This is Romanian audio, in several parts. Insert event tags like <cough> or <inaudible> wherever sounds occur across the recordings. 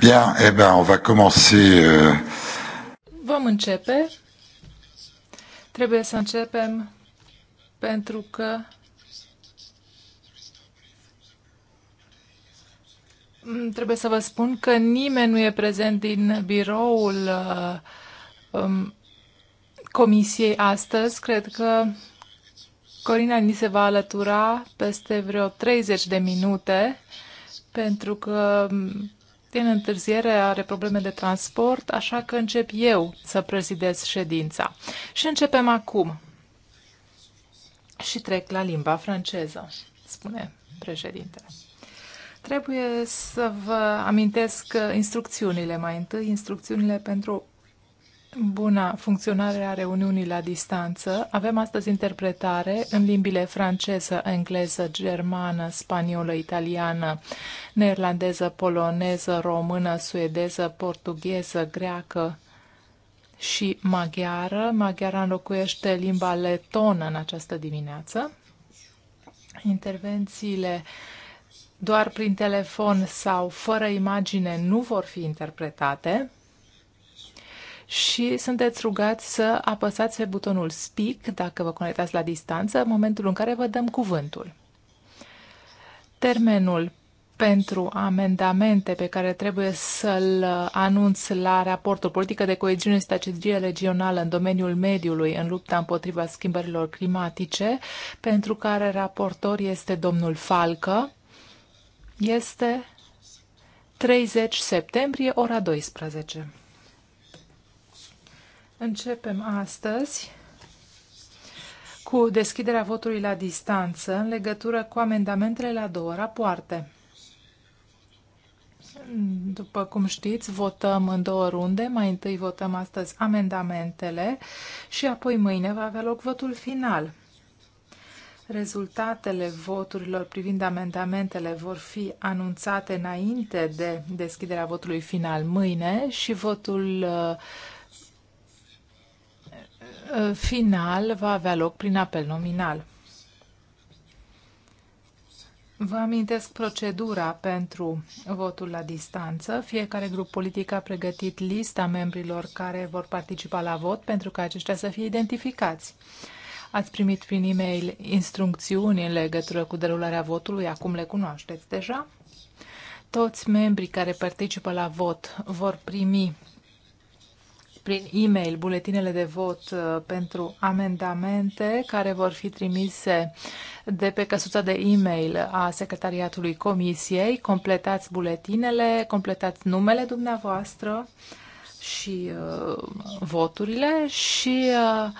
Bien, eh ben, on va commencer. Euh... Vom începe. Trebuie să începem pentru că mm, trebuie să vă spun că nimeni nu e prezent din biroul uh, um, comisiei astăzi. Cred că Corina ni se va alătura peste vreo 30 de minute pentru că um, din întârziere, are probleme de transport, așa că încep eu să prezidez ședința. Și începem acum. Și trec la limba franceză, spune președintele. Trebuie să vă amintesc instrucțiunile mai întâi, instrucțiunile pentru buna funcționare a reuniunii la distanță. Avem astăzi interpretare în limbile franceză, engleză, germană, spaniolă, italiană, neerlandeză, poloneză, română, suedeză, portugheză, greacă și maghiară. Maghiara înlocuiește limba letonă în această dimineață. Intervențiile doar prin telefon sau fără imagine nu vor fi interpretate și sunteți rugați să apăsați pe butonul Speak dacă vă conectați la distanță, în momentul în care vă dăm cuvântul. Termenul pentru amendamente pe care trebuie să-l anunț la raportul politică de coeziune și strategie regională în domeniul mediului în lupta împotriva schimbărilor climatice, pentru care raportor este domnul Falcă, este 30 septembrie, ora 12. Începem astăzi cu deschiderea votului la distanță în legătură cu amendamentele la două rapoarte. După cum știți, votăm în două runde. Mai întâi votăm astăzi amendamentele și apoi mâine va avea loc votul final. Rezultatele voturilor privind amendamentele vor fi anunțate înainte de deschiderea votului final mâine și votul uh, Uh, final va avea loc prin apel nominal. Vă amintesc procedura pentru votul la distanță. Fiecare grup politic a pregătit lista membrilor care vor participa la vot pentru ca aceștia să fie identificați. Ați primit prin e-mail instrucțiuni în legătură cu derularea votului, acum le cunoașteți deja. Toți membrii care participă la vot vor primi prin e-mail buletinele de vot uh, pentru amendamente care vor fi trimise de pe căsuța de e-mail a Secretariatului Comisiei. Completați buletinele, completați numele dumneavoastră și uh, voturile și uh, uh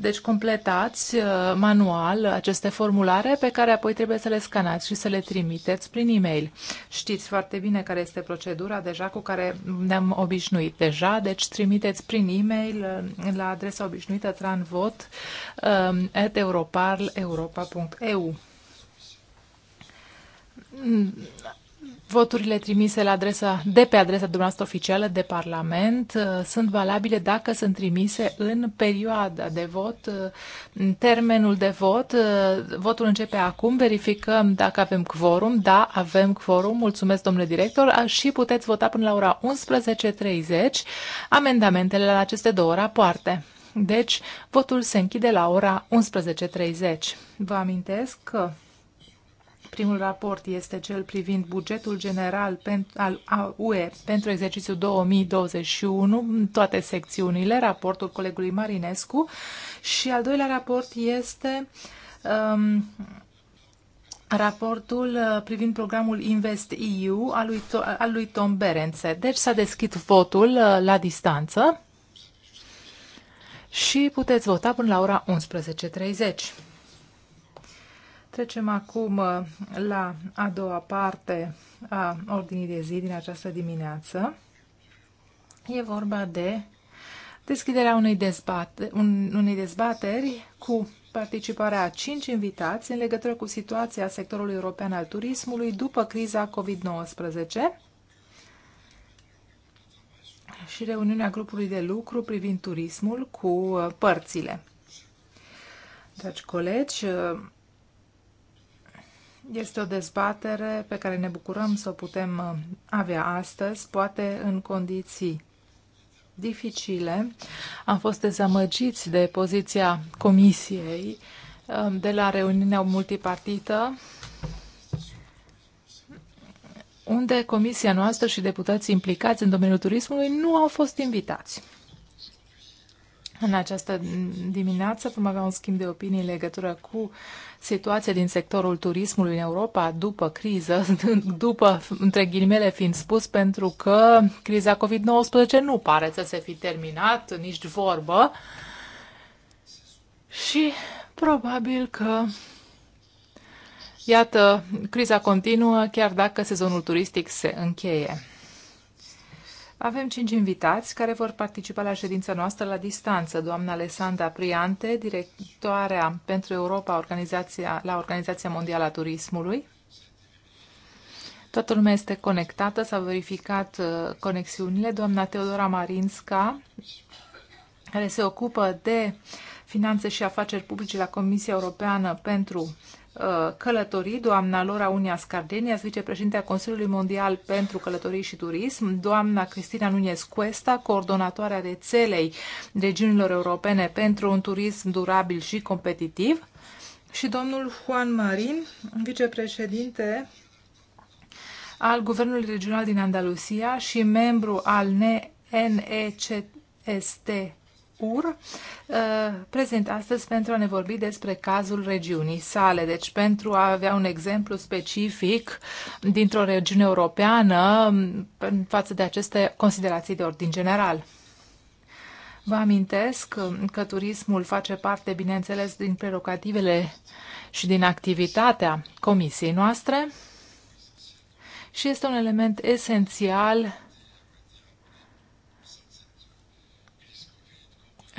deci completați uh, manual aceste formulare pe care apoi trebuie să le scanați și să le trimiteți prin e-mail. Știți foarte bine care este procedura deja cu care ne-am obișnuit deja, deci trimiteți prin e-mail uh, la adresa obișnuită tranvot um, at europarleuropa.eu voturile trimise la adresa, de pe adresa dumneavoastră oficială de Parlament uh, sunt valabile dacă sunt trimise în perioada de vot, uh, în termenul de vot. Uh, votul începe acum, verificăm dacă avem quorum. Da, avem quorum, mulțumesc domnule director, și puteți vota până la ora 11.30 amendamentele la aceste două rapoarte. Deci, votul se închide la ora 11.30. Vă amintesc că Primul raport este cel privind bugetul general al UE pentru exercițiul 2021, în toate secțiunile, raportul colegului Marinescu. Și al doilea raport este um, raportul uh, privind programul Invest EU al lui, al lui Tom Berențe. Deci s-a deschis votul uh, la distanță și puteți vota până la ora 11.30. Trecem acum uh, la a doua parte a ordinii de zi din această dimineață. E vorba de deschiderea unei, dezbate, un, unei dezbateri cu participarea a cinci invitați în legătură cu situația sectorului european al turismului după criza COVID-19 și reuniunea grupului de lucru privind turismul cu uh, părțile. Dragi colegi, uh, este o dezbatere pe care ne bucurăm să o putem uh, avea astăzi, poate în condiții dificile. Am fost dezamăgiți de poziția Comisiei uh, de la reuniunea multipartită, unde Comisia noastră și deputații implicați în domeniul turismului nu au fost invitați. În această dimineață vom avea un schimb de opinii în legătură cu situația din sectorul turismului în Europa după criză, <laughs> după, între ghilimele fiind spus, pentru că criza COVID-19 nu pare să se fi terminat, nici vorbă. Și probabil că Iată, criza continuă, chiar dacă sezonul turistic se încheie. Avem cinci invitați care vor participa la ședința noastră la distanță. Doamna Alessandra Priante, directoarea pentru Europa organizația, la Organizația Mondială a Turismului. Toată lumea este conectată, s-au verificat uh, conexiunile. Doamna Teodora Marinska, care se ocupă de finanțe și afaceri publice la Comisia Europeană pentru Uh, călătorii, doamna Laura Unias Scardenia, vicepreședintea Consiliului Mondial pentru Călătorii și Turism, doamna Cristina Nunez Cuesta, coordonatoarea rețelei regiunilor europene pentru un turism durabil și competitiv, și domnul Juan Marin, vicepreședinte al Guvernului Regional din Andalusia și membru al NECST Ur, uh, prezent astăzi pentru a ne vorbi despre cazul regiunii sale, deci pentru a avea un exemplu specific dintr-o regiune europeană um, față de aceste considerații de ordin general. Vă amintesc că turismul face parte, bineînțeles, din prerogativele și din activitatea comisiei noastre și este un element esențial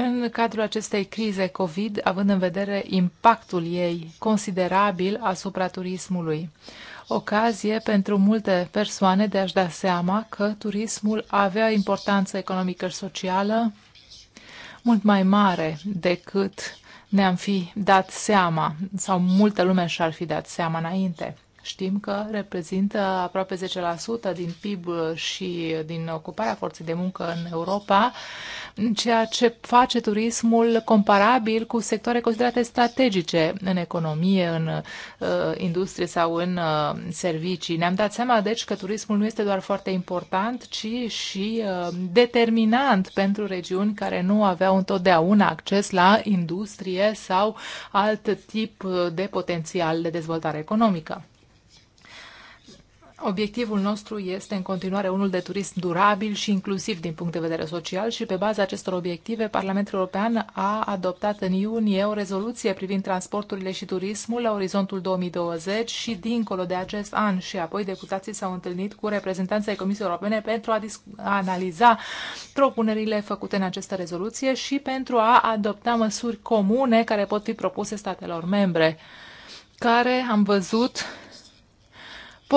În cadrul acestei crize COVID, având în vedere impactul ei considerabil asupra turismului, ocazie pentru multe persoane de a-și da seama că turismul avea importanță economică și socială mult mai mare decât ne-am fi dat seama sau multă lume și-ar fi dat seama înainte. Știm că reprezintă aproape 10% din PIB și din ocuparea forței de muncă în Europa, ceea ce face turismul comparabil cu sectoare considerate strategice în economie, în uh, industrie sau în uh, servicii. Ne-am dat seama, deci, că turismul nu este doar foarte important, ci și uh, determinant pentru regiuni care nu aveau întotdeauna acces la industrie sau alt tip de potențial de dezvoltare economică. Obiectivul nostru este în continuare unul de turism durabil și inclusiv din punct de vedere social și pe baza acestor obiective, Parlamentul European a adoptat în iunie o rezoluție privind transporturile și turismul la orizontul 2020 și dincolo de acest an și apoi deputații s-au întâlnit cu reprezentanța ai Comisiei Europene pentru a, a analiza propunerile făcute în această rezoluție și pentru a adopta măsuri comune care pot fi propuse statelor membre care am văzut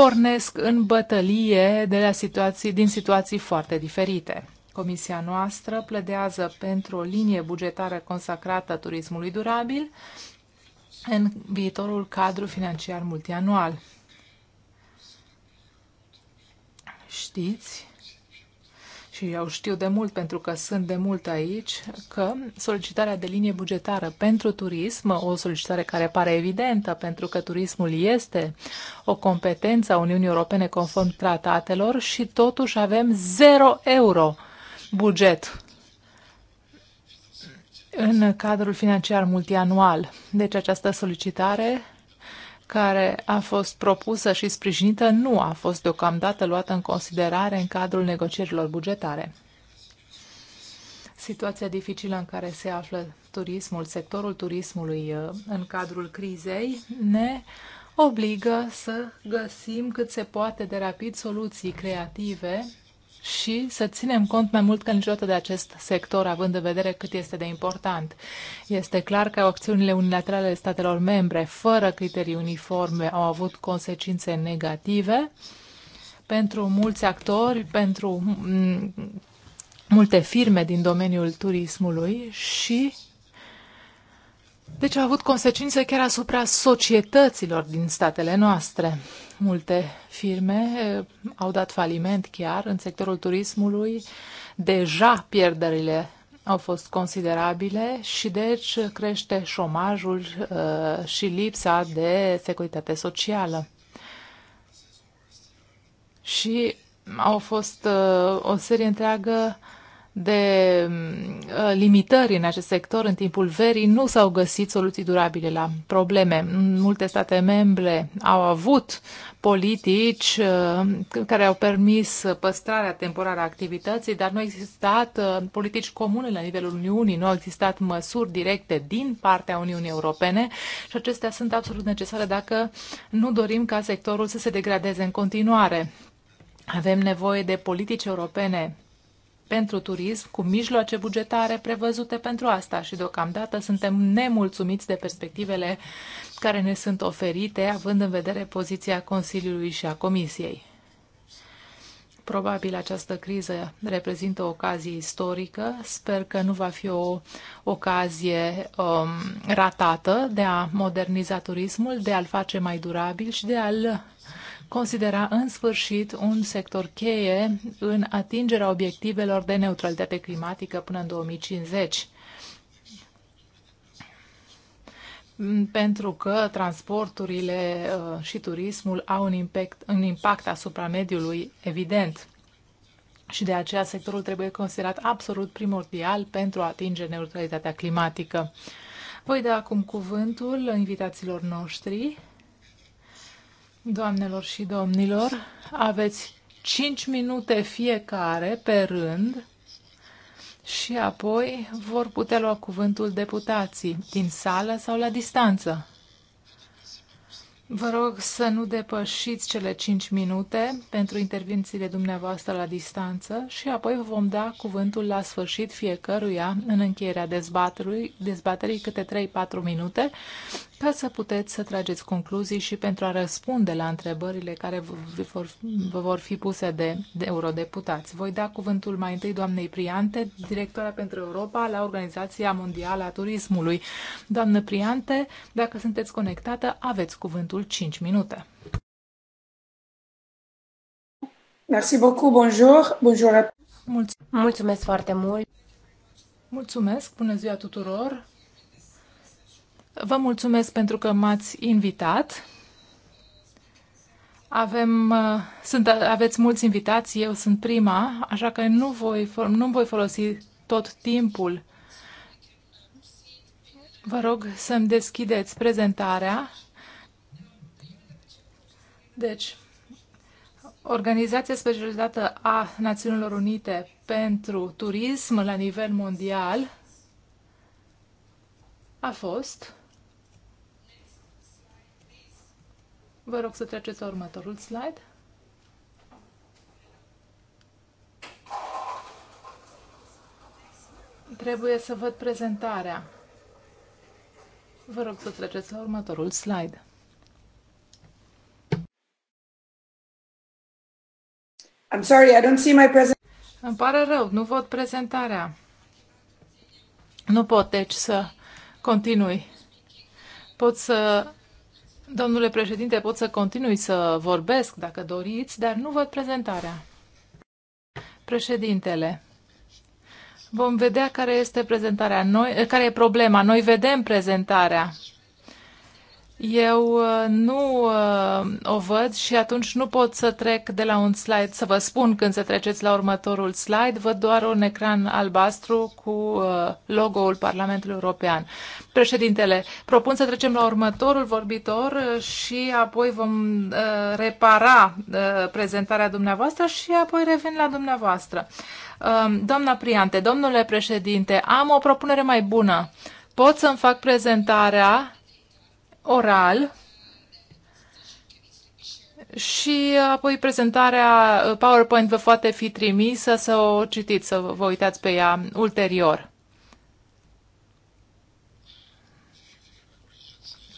pornesc în bătălie de la situații, din situații foarte diferite. Comisia noastră plădează pentru o linie bugetară consacrată turismului durabil în viitorul cadru financiar multianual. Știți și eu știu de mult pentru că sunt de mult aici, că solicitarea de linie bugetară pentru turism, o solicitare care pare evidentă pentru că turismul este o competență a Uniunii Europene conform tratatelor și totuși avem 0 euro buget în cadrul financiar multianual. Deci această solicitare care a fost propusă și sprijinită nu a fost deocamdată luată în considerare în cadrul negocierilor bugetare. Situația dificilă în care se află turismul, sectorul turismului uh, în cadrul crizei, ne obligă să găsim cât se poate de rapid soluții creative și să ținem cont mai mult ca niciodată de acest sector, având în vedere cât este de important. Este clar că acțiunile unilaterale ale statelor membre, fără criterii uniforme, au avut consecințe negative pentru mulți actori, pentru multe firme din domeniul turismului și deci a avut consecințe chiar asupra societăților din statele noastre. Multe firme eh, au dat faliment chiar în sectorul turismului. Deja pierderile au fost considerabile și deci crește șomajul eh, și lipsa de securitate socială. Și au fost eh, o serie întreagă de uh, limitări în acest sector în timpul verii, nu s-au găsit soluții durabile la probleme. Multe state membre au avut politici uh, care au permis păstrarea temporară a activității, dar nu au existat uh, politici comune la nivelul Uniunii, nu au existat măsuri directe din partea Uniunii Europene și acestea sunt absolut necesare dacă nu dorim ca sectorul să se degradeze în continuare. Avem nevoie de politici europene pentru turism, cu mijloace bugetare prevăzute pentru asta și deocamdată suntem nemulțumiți de perspectivele care ne sunt oferite, având în vedere poziția Consiliului și a Comisiei. Probabil această criză reprezintă o ocazie istorică. Sper că nu va fi o ocazie um, ratată de a moderniza turismul, de a-l face mai durabil și de a-l considera în sfârșit un sector cheie în atingerea obiectivelor de neutralitate climatică până în 2050. pentru că transporturile uh, și turismul au un impact, un impact asupra mediului evident. Și de aceea sectorul trebuie considerat absolut primordial pentru a atinge neutralitatea climatică. Voi da acum cuvântul invitaților noștri. Doamnelor și domnilor, aveți 5 minute fiecare pe rând și apoi vor putea lua cuvântul deputații din sală sau la distanță. Vă rog să nu depășiți cele 5 minute pentru intervențiile dumneavoastră la distanță și apoi vom da cuvântul la sfârșit fiecăruia în încheierea dezbaterii, dezbaterii câte 3-4 minute ca să puteți să trageți concluzii și pentru a răspunde la întrebările care vor, vă vor fi puse de, de eurodeputați. Voi da cuvântul mai întâi doamnei Priante, directora pentru Europa la Organizația Mondială a Turismului. Doamnă Priante, dacă sunteți conectată, aveți cuvântul cuvântul 5 minute. Merci beaucoup, bonjour, bonjour. tous. Mulțumesc foarte mult. Mulțumesc, bună ziua tuturor. Vă mulțumesc pentru că m-ați invitat. Avem, uh, sunt, aveți mulți invitați, eu sunt prima, așa că nu voi, nu voi folosi tot timpul. Vă rog să-mi deschideți prezentarea deci, Organizația Specializată a Națiunilor Unite pentru Turism la nivel mondial a fost. Vă rog să treceți la următorul slide. Trebuie să văd prezentarea. Vă rog să treceți la următorul slide. I'm sorry, I don't see my present. Îmi pare rău, nu văd prezentarea. Nu pot, deci, să continui. Pot să, domnule președinte, pot să continui să vorbesc dacă doriți, dar nu văd prezentarea. Președintele, vom vedea care este prezentarea, noi, care e problema. Noi vedem prezentarea. Eu uh, nu uh, o văd și atunci nu pot să trec de la un slide să vă spun când să treceți la următorul slide. Văd doar un ecran albastru cu uh, logo-ul Parlamentului European. Președintele, propun să trecem la următorul vorbitor și apoi vom repara prezentarea dumneavoastră și apoi revin la dumneavoastră. Um, doamna Priante, domnule președinte, am o propunere mai bună pot să-mi fac prezentarea oral și apoi prezentarea PowerPoint vă poate fi trimisă să o citiți, să vă uitați pe ea ulterior.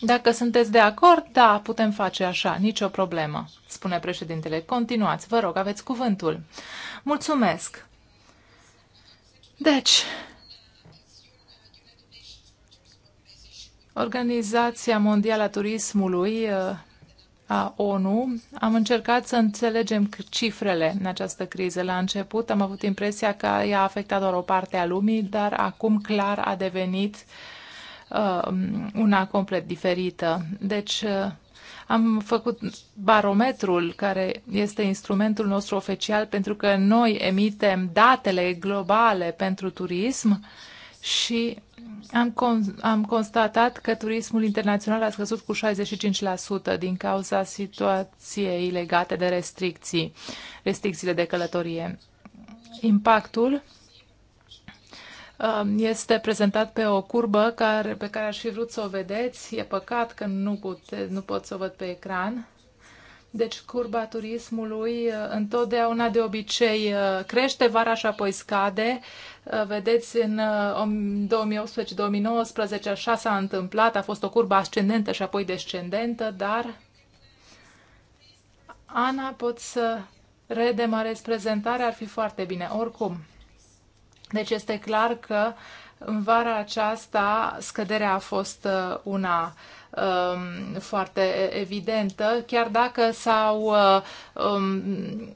Dacă sunteți de acord, da, putem face așa, nicio problemă, spune președintele. Continuați, vă rog, aveți cuvântul. Mulțumesc. Deci, Organizația Mondială a Turismului uh, a ONU, am încercat să înțelegem cifrele în această criză. La început am avut impresia că i a afectat doar o parte a lumii, dar acum clar a devenit uh, una complet diferită. Deci uh, am făcut barometrul, care este instrumentul nostru oficial, pentru că noi emitem datele globale pentru turism uh, și am, con- am constatat că turismul internațional a scăzut cu 65% din cauza situației legate de restricții, restricțiile de călătorie. Impactul um, este prezentat pe o curbă care, pe care aș fi vrut să o vedeți. E păcat că nu, pute, nu pot să o văd pe ecran. Deci curba turismului uh, întotdeauna de obicei uh, crește vara și apoi scade. Uh, vedeți, în 2018-2019 așa s-a întâmplat, a fost o curbă ascendentă și apoi descendentă, dar Ana, pot să redemarez prezentarea, ar fi foarte bine, oricum. Deci este clar că uh, în vara aceasta scăderea a fost uh, una um, foarte evidentă, chiar dacă s-au uh, um,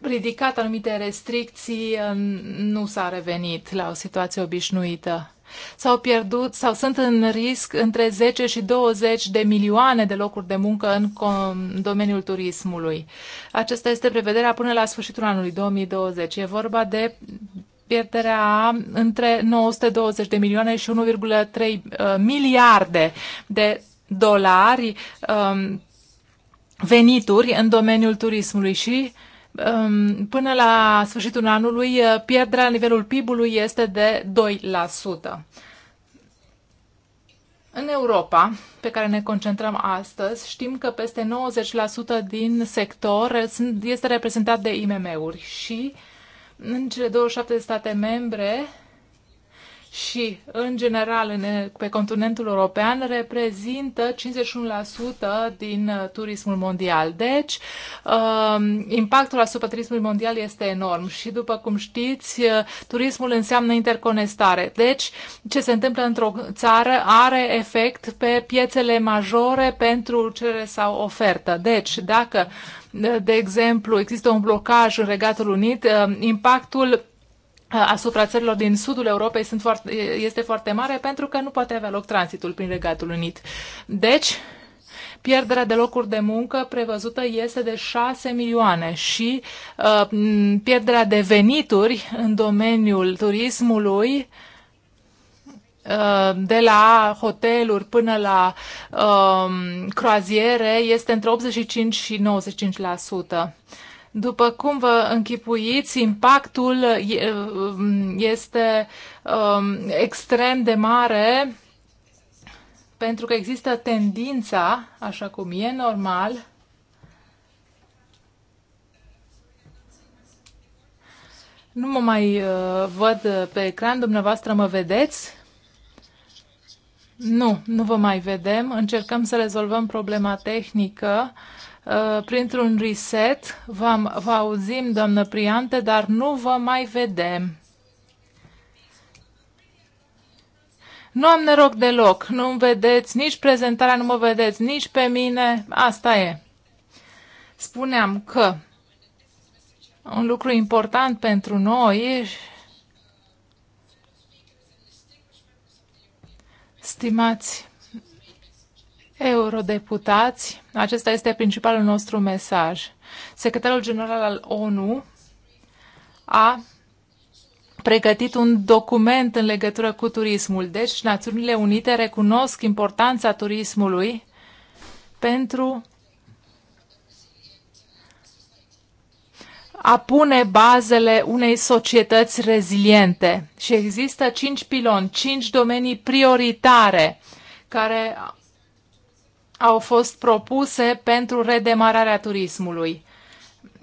ridicat anumite restricții, uh, nu s-a revenit la o situație obișnuită. S-au pierdut sau sunt în risc între 10 și 20 de milioane de locuri de muncă în, domeniul turismului. Acesta este prevederea până la sfârșitul anului 2020. E vorba de pierderea între 920 de milioane și 1,3 uh, miliarde de dolari um, venituri în domeniul turismului și um, până la sfârșitul anului uh, pierderea la nivelul PIB-ului este de 2%. În Europa, pe care ne concentrăm astăzi, știm că peste 90% din sector este reprezentat de IMM-uri și uh, în cele 27 de state membre și, în general, în, pe continentul european, reprezintă 51% din uh, turismul mondial. Deci, um, impactul asupra turismului mondial este enorm și, după cum știți, uh, turismul înseamnă interconectare. Deci, ce se întâmplă într-o țară are efect pe piețele majore pentru cerere sau ofertă. Deci, dacă uh, de exemplu, există un blocaj în Regatul Unit, uh, impactul uh, asupra țărilor din sudul Europei sunt foarte, este foarte mare pentru că nu poate avea loc tranzitul prin Regatul Unit. Deci, pierderea de locuri de muncă prevăzută este de 6 milioane și uh, pierderea de venituri în domeniul turismului Uh, de la hoteluri până la um, croaziere este între 85 și 95%. După cum vă închipuiți, impactul um, este um, extrem de mare pentru că există tendința, așa cum e normal, Nu mă mai uh, văd pe ecran, dumneavoastră mă vedeți? Nu, nu vă mai vedem. Încercăm să rezolvăm problema tehnică uh, printr-un reset. Vă, vă auzim, doamnă Priante, dar nu vă mai vedem. Nu am neroc deloc. Nu-mi vedeți nici prezentarea, nu mă vedeți nici pe mine. Asta e. Spuneam că un lucru important pentru noi Stimați eurodeputați, acesta este principalul nostru mesaj. Secretarul General al ONU a pregătit un document în legătură cu turismul. Deci, Națiunile Unite recunosc importanța turismului pentru a pune bazele unei societăți reziliente. Și există cinci piloni, cinci domenii prioritare care au fost propuse pentru redemararea turismului.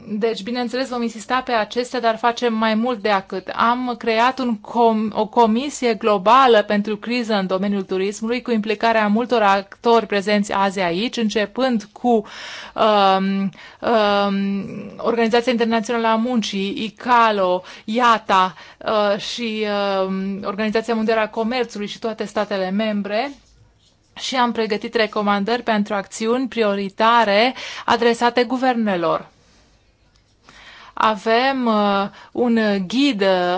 Deci, bineînțeles, vom insista pe acestea, dar facem mai mult de atât. Am creat un com- o comisie globală pentru criză în domeniul turismului, cu implicarea multor actori prezenți azi aici, începând cu um, um, Organizația Internațională a Muncii, ICALO, IATA uh, și um, Organizația Mondială a Comerțului și toate statele membre și am pregătit recomandări pentru acțiuni prioritare adresate guvernelor avem uh, un ghid uh,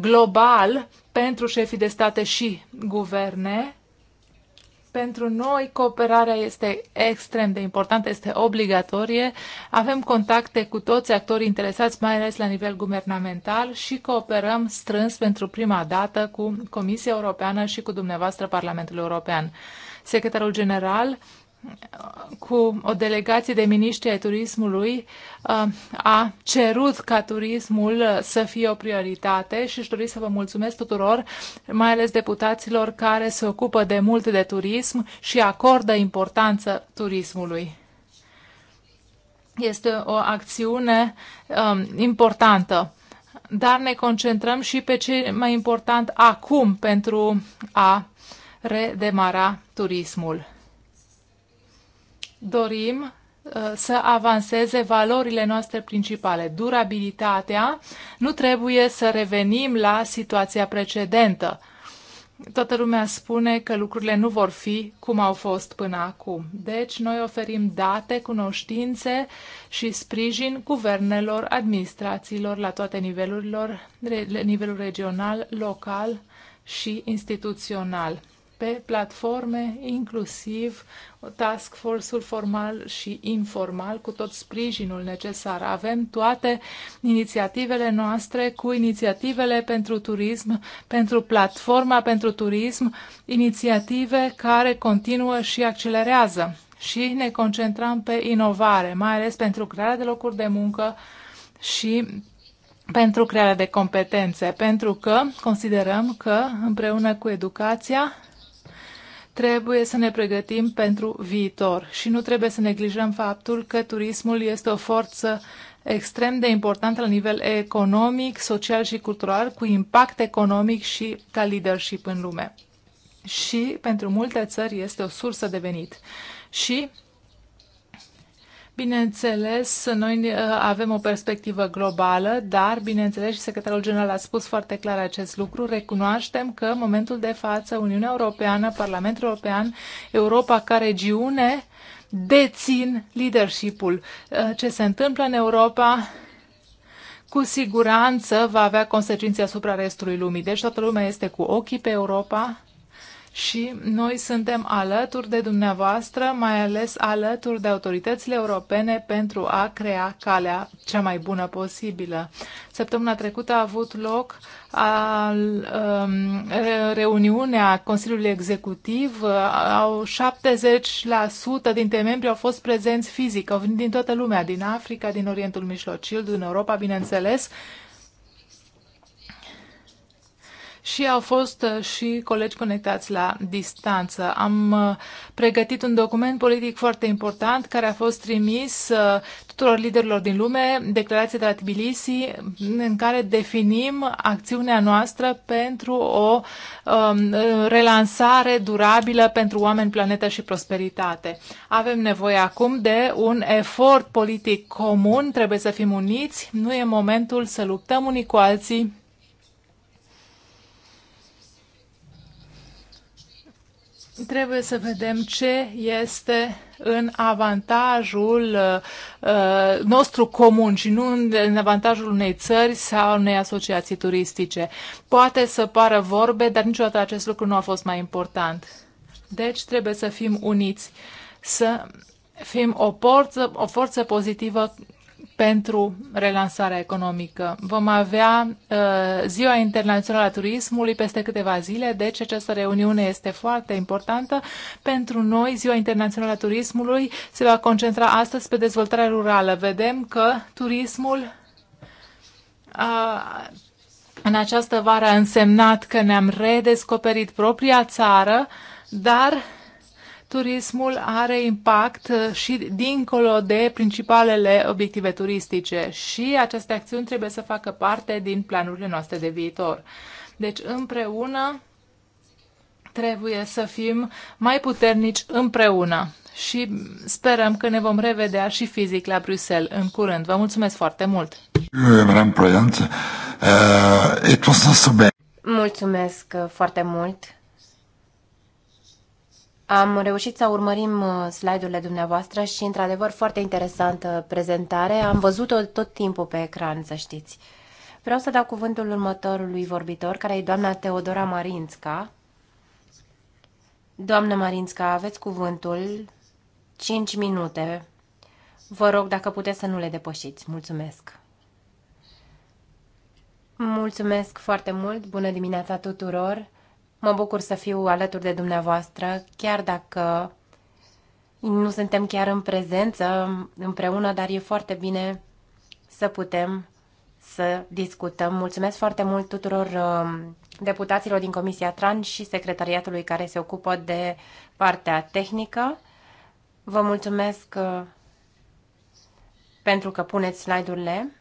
global pentru șefii de state și guverne. Pentru noi cooperarea este extrem de importantă, este obligatorie. Avem contacte cu toți actorii interesați, mai ales la nivel guvernamental și cooperăm strâns pentru prima dată cu Comisia Europeană și cu dumneavoastră Parlamentul European. Secretarul General cu o delegație de miniștri ai turismului uh, a cerut ca turismul să fie o prioritate și își dori să vă mulțumesc tuturor, mai ales deputaților care se ocupă de mult de turism și acordă importanță turismului. Este o acțiune um, importantă, dar ne concentrăm și pe ce mai important acum pentru a redemara turismul dorim uh, să avanseze valorile noastre principale. Durabilitatea, nu trebuie să revenim la situația precedentă. Toată lumea spune că lucrurile nu vor fi cum au fost până acum. Deci noi oferim date, cunoștințe și sprijin guvernelor, administrațiilor la toate nivelurilor, nivelul regional, local și instituțional pe platforme, inclusiv task force-ul formal și informal, cu tot sprijinul necesar. Avem toate inițiativele noastre cu inițiativele pentru turism, pentru platforma pentru turism, inițiative care continuă și accelerează. Și ne concentrăm pe inovare, mai ales pentru crearea de locuri de muncă și pentru crearea de competențe, pentru că considerăm că împreună cu educația Trebuie să ne pregătim pentru viitor și nu trebuie să neglijăm faptul că turismul este o forță extrem de importantă la nivel economic, social și cultural, cu impact economic și ca leadership în lume. Și pentru multe țări este o sursă de venit. Și Bineînțeles, noi uh, avem o perspectivă globală, dar, bineînțeles, și secretarul general a spus foarte clar acest lucru, recunoaștem că în momentul de față Uniunea Europeană, Parlamentul European, Europa ca regiune dețin leadership-ul. Uh, ce se întâmplă în Europa cu siguranță va avea consecințe asupra restului lumii. Deci toată lumea este cu ochii pe Europa, și noi suntem alături de dumneavoastră, mai ales alături de autoritățile europene pentru a crea calea cea mai bună posibilă. Săptămâna trecută a avut loc a, um, reuniunea Consiliului Executiv. Au 70% dintre membri au fost prezenți fizic, au venit din toată lumea, din Africa, din Orientul Mijlociu, din Europa, bineînțeles, și au fost uh, și colegi conectați la distanță. Am uh, pregătit un document politic foarte important care a fost trimis uh, tuturor liderilor din lume, declarație de la Tbilisi, în care definim acțiunea noastră pentru o um, relansare durabilă pentru oameni, planetă și prosperitate. Avem nevoie acum de un efort politic comun, trebuie să fim uniți, nu e momentul să luptăm unii cu alții trebuie să vedem ce este în avantajul uh, nostru comun și nu în, în avantajul unei țări sau unei asociații turistice. Poate să pară vorbe, dar niciodată acest lucru nu a fost mai important. Deci trebuie să fim uniți, să fim o forță, o forță pozitivă pentru relansarea economică. Vom avea uh, Ziua Internațională a Turismului peste câteva zile, deci această reuniune este foarte importantă pentru noi. Ziua Internațională a Turismului se va concentra astăzi pe dezvoltarea rurală. Vedem că turismul uh, în această vară a însemnat că ne-am redescoperit propria țară, dar turismul are impact uh, și dincolo de principalele obiective turistice și aceste acțiuni trebuie să facă parte din planurile noastre de viitor. Deci împreună trebuie să fim mai puternici împreună și sperăm că ne vom revedea și fizic la Bruxelles în curând. Vă mulțumesc foarte mult! Mulțumesc foarte mult! Am reușit să urmărim uh, slide-urile dumneavoastră și, într-adevăr, foarte interesantă prezentare. Am văzut-o tot timpul pe ecran, să știți. Vreau să dau cuvântul următorului vorbitor, care e doamna Teodora Marinsca. Doamna Marinsca, aveți cuvântul 5 minute. Vă rog, dacă puteți să nu le depășiți. Mulțumesc! Mulțumesc foarte mult! Bună dimineața tuturor! Mă bucur să fiu alături de dumneavoastră, chiar dacă nu suntem chiar în prezență împreună, dar e foarte bine să putem să discutăm. Mulțumesc foarte mult tuturor um, deputaților din Comisia Tran și secretariatului care se ocupă de partea tehnică. Vă mulțumesc uh, pentru că puneți slide-urile.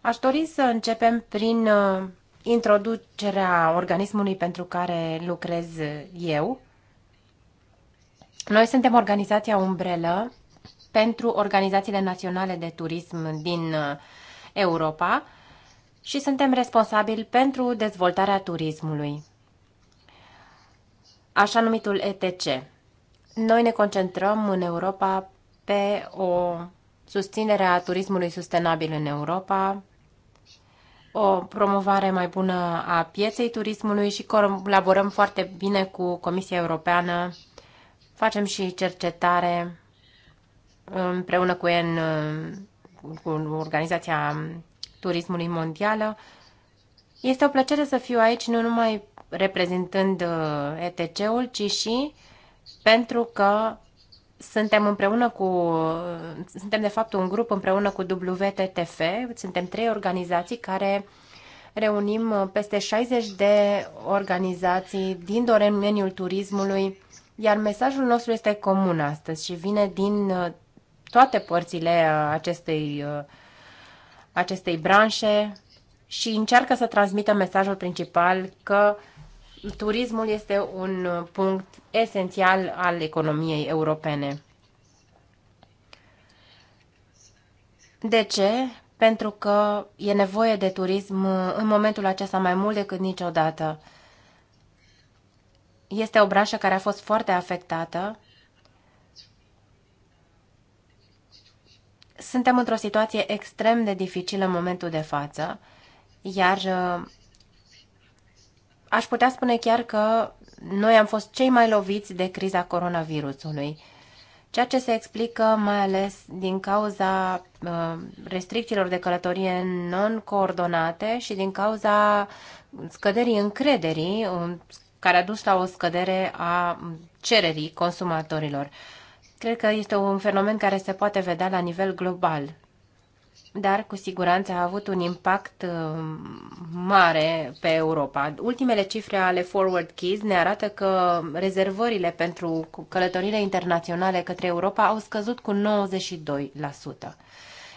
Aș dori să începem prin uh, introducerea organismului pentru care lucrez eu. Noi suntem organizația Umbrelă pentru organizațiile naționale de turism din uh, Europa și suntem responsabili pentru dezvoltarea turismului, așa numitul ETC. Noi ne concentrăm în Europa pe o susținere a turismului sustenabil în Europa, o promovare mai bună a pieței turismului și colaborăm foarte bine cu Comisia Europeană. Facem și cercetare uh, împreună cu, EN, uh, cu Organizația Turismului Mondială. Este o plăcere să fiu aici, nu numai reprezentând uh, ETC-ul, ci și pentru că suntem împreună cu, suntem de fapt un grup împreună cu WTTF, suntem trei organizații care reunim uh, peste 60 de organizații din domeniul turismului, iar mesajul nostru este comun astăzi și vine din uh, toate părțile uh, acestei, acestei branșe și încearcă să transmită mesajul principal că uh, turismul este un punct esențial al economiei europene. De ce? Pentru că e nevoie de turism în momentul acesta mai mult decât niciodată. Este o branșă care a fost foarte afectată. Suntem într-o situație extrem de dificilă în momentul de față, iar aș putea spune chiar că noi am fost cei mai loviți de criza coronavirusului, ceea ce se explică mai ales din cauza uh, restricțiilor de călătorie non-coordonate și din cauza scăderii încrederii, um, care a dus la o scădere a cererii consumatorilor. Cred că este un fenomen care se poate vedea la nivel global dar cu siguranță a avut un impact uh, mare pe Europa. Ultimele cifre ale Forward Keys ne arată că rezervările pentru călătorile internaționale către Europa au scăzut cu 92%.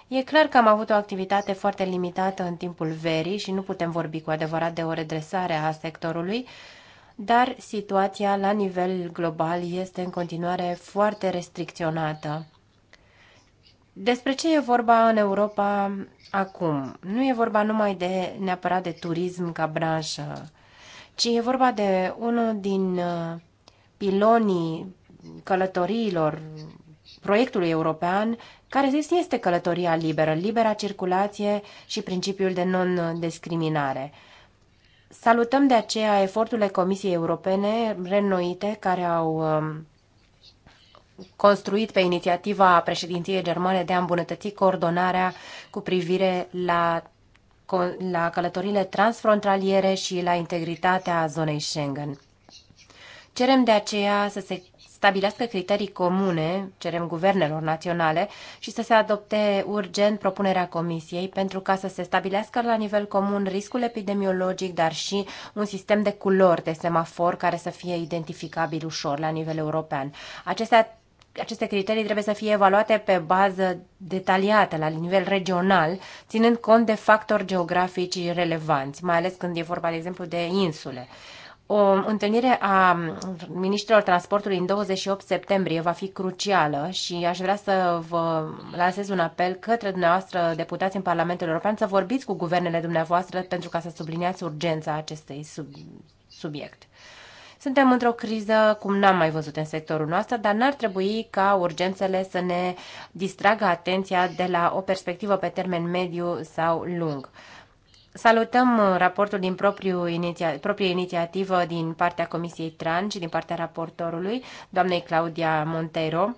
E clar că am avut o activitate foarte limitată în timpul verii și nu putem vorbi cu adevărat de o redresare a sectorului, dar situația la nivel global este în continuare foarte restricționată despre ce e vorba în Europa acum? Nu e vorba numai de neapărat de turism ca branșă, ci e vorba de unul din uh, pilonii călătoriilor proiectului european, care zis este călătoria liberă, libera circulație și principiul de non-discriminare. Salutăm de aceea eforturile Comisiei Europene renoite care au um, construit pe inițiativa președinției germane de a îmbunătăți coordonarea cu privire la, la călătorile transfrontaliere și la integritatea zonei Schengen. Cerem de aceea să se stabilească criterii comune, cerem guvernelor naționale, și să se adopte urgent propunerea Comisiei pentru ca să se stabilească la nivel comun riscul epidemiologic, dar și un sistem de culori de semafor care să fie identificabil ușor la nivel european. Acestea aceste criterii trebuie să fie evaluate pe bază detaliată la nivel regional, ținând cont de factori geografici relevanți, mai ales când e vorba, de exemplu, de insule. O întâlnire a ministrilor transportului în 28 septembrie va fi crucială și aș vrea să vă lansez un apel către dumneavoastră, deputați în Parlamentul European, să vorbiți cu guvernele dumneavoastră pentru ca să subliniați urgența acestui sub- subiect. Suntem într-o criză cum n-am mai văzut în sectorul nostru, dar n-ar trebui ca urgențele să ne distragă atenția de la o perspectivă pe termen mediu sau lung. Salutăm uh, raportul din iniția, proprie inițiativă din partea Comisiei Tran și din partea raportorului, doamnei Claudia Montero.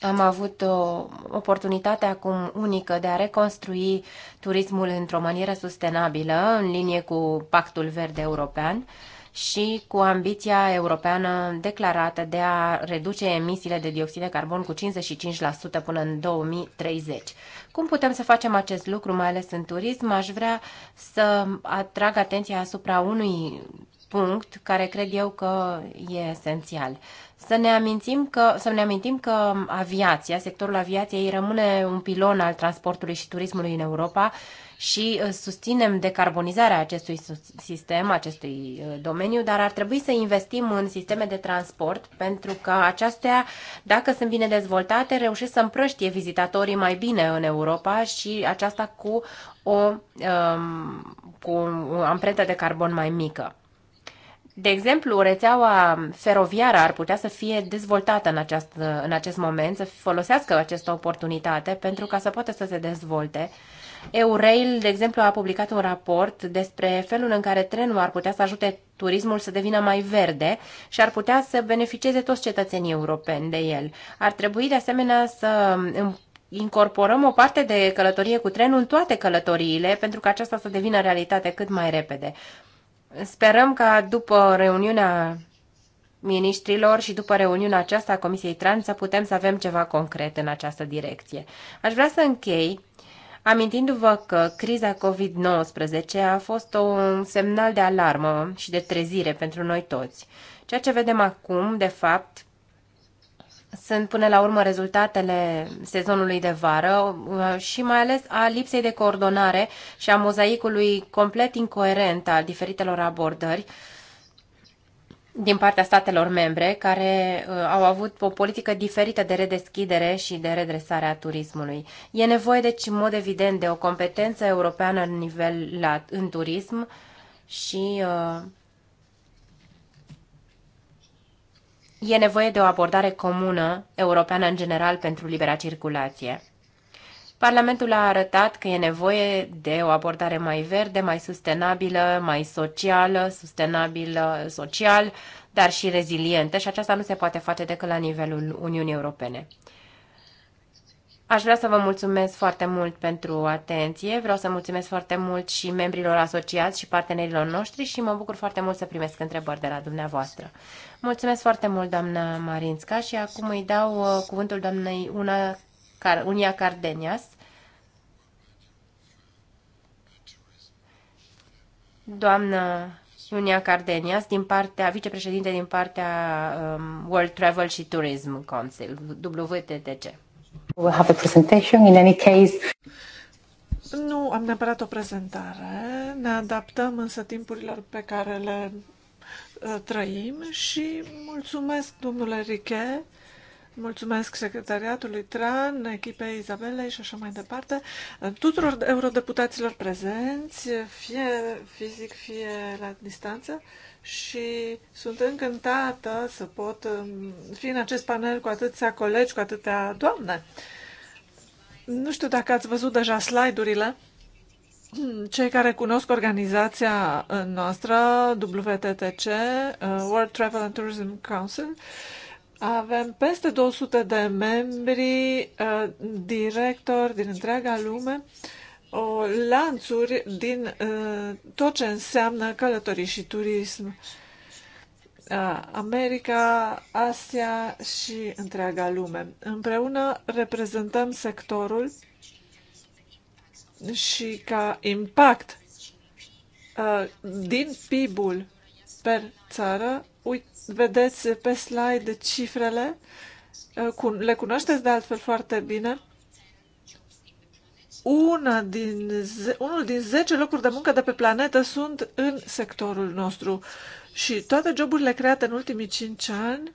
Am avut o uh, oportunitate acum unică de a reconstrui turismul într-o manieră sustenabilă, în linie cu Pactul Verde European și cu ambiția europeană declarată de a reduce emisiile de dioxid de carbon cu 55% până în 2030. Cum putem să facem acest lucru, mai ales în turism? Aș vrea să atrag atenția asupra unui punct care cred eu că e esențial. Să ne, amintim că, să ne amintim că aviația, sectorul aviației rămâne un pilon al transportului și turismului în Europa și uh, susținem decarbonizarea acestui sistem, acestui uh, domeniu, dar ar trebui să investim în sisteme de transport pentru că acestea, dacă sunt bine dezvoltate, reușesc să împrăștie vizitatorii mai bine în Europa și aceasta cu o, um, cu o amprentă de carbon mai mică. De exemplu, rețeaua feroviară ar putea să fie dezvoltată în acest, în acest moment, să folosească această oportunitate pentru ca să poată să se dezvolte. Eurail, de exemplu, a publicat un raport despre felul în care trenul ar putea să ajute turismul să devină mai verde și ar putea să beneficieze toți cetățenii europeni de el. Ar trebui, de asemenea, să incorporăm o parte de călătorie cu trenul în toate călătoriile pentru că aceasta să devină realitate cât mai repede. Sperăm ca după reuniunea ministrilor și după reuniunea aceasta a Comisiei Trans să putem să avem ceva concret în această direcție. Aș vrea să închei amintindu-vă că criza COVID-19 a fost un semnal de alarmă și de trezire pentru noi toți. Ceea ce vedem acum, de fapt, sunt până la urmă rezultatele sezonului de vară uh, și mai ales a lipsei de coordonare și a mozaicului complet incoerent al diferitelor abordări din partea statelor membre care uh, au avut o politică diferită de redeschidere și de redresare a turismului. E nevoie, deci, în mod evident, de o competență europeană în nivel la, în turism și uh, e nevoie de o abordare comună europeană în general pentru libera circulație. Parlamentul a arătat că e nevoie de o abordare mai verde, mai sustenabilă, mai socială, sustenabilă social, dar și rezilientă și aceasta nu se poate face decât la nivelul Uniunii Europene. Aș vrea să vă mulțumesc foarte mult pentru atenție, vreau să mulțumesc foarte mult și membrilor asociați și partenerilor noștri și mă bucur foarte mult să primesc întrebări de la dumneavoastră. Mulțumesc foarte mult, doamna Marinska, și acum îi dau uh, cuvântul doamnei Una, Car, Unia Cardenias. Doamna Unia Cardenias, din partea, vicepreședinte din partea um, World Travel și Tourism Council, WTTC. We'll have a presentation in any case. Nu am neapărat o prezentare, ne adaptăm însă timpurilor pe care le Uh, trăim și mulțumesc domnule Riche, mulțumesc secretariatului TRAN, echipei Izabelei și așa mai departe, uh, tuturor eurodeputaților prezenți, fie fizic, fie la distanță și sunt încântată să pot um, fi în acest panel cu atâția colegi, cu atâtea doamne. Nu știu dacă ați văzut deja slide-urile cei care cunosc organizația uh, noastră, WTTC, uh, World Travel and Tourism Council, avem peste 200 de membri, uh, directori din întreaga lume, o lanțuri din tot ce înseamnă călătorii și turism. America, Asia și întreaga lume. Împreună reprezentăm sectorul și ca impact uh, din PIB-ul per țară, vedeți pe slide cifrele, uh, le cunoașteți de altfel foarte bine. Una din, unul din 10 locuri de muncă de pe planetă sunt în sectorul nostru și toate joburile create în ultimii 5 ani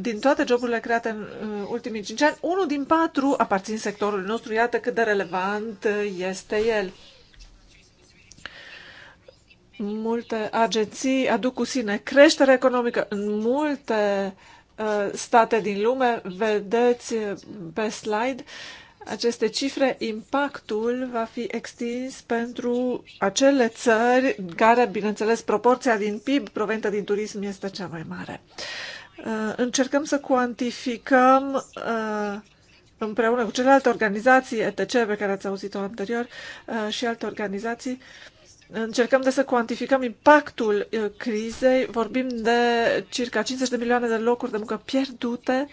din toate joburile create în ultimii cinci ani, unul din patru aparțin sectorului nostru. Iată cât de relevant este el. Multe agenții aduc cu sine creștere economică în multe uh, state din lume. Vedeți uh, pe slide aceste cifre. Impactul va fi extins pentru acele țări care, bineînțeles, proporția din PIB provenită din turism este cea mai mare. Uh, Uh, încercăm să cuantificăm uh, împreună cu celelalte organizații, ETC, pe care ați auzit-o anterior, uh, și alte organizații, încercăm de să cuantificăm impactul crizei. Vorbim de circa 50 de milioane de locuri de muncă pierdute.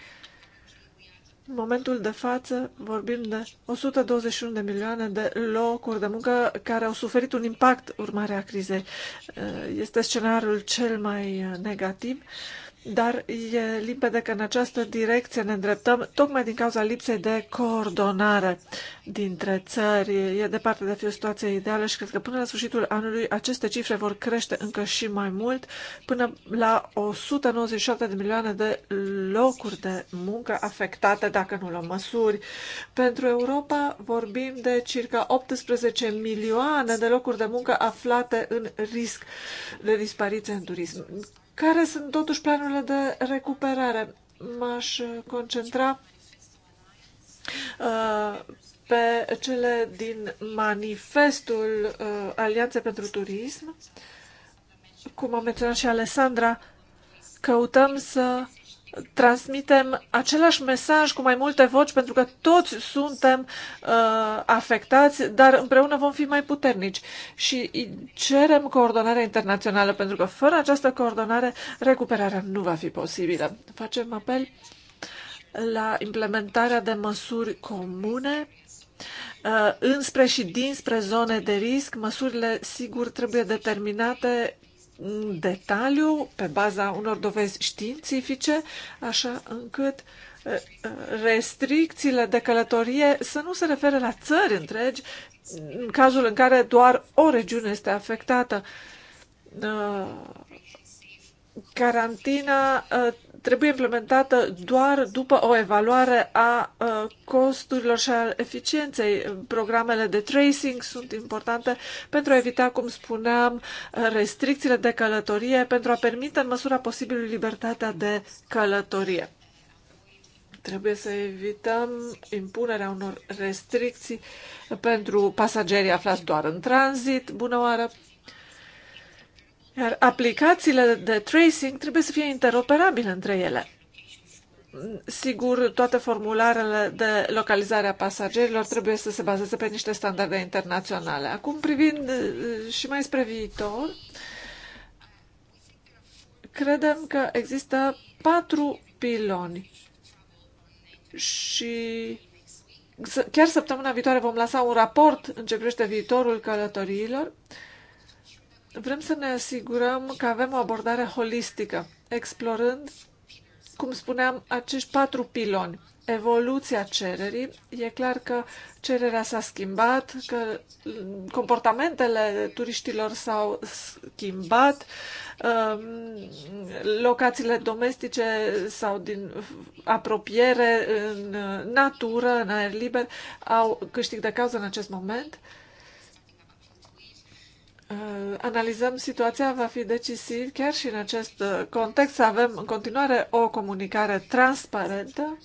În momentul de față vorbim de 121 de milioane de locuri de muncă care au suferit un impact urmare a crizei. Este scenariul cel mai negativ dar e limpede că în această direcție ne îndreptăm tocmai din cauza lipsei de coordonare dintre țări. E departe de a fi o situație ideală și cred că până la sfârșitul anului aceste cifre vor crește încă și mai mult până la 197 de milioane de locuri de muncă afectate dacă nu luăm măsuri. Pentru Europa vorbim de circa 18 milioane de locuri de muncă aflate în risc de dispariție în turism. Care sunt totuși planurile de recuperare? M-aș concentra uh, pe cele din manifestul uh, Alianței pentru Turism. Cum a menționat și Alessandra, căutăm să transmitem același mesaj cu mai multe voci, pentru că toți suntem uh, afectați, dar împreună vom fi mai puternici. Și cerem coordonare internațională, pentru că fără această coordonare, recuperarea nu va fi posibilă. Facem apel la implementarea de măsuri comune uh, înspre și dinspre zone de risc, măsurile, sigur, trebuie determinate un detaliu pe baza unor dovezi științifice, așa încât eh, eh, restricțiile de călătorie să nu se refere la țări întregi, în cazul în care doar o regiune este afectată. Eh, Carantina trebuie implementată doar după o evaluare a costurilor și a eficienței. Programele de tracing sunt importante pentru a evita, cum spuneam, restricțiile de călătorie, pentru a permite în măsura posibilului libertatea de călătorie. Trebuie să evităm impunerea unor restricții pentru pasagerii aflați doar în tranzit, bună oară, iar aplicațiile de tracing trebuie să fie interoperabile între ele. Sigur, toate formularele de localizare a pasagerilor trebuie să se bazeze pe niște standarde internaționale. Acum, privind uh, și mai spre viitor, credem că există patru piloni și chiar săptămâna viitoare vom lăsa un raport în ce privește viitorul călătoriilor Vrem să ne asigurăm că avem o abordare holistică, explorând, cum spuneam, acești patru piloni. Evoluția cererii, e clar că cererea s-a schimbat, că comportamentele turiștilor s-au schimbat, um, locațiile domestice sau din apropiere în uh, natură, în aer liber, au câștig de cauză în acest moment Uh, analizăm situația, va fi decisiv chiar și în acest uh, context să avem în continuare o comunicare transparentă,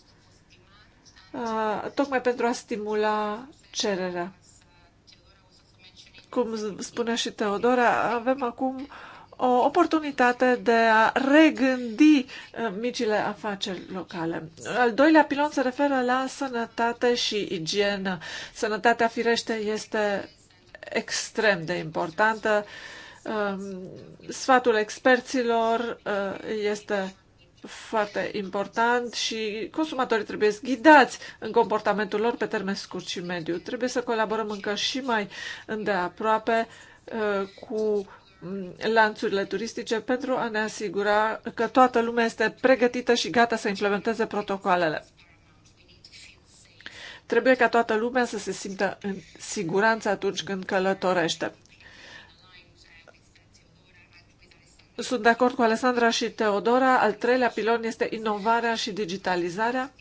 uh, tocmai pentru a stimula cererea. Cum spunea și Teodora, avem acum o oportunitate de a regândi micile afaceri locale. Al doilea pilon se referă la sănătate și igienă. Sănătatea firește este extrem de importantă. Um, sfatul experților uh, este foarte important și consumatorii trebuie ghidați în comportamentul lor pe termen scurt și mediu. Trebuie să colaborăm încă și mai îndeaproape uh, cu um, lanțurile turistice pentru a ne asigura că toată lumea este pregătită și gata să implementeze protocoalele. Trebuie ca toată lumea să se simtă în siguranță atunci când călătorește. Sunt de acord cu Alessandra și Teodora. Al treilea pilon este inovarea și digitalizarea.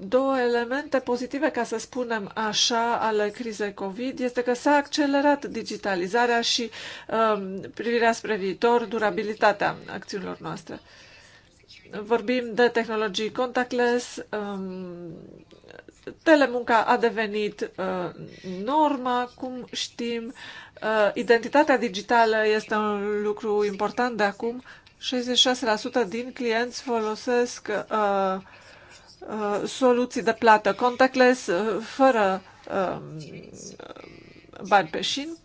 Două elemente pozitive, ca să spunem așa, ale crizei COVID este că s-a accelerat digitalizarea și um, privirea spre viitor, durabilitatea acțiunilor noastre. Uh, Vorbim de tehnologii contactless, um, telemunca a devenit uh, norma, cum știm, uh, identitatea digitală este un lucru important de acum. 66% din clienți folosesc uh, soluții de plată contactless, fără um, bani pe șin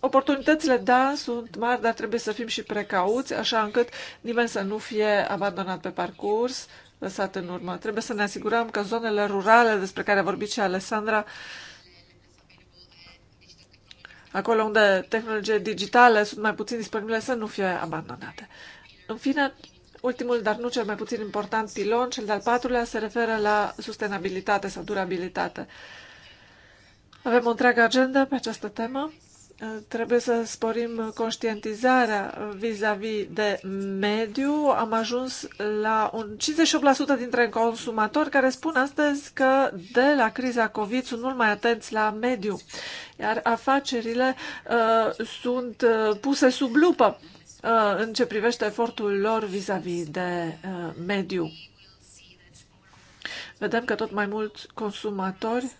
Oportunitățile, da, sunt mari, dar trebuie să fim și precauți, așa încât nimeni să nu fie abandonat pe parcurs, lăsat în urmă. Trebuie să ne asigurăm că zonele rurale, despre care a vorbit și Alessandra, acolo unde tehnologie digitale sunt mai puțin disponibile, să nu fie abandonate. În fine, ultimul, dar nu cel mai puțin important pilon, cel de-al patrulea, se referă la sustenabilitate sau durabilitate. Avem o întreagă agenda pe această temă Trebuie să sporim conștientizarea vis-a-vis -vis de mediu. Am ajuns la un 58% dintre consumatori care spun astăzi că de la criza COVID sunt mult mai atenți la mediu, iar afacerile uh, sunt uh, puse sub lupă uh, în ce privește efortul lor vis-a-vis -vis de uh, mediu. Vedem că tot mai mulți consumatori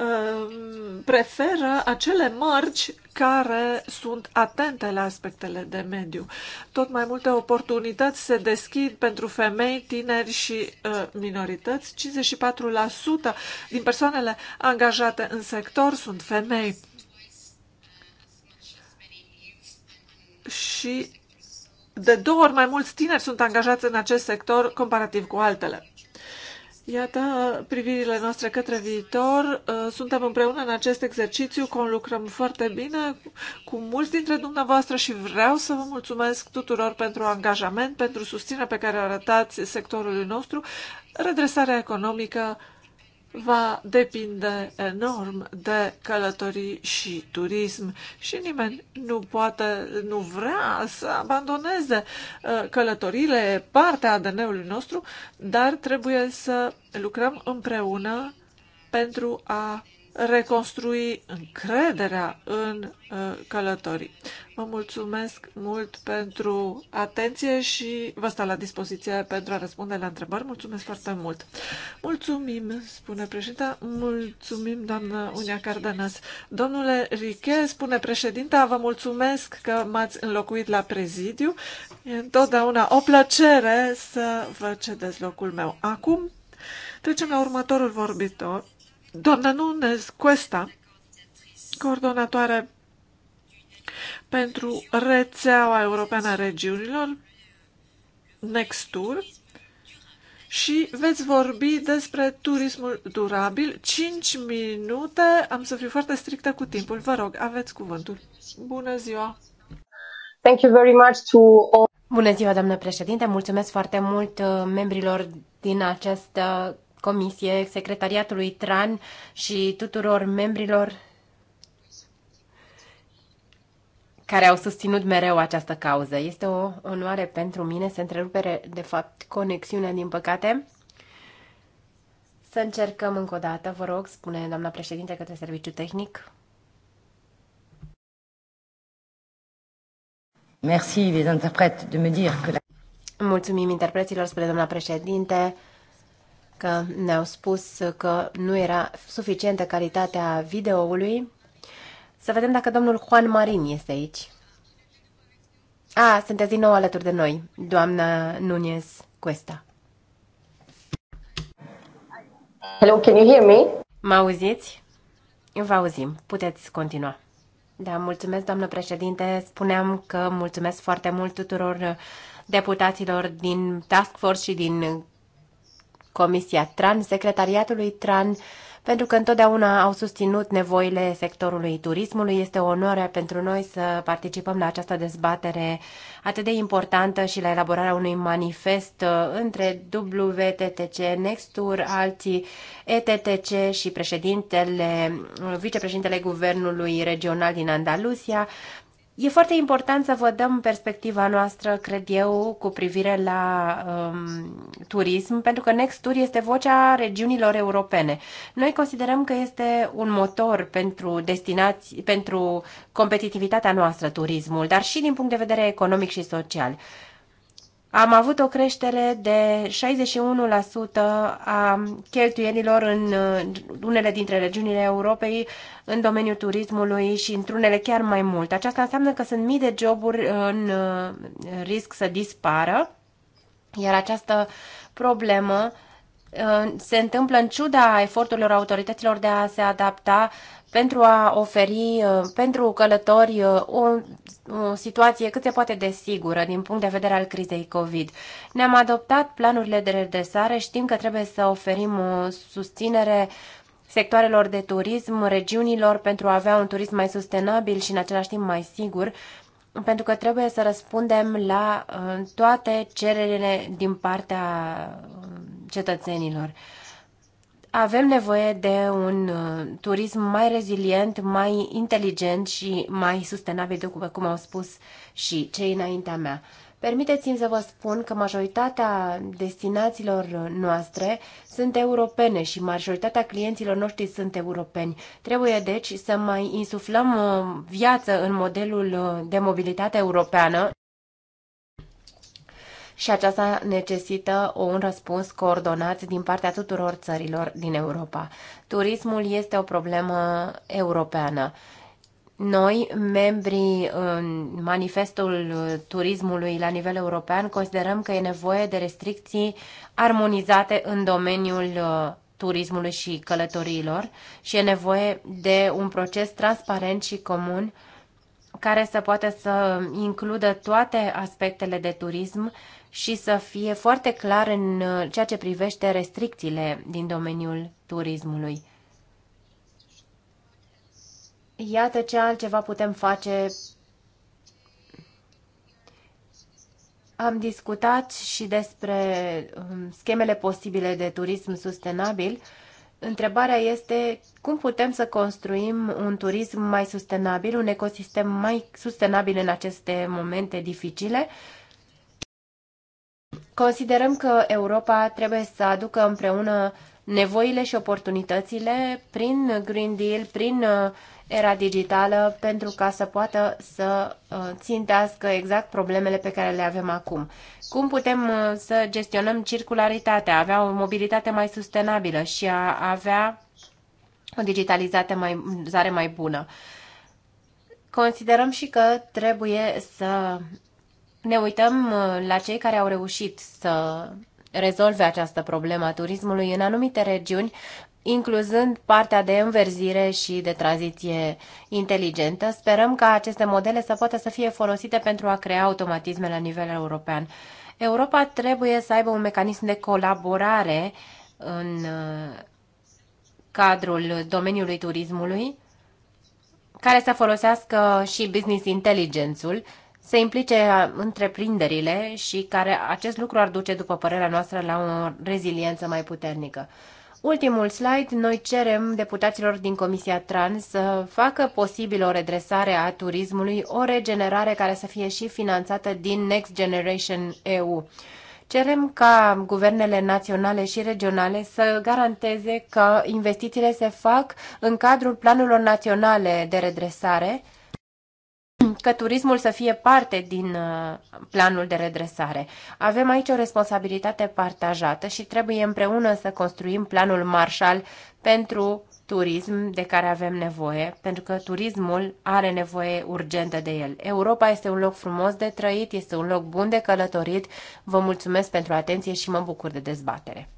Ehm, preferă acele mărci care sunt atente la aspectele de mediu. Tot mai multe oportunități se deschid pentru femei, tineri și uh, minorități. 54% din persoanele angajate în sector sunt femei. Și de două ori mai mulți tineri sunt angajați în acest sector comparativ cu altele. Iată privirile noastre către viitor. Uh, suntem împreună în acest exercițiu, conlucrăm foarte bine cu mulți dintre dumneavoastră și vreau să vă mulțumesc tuturor pentru angajament, pentru susținerea pe care o arătați sectorului nostru, redresarea economică, va depinde enorm de călătorii și turism și nimeni nu poate, nu vrea să abandoneze uh, călătorile, partea ADN-ului nostru, dar trebuie să lucrăm împreună pentru a reconstrui încrederea în uh, călătorii. Vă mulțumesc mult pentru atenție și vă stau la dispoziție pentru a răspunde la întrebări. Mulțumesc foarte mult! Mulțumim, spune președinta. Mulțumim, doamnă Unia Cardenas. Domnule Riche, spune președinta, vă mulțumesc că m-ați înlocuit la prezidiu. E întotdeauna o plăcere să vă cedeți locul meu. Acum trecem la următorul vorbitor Doamna Nunes Cuesta, coordonatoare pentru rețeaua europeană a regiunilor, Nextur, și veți vorbi despre turismul durabil. 5 minute, am să fiu foarte strictă cu timpul. Vă rog, aveți cuvântul. Bună ziua! Thank you very much to all... Bună ziua, doamnă președinte! Mulțumesc foarte mult uh, membrilor din această comisie, secretariatului TRAN și tuturor membrilor care au susținut mereu această cauză. Este o onoare pentru mine să întrerupere, de fapt, conexiunea, din păcate. Să încercăm încă o dată, vă rog, spune doamna președinte către serviciu tehnic. Merci les interprètes de me dire que la... Mulțumim interpreților, spune doamna președinte că ne-au spus că nu era suficientă calitatea videoului. Să vedem dacă domnul Juan Marin este aici. A, sunteți din nou alături de noi, doamna Nunez Cuesta. Hello, can you hear me? Mă auziți? Vă auzim. Puteți continua. Da, mulțumesc, doamnă președinte. Spuneam că mulțumesc foarte mult tuturor deputaților din Task Force și din Comisia TRAN, Secretariatului TRAN, pentru că întotdeauna au susținut nevoile sectorului turismului. Este o onoare pentru noi să participăm la această dezbatere atât de importantă și la elaborarea unui manifest uh, între WTTC, Nextur, alții, ETTC și președintele, vicepreședintele Guvernului Regional din Andalusia, E foarte important să vă dăm perspectiva noastră, cred eu, cu privire la um, turism, pentru că Next Tour este vocea regiunilor europene. Noi considerăm că este un motor pentru destinați, pentru competitivitatea noastră turismul, dar și din punct de vedere economic și social. Uh, am avut o creștere de 61% a cheltuielilor în unele dintre regiunile Europei, în domeniul turismului și într-unele chiar mai mult. Aceasta înseamnă că sunt mii de joburi în risc să dispară, iar această problemă uh, se întâmplă în ciuda eforturilor autorităților de a se adapta pentru a oferi uh, pentru călători uh, o, o situație cât se poate de sigură din punct de vedere al crizei COVID. Ne-am adoptat planurile de redresare, știm că trebuie să oferim o uh, susținere sectoarelor de turism, regiunilor pentru a avea un turism mai sustenabil și în același timp mai sigur, pentru că trebuie să răspundem la toate cererile din partea cetățenilor. Avem nevoie de un uh, turism mai rezilient, mai inteligent și mai sustenabil, după cum au spus și cei înaintea mea. Permiteți-mi să vă spun că majoritatea destinațiilor noastre sunt europene și majoritatea clienților noștri sunt europeni. Trebuie deci să mai insuflăm uh, viață în modelul uh, de mobilitate europeană și aceasta necesită un răspuns coordonat din partea tuturor țărilor din Europa. Turismul este o problemă europeană. Noi, membrii în manifestul turismului la nivel european, considerăm că e nevoie de restricții armonizate în domeniul uh, turismului și călătoriilor și e nevoie de un proces transparent și comun care să poată să includă toate aspectele de turism și să fie foarte clar în uh, ceea ce privește restricțiile din domeniul turismului. Iată ce altceva putem face. Am discutat și despre um, schemele posibile de turism sustenabil. Întrebarea este cum putem să construim un turism mai sustenabil, un ecosistem mai sustenabil în aceste momente dificile Considerăm că Europa trebuie să aducă împreună nevoile și oportunitățile prin Green Deal, prin uh, era digitală, pentru ca să poată să uh, țintească exact problemele pe care le avem acum. Cum putem uh, să gestionăm circularitatea, avea o mobilitate mai sustenabilă și a avea o digitalizare mai, zare mai bună. Considerăm și că trebuie să ne uităm uh, la cei care au reușit să rezolve această problemă a turismului în anumite regiuni, incluzând partea de înverzire și de tranziție inteligentă. Sperăm ca aceste modele să poată să fie folosite pentru a crea automatisme la nivel european. Europa trebuie să aibă un mecanism de colaborare în uh, cadrul domeniului turismului care să folosească și business intelligence-ul se implice uh, întreprinderile și care acest lucru ar duce, după părerea noastră, la o reziliență mai puternică. Ultimul slide, noi cerem deputaților din Comisia Trans să facă posibil o redresare a turismului, o regenerare care să fie și finanțată din Next Generation EU. Cerem ca guvernele naționale și regionale să garanteze că investițiile se fac în cadrul planurilor naționale de redresare, că turismul să fie parte din uh, planul de redresare. Avem aici o responsabilitate partajată și trebuie împreună să construim planul Marshall pentru turism de care avem nevoie, pentru că turismul are nevoie urgentă de el. Europa este un loc frumos de trăit, este un loc bun de călătorit. Vă mulțumesc pentru atenție și mă bucur de dezbatere.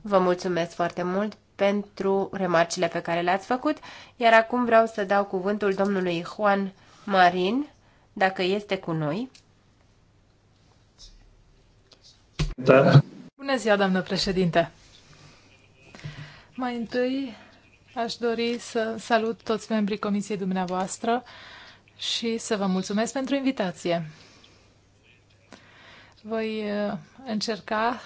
Vă mulțumesc foarte mult pentru remarcile pe care le-ați făcut, iar acum vreau să dau cuvântul domnului Juan Marin, dacă este cu noi. Da. Bună ziua, doamnă președinte! Mai întâi aș dori să salut toți membrii comisiei dumneavoastră și să vă mulțumesc pentru invitație. Voi uh, încerca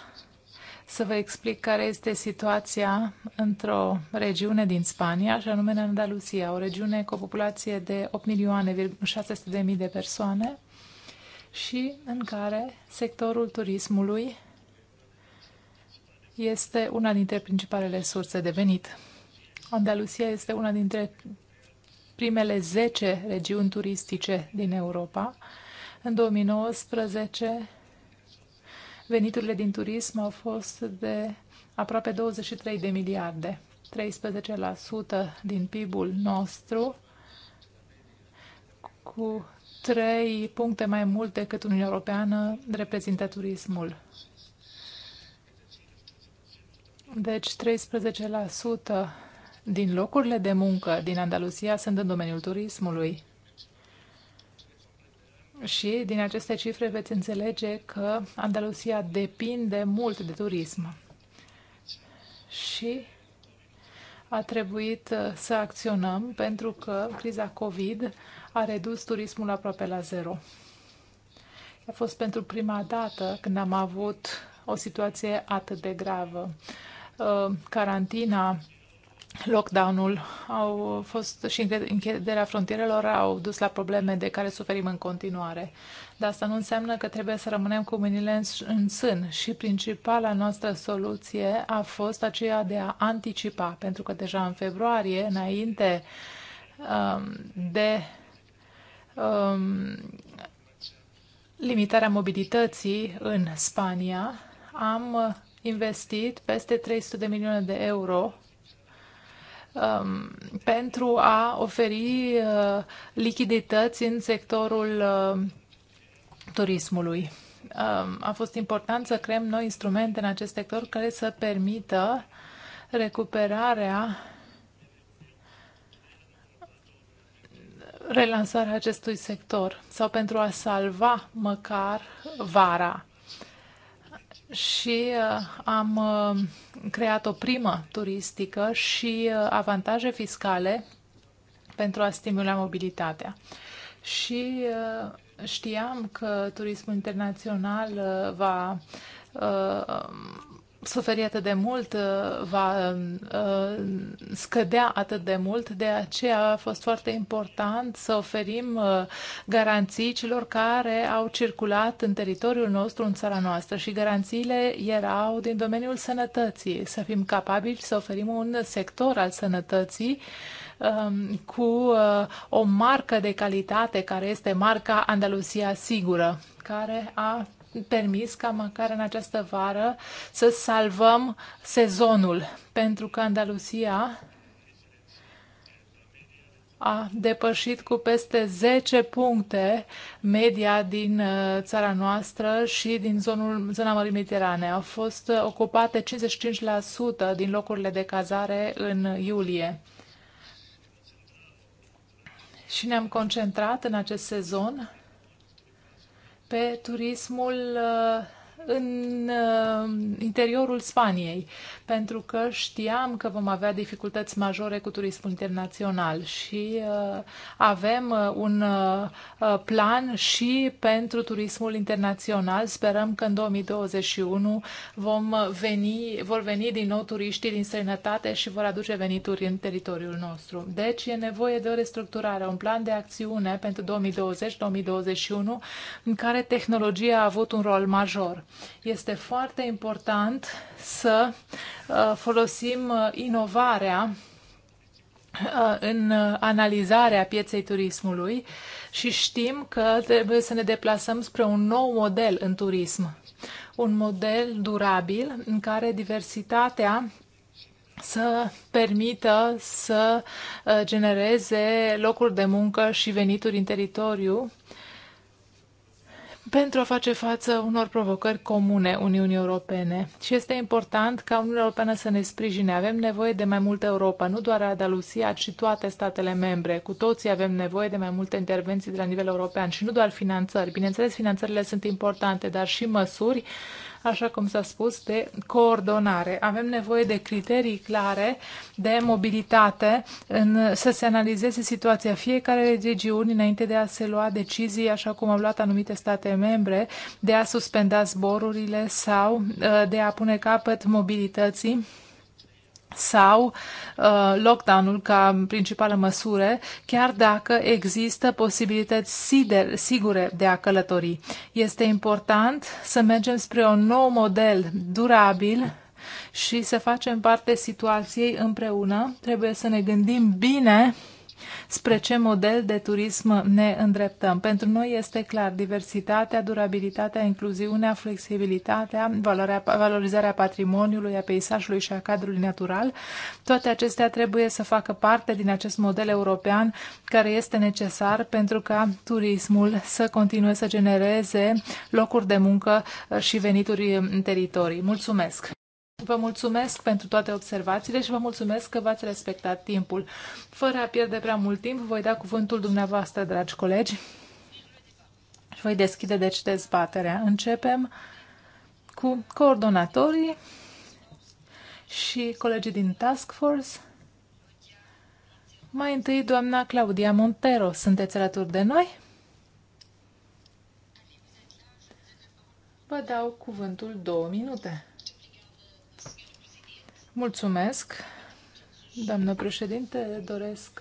să vă explic care este situația într-o regiune din Spania, și anume în Andalusia, o regiune cu o populație de 8 milioane 600 de mii de persoane și în care sectorul turismului este una dintre principalele surse de venit. Andalusia este una dintre primele 10 regiuni turistice din Europa. În 2019, Veniturile din turism au fost de aproape 23 de miliarde, 13% din PIB-ul nostru, cu 3 puncte mai mult decât Uniunea Europeană reprezintă turismul. Deci 13% din locurile de muncă din Andaluzia sunt în domeniul turismului. Și din aceste cifre veți înțelege că Andalusia depinde mult de turism. Și a trebuit uh, să acționăm pentru că criza COVID a redus turismul aproape la zero. A fost pentru prima dată când am avut o situație atât de gravă. Uh, Carantina lockdown-ul au fost și închiderea frontierelor au dus la probleme de care suferim în continuare. Dar asta nu înseamnă că trebuie să rămânem cu mâinile în sân și principala noastră soluție a fost aceea de a anticipa, pentru că deja în februarie, înainte um, de um, limitarea mobilității în Spania, am investit peste 300 de milioane de euro um, pentru a oferi uh, lichidități în sectorul uh, turismului. Um, a fost important să creăm noi instrumente în acest sector care să permită recuperarea relansarea acestui sector sau pentru a salva măcar vara și uh, am uh, creat o primă turistică și uh, avantaje fiscale pentru a stimula mobilitatea. Și știam că turismul internațional va suferi atât de mult, uh, va uh, scădea atât de mult, de aceea a fost foarte important să oferim uh, garanții celor care au circulat în teritoriul nostru, în țara noastră și garanțiile erau din domeniul sănătății, să fim capabili să oferim un sector al sănătății um, cu o marcă de calitate care este marca Andalusia Sigură, care a permis ca măcar în această vară să salvăm sezonul, pentru că Andalusia a depășit cu peste 10 puncte media din uh, țara noastră și din zonul, zona Mării Mediterane. Au fost ocupate 55% din locurile de cazare în iulie. Și ne-am concentrat în acest sezon pe turismul în uh, interiorul Spaniei, pentru că știam că vom avea dificultăți majore cu turismul internațional și uh, avem uh, un plan și pentru turismul internațional. Sperăm că în 2021 vom veni, vor veni din nou turiștii din străinătate și vor aduce venituri în teritoriul nostru. Deci e nevoie de o restructurare, un plan de acțiune pentru 2020-2021 în care tehnologia a avut un rol major. Este foarte important să uh, folosim uh, inovarea uh, în analizarea pieței turismului și știm că trebuie să ne deplasăm spre un nou model în turism. Un model durabil în care diversitatea să permită să genereze locuri de muncă și venituri în teritoriu pentru a face față unor provocări comune Uniunii Europene. Și este important ca Uniunea Europeană să ne sprijine. Avem nevoie de mai multă Europa, nu doar Adalusia, ci toate statele membre. Cu toții avem nevoie de mai multe intervenții de la nivel european și nu doar finanțări. Bineînțeles, finanțările sunt importante, dar și măsuri așa cum s-a spus, de coordonare. Avem nevoie de criterii clare de mobilitate, în, să se analizeze situația fiecarei regiuni înainte de a se lua decizii, așa cum au luat anumite state membre, de a suspenda zborurile sau uh, de a pune capăt mobilității sau uh, lockdown-ul ca principală măsură, chiar dacă există posibilități sigure de a călători. Este important să mergem spre un nou model durabil și să facem parte situației împreună. Trebuie să ne gândim bine uh, spre ce model de turism ne îndreptăm. Pentru noi este clar, diversitatea, durabilitatea, incluziunea, flexibilitatea, valoarea, valorizarea patrimoniului, a peisajului și a cadrului natural, toate acestea trebuie să facă parte din acest model european care este necesar pentru ca turismul să continue să genereze locuri de muncă și venituri în teritorii. Mulțumesc! Vă mulțumesc pentru toate observațiile și vă mulțumesc că v-ați respectat timpul. Fără a pierde prea mult timp, voi da cuvântul dumneavoastră, dragi colegi. Și voi deschide, deci, dezbaterea. Începem cu coordonatorii și colegii din Task Force. Mai întâi, doamna Claudia Montero, sunteți alături de noi? Vă dau cuvântul două minute. Mulțumesc, doamnă președinte. Doresc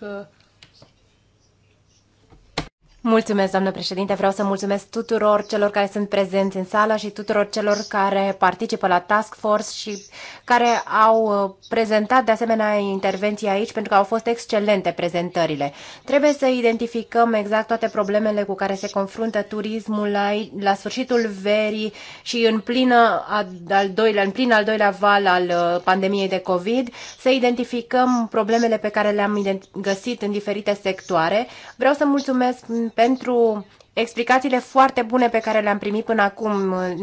Mulțumesc, doamnă președinte. Vreau să mulțumesc tuturor celor care sunt prezenți în sală și tuturor celor care participă la task force și care au uh, prezentat de asemenea intervenții aici pentru că au fost excelente prezentările. Trebuie să identificăm exact toate problemele cu care se confruntă turismul la, la sfârșitul verii și în, plină, al doilea, în plin al doilea val al uh, pandemiei de COVID, să identificăm problemele pe care le-am găsit în diferite sectoare. Vreau să mulțumesc pentru explicațiile foarte bune pe care le-am primit până acum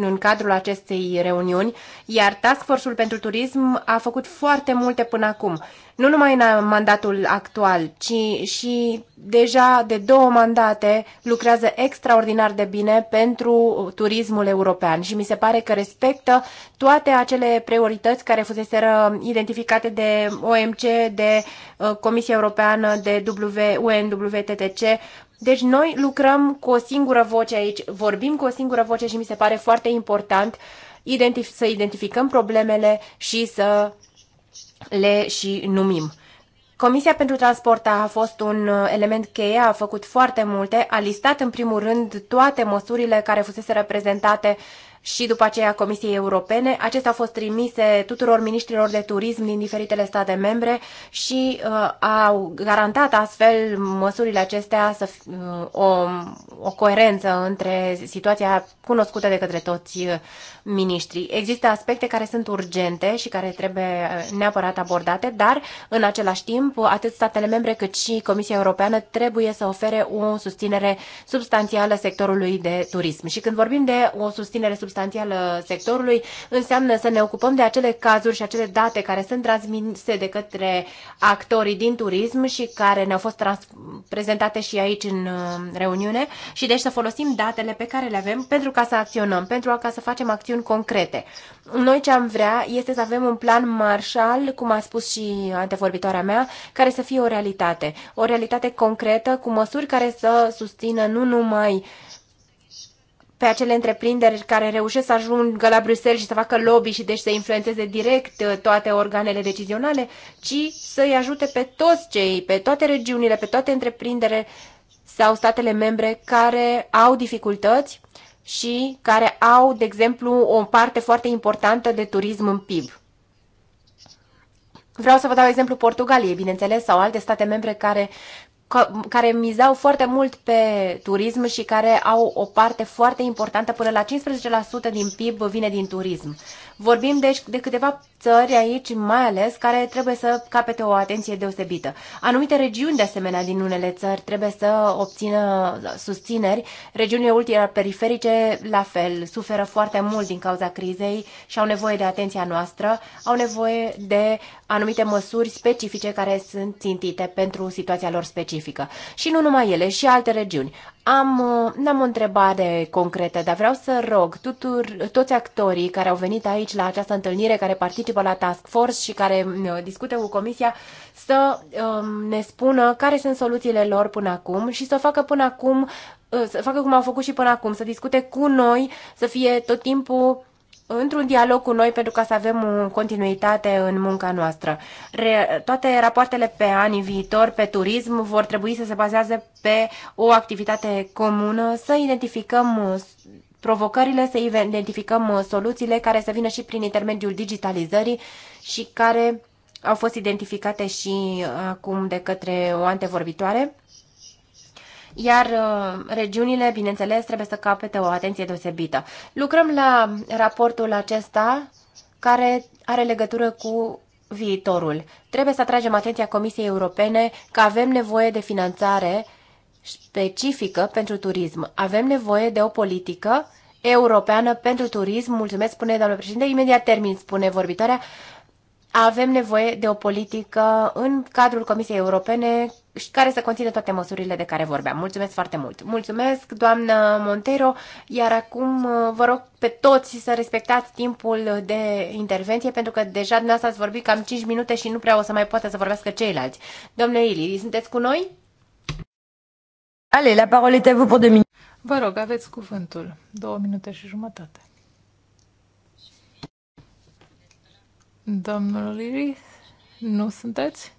în cadrul acestei reuniuni, iar Task Force-ul pentru Turism a făcut foarte multe până acum. Nu numai în mandatul actual, ci și deja de două mandate lucrează extraordinar de bine pentru turismul european și mi se pare că respectă toate acele priorități care fuseseră identificate de OMC, de uh, Comisia Europeană, de WNWTTC deci noi lucrăm cu o singură voce aici, vorbim cu o singură voce și mi se pare foarte important identif- să identificăm problemele și să le și numim. Comisia pentru Transport a fost un uh, element cheie, a făcut foarte multe, a listat în primul rând toate măsurile care fusese reprezentate uh, și după aceea Comisiei Europene. Acestea au fost trimise tuturor ministrilor de turism din diferitele state membre și uh, au garantat astfel măsurile acestea să, uh, o, o coerență între situația cunoscută de către toți uh, miniștrii. Există aspecte care sunt urgente și care trebuie uh, neapărat abordate, dar în același timp atât statele membre cât și Comisia Europeană trebuie să ofere o susținere substanțială sectorului de turism. Și când vorbim de o susținere substanțială, substanțială sectorului înseamnă să ne ocupăm de acele cazuri și acele date care sunt transmise de către actorii din turism și care ne-au fost prezentate și aici în uh, reuniune și deci să folosim datele pe care le avem pentru ca să acționăm, pentru ca să facem acțiuni concrete. Noi ce am vrea este să avem un plan marșal, cum a spus și antevorbitoarea mea, care să fie o realitate. O realitate concretă, cu măsuri care să susțină nu numai uh, pe acele întreprinderi care reușesc să ajungă la Bruxelles și să facă lobby și deci să influențeze direct uh, toate organele decizionale, ci să-i ajute pe toți cei, pe toate regiunile, pe toate întreprindere sau statele membre care au dificultăți și care au, de exemplu, o parte foarte importantă de turism în PIB. Vreau să vă dau exemplu Portugaliei, bineînțeles, sau alte state membre care care mizau foarte mult pe turism și care au o parte foarte importantă, până la 15% din PIB vine din turism. Vorbim deci de câteva țări aici, mai ales, care trebuie să capete o atenție deosebită. Anumite regiuni, de asemenea, din unele țări trebuie să obțină susțineri. Regiunile ultraperiferice, la fel, suferă foarte mult din cauza crizei și au nevoie de atenția noastră, au nevoie de anumite măsuri specifice care sunt țintite pentru situația lor specifică. Și nu numai ele, și alte regiuni. Am, uh, n-am o întrebare concretă, dar vreau să rog tutur, toți actorii care au venit aici la această întâlnire, care participă la Task Force și care uh, discută cu Comisia, să um, ne spună care sunt soluțiile lor până acum și să facă până acum, uh, să facă cum au făcut și până acum, să discute cu noi, să fie tot timpul într-un dialog cu noi pentru ca să avem o continuitate în munca noastră. Re, toate rapoartele pe anii viitor, pe turism, vor trebui să se bazeze pe o activitate comună, să identificăm uh, provocările, să identificăm uh, soluțiile care să vină și prin intermediul digitalizării și care au fost identificate și uh, acum de către o antevorbitoare iar uh, regiunile, bineînțeles, trebuie să capete o atenție deosebită. Lucrăm la raportul acesta care are legătură cu viitorul. Trebuie să atragem atenția Comisiei Europene că avem nevoie de finanțare specifică pentru turism. Avem nevoie de o politică europeană pentru turism. Mulțumesc, spune doamna președinte. Imediat termin, spune vorbitoarea avem nevoie de o politică în cadrul Comisiei Europene care să conțină toate măsurile de care vorbeam. Mulțumesc foarte mult! Mulțumesc, doamnă Montero, iar acum uh, vă rog pe toți să respectați timpul de intervenție, pentru că deja dumneavoastră ați vorbit cam 5 minute și nu prea o să mai poată să vorbească ceilalți. Domnule Ili, sunteți cu noi? Ale, la parole est à vous pour Vă rog, aveți cuvântul. Două minute și jumătate. Domnul Liri, nu sunteți?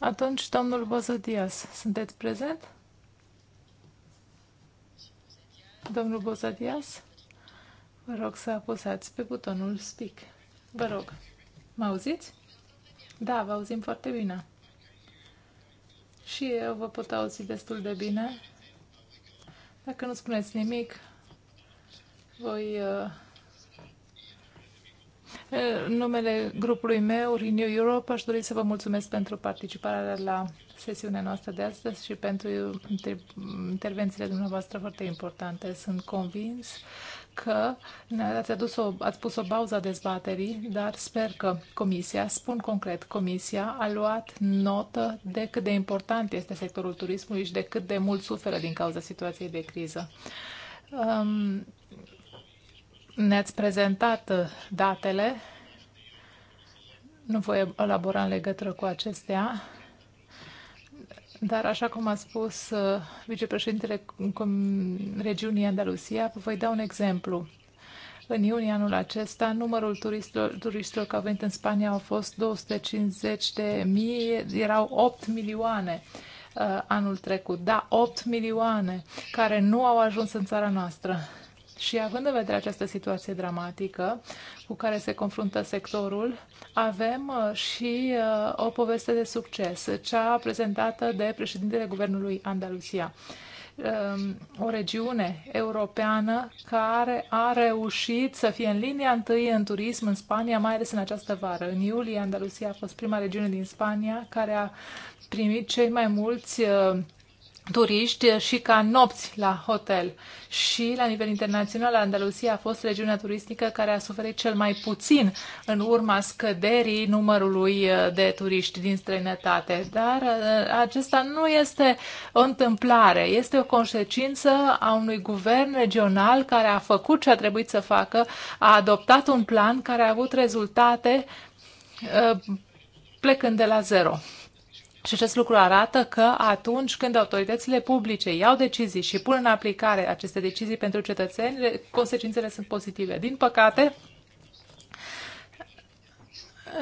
Atunci, domnul Bozadias, sunteți prezent? Domnul Bozadias, vă rog să apăsați pe butonul Speak. Vă rog, mă auziți? Da, vă auzim foarte bine. Și eu vă pot auzi destul de bine. Dacă nu spuneți nimic, voi uh, în numele grupului meu, Renew Europe, aș dori să vă mulțumesc pentru participarea la sesiunea noastră de astăzi și pentru intervențiile dumneavoastră foarte importante. Sunt convins că ați, adus o, ați pus o pauză dezbaterii, dar sper că Comisia, spun concret, Comisia a luat notă de cât de important este sectorul turismului și de cât de mult suferă din cauza situației de criză. Um, ne-ați prezentat uh, datele. Nu voi elabora în legătură cu acestea. Dar, așa cum a spus uh, vicepreședintele regiunii Andalusia, vă voi da un exemplu. În iunie anul acesta, numărul turistilor, turistilor care au venit în Spania au fost 250 de mii, erau 8 milioane uh, anul trecut. Da, 8 milioane care nu au ajuns în țara noastră. Și având în vedere această situație dramatică cu care se confruntă sectorul, avem uh, și uh, o poveste de succes, cea prezentată de președintele Guvernului Andalusia um, o regiune europeană care a reușit să fie în linia întâi în turism în Spania, mai ales în această vară. În iulie, Andalusia a fost prima regiune din Spania care a primit cei mai mulți uh, turiști și ca nopți la hotel. Și la nivel internațional, Andalusia a fost regiunea turistică care a suferit cel mai puțin în urma scăderii numărului uh, de turiști din străinătate. Dar uh, acesta nu este o întâmplare, este o consecință a unui guvern regional care a făcut ce a trebuit să facă, a adoptat un plan care a avut rezultate uh, plecând de la zero. Și acest lucru arată că atunci când autoritățile publice iau decizii și pun în aplicare aceste decizii pentru cetățeni, consecințele sunt pozitive. Din păcate,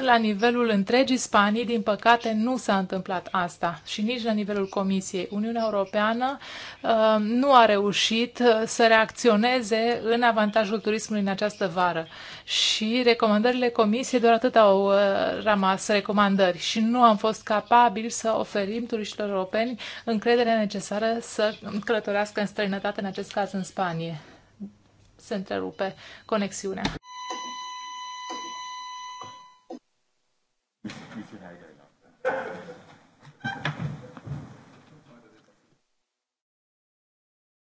la nivelul întregii Spanii, din păcate, nu s-a întâmplat asta și nici la nivelul Comisiei. Uniunea Europeană uh, nu a reușit uh, să reacționeze în avantajul turismului în această vară și recomandările Comisiei doar atât au uh, rămas recomandări și nu am fost capabili să oferim turiștilor europeni încrederea necesară să călătorească în străinătate, în acest caz în Spanie. Se întrerupe conexiunea.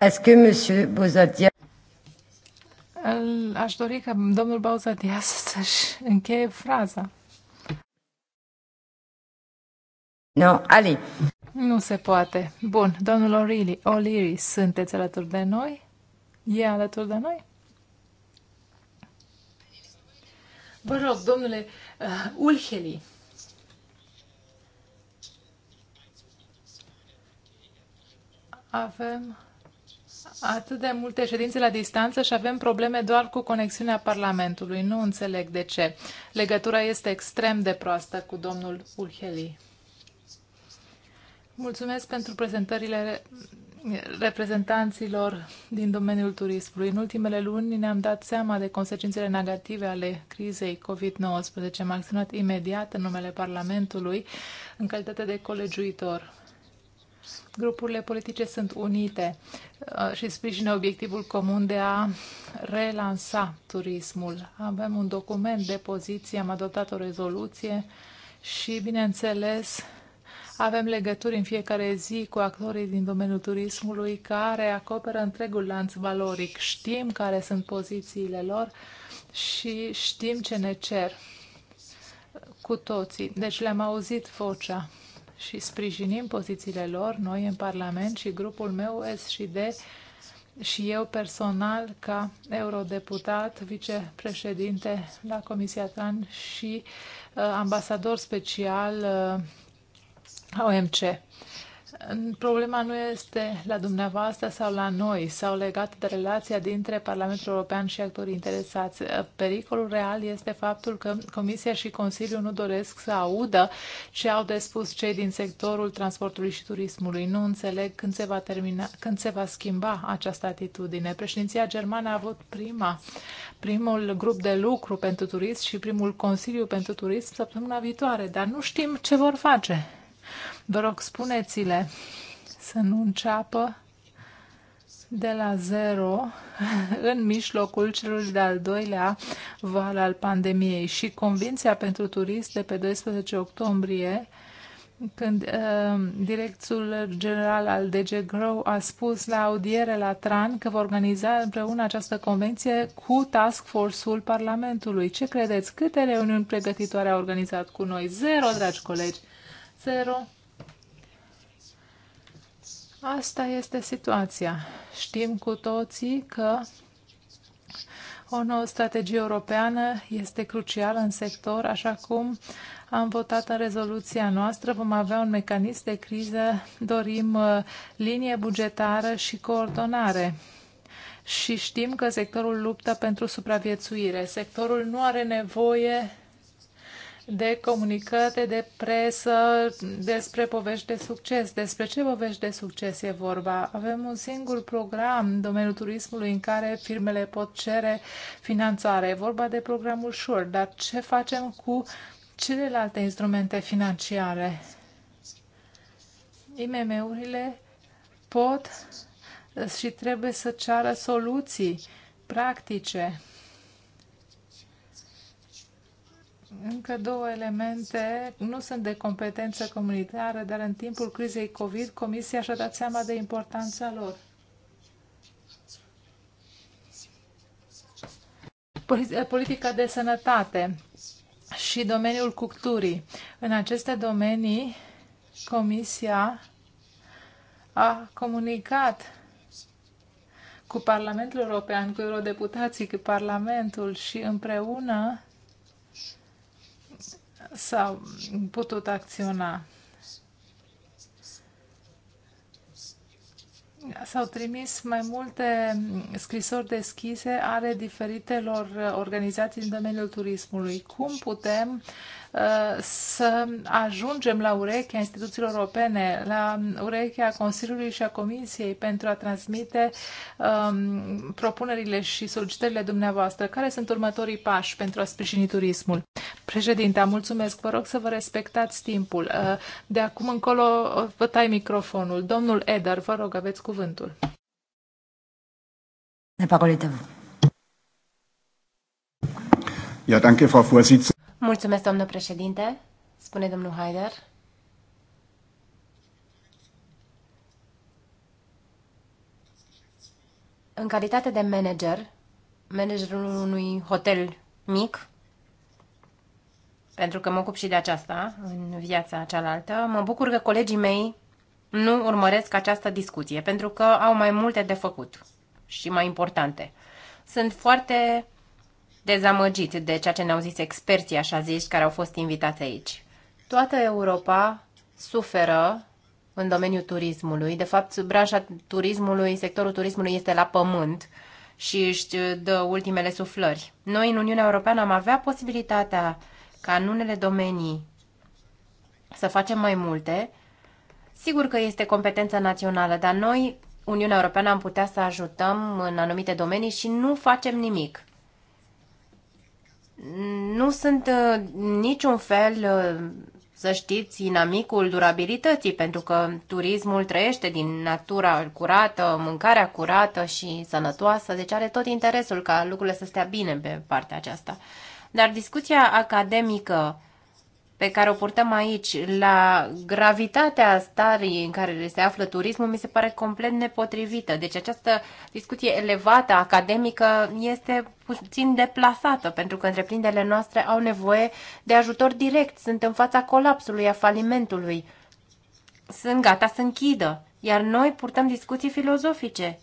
Est-ce que Monsieur Bozatia... Aș dori ca domnul Bauzatia să-și încheie fraza. Nu, no, Ali. Nu se poate. Bun, domnul O'Reilly, O'Leary, sunteți alături de noi? E alături de noi? Vă rog, domnule uh, ulcheli. Avem atât de multe ședințe la distanță și avem probleme doar cu conexiunea Parlamentului. Nu înțeleg de ce. Legătura este extrem de proastă cu domnul Urheli. Mulțumesc pentru prezentările reprezentanților din domeniul turismului. În ultimele luni ne-am dat seama de consecințele negative ale crizei COVID-19. Am acționat imediat în numele Parlamentului în calitate de colegiuitor. Grupurile politice sunt unite uh, și sprijină obiectivul comun de a relansa turismul. Avem un document de poziție, am adoptat o rezoluție și, bineînțeles, avem legături în fiecare zi cu actorii din domeniul turismului care acoperă întregul lanț valoric. Știm care sunt pozițiile lor și știm ce ne cer cu toții. Deci le-am auzit vocea și sprijinim pozițiile lor, noi în Parlament și grupul meu S și D și eu personal ca eurodeputat, vicepreședinte la Comisia TRAN și uh, ambasador special uh, OMC. Problema nu este la dumneavoastră sau la noi, sau legată de relația dintre Parlamentul European și actorii interesați. Pericolul real este faptul că Comisia și Consiliul nu doresc să audă ce au de spus cei din sectorul transportului și turismului. Nu înțeleg când se va, termina, când se va schimba această atitudine. Președinția germană a avut prima, primul grup de lucru pentru turism și primul Consiliu pentru turism săptămâna viitoare, dar nu știm ce vor face. Vă rog, spuneți-le să nu înceapă de la zero <laughs> în mijlocul celor de-al doilea val al pandemiei și convinția pentru turist de pe 12 octombrie când uh, directul general al DG Grow a spus la audiere la TRAN că va organiza împreună această convenție cu task force-ul Parlamentului. Ce credeți? Câte reuniuni pregătitoare a organizat cu noi? Zero, dragi colegi! Zero! Asta este situația. Știm cu toții că o nouă strategie europeană este crucială în sector, așa cum am votat în rezoluția noastră. Vom avea un mecanism de criză, dorim uh, linie bugetară și coordonare. Și știm că sectorul luptă pentru supraviețuire. Sectorul nu are nevoie de comunicate de presă, despre povești de succes. Despre ce povești de succes e vorba? Avem un singur program în domeniul turismului în care firmele pot cere finanțare. E vorba de programul SURE, dar ce facem cu celelalte instrumente financiare? IMM-urile pot și trebuie să ceară soluții practice încă două elemente nu sunt de competență comunitară, dar în timpul crizei COVID, Comisia și-a dat seama de importanța lor. Politica de sănătate și domeniul culturii. În aceste domenii, Comisia a comunicat cu Parlamentul European, cu eurodeputații, cu Parlamentul și împreună s-au putut acționa. S-au trimis mai multe scrisori deschise ale diferitelor organizații în domeniul turismului. Cum putem să ajungem la urechea instituțiilor europene, la urechea Consiliului și a Comisiei pentru a transmite um, propunerile și solicitările dumneavoastră. Care sunt următorii pași pentru a sprijini turismul? Președinte, mulțumesc. Vă rog să vă respectați timpul. Uh, de acum încolo vă tai microfonul. Domnul Edar, vă rog, aveți cuvântul. Ne Ja, danke, Frau Vorsitzende. Mulțumesc, domnul președinte, spune domnul Haider. În calitate de manager, managerul unui hotel mic, pentru că mă ocup și de aceasta în viața cealaltă, mă bucur că colegii mei nu urmăresc această discuție, pentru că au mai multe de făcut și mai importante. Sunt foarte dezamăgit de ceea ce ne-au zis experții, așa zis, care au fost invitați aici. Toată Europa suferă în domeniul turismului. De fapt, branșa turismului, sectorul turismului este la pământ și își dă ultimele suflări. Noi, în Uniunea Europeană, am avea posibilitatea ca în unele domenii să facem mai multe. Sigur că este competența națională, dar noi, Uniunea Europeană, am putea să ajutăm în anumite domenii și nu facem nimic nu sunt uh, niciun fel, uh, să știți, inamicul durabilității, pentru că turismul trăiește din natura curată, mâncarea curată și sănătoasă, deci are tot interesul ca lucrurile să stea bine pe partea aceasta. Dar discuția academică pe care o purtăm aici la gravitatea starii în care se află turismul mi se pare complet nepotrivită. Deci această discuție elevată, academică, este puțin deplasată, pentru că întreprinderile noastre au nevoie de ajutor direct, sunt în fața colapsului, a falimentului, sunt gata să închidă, iar noi purtăm discuții filozofice.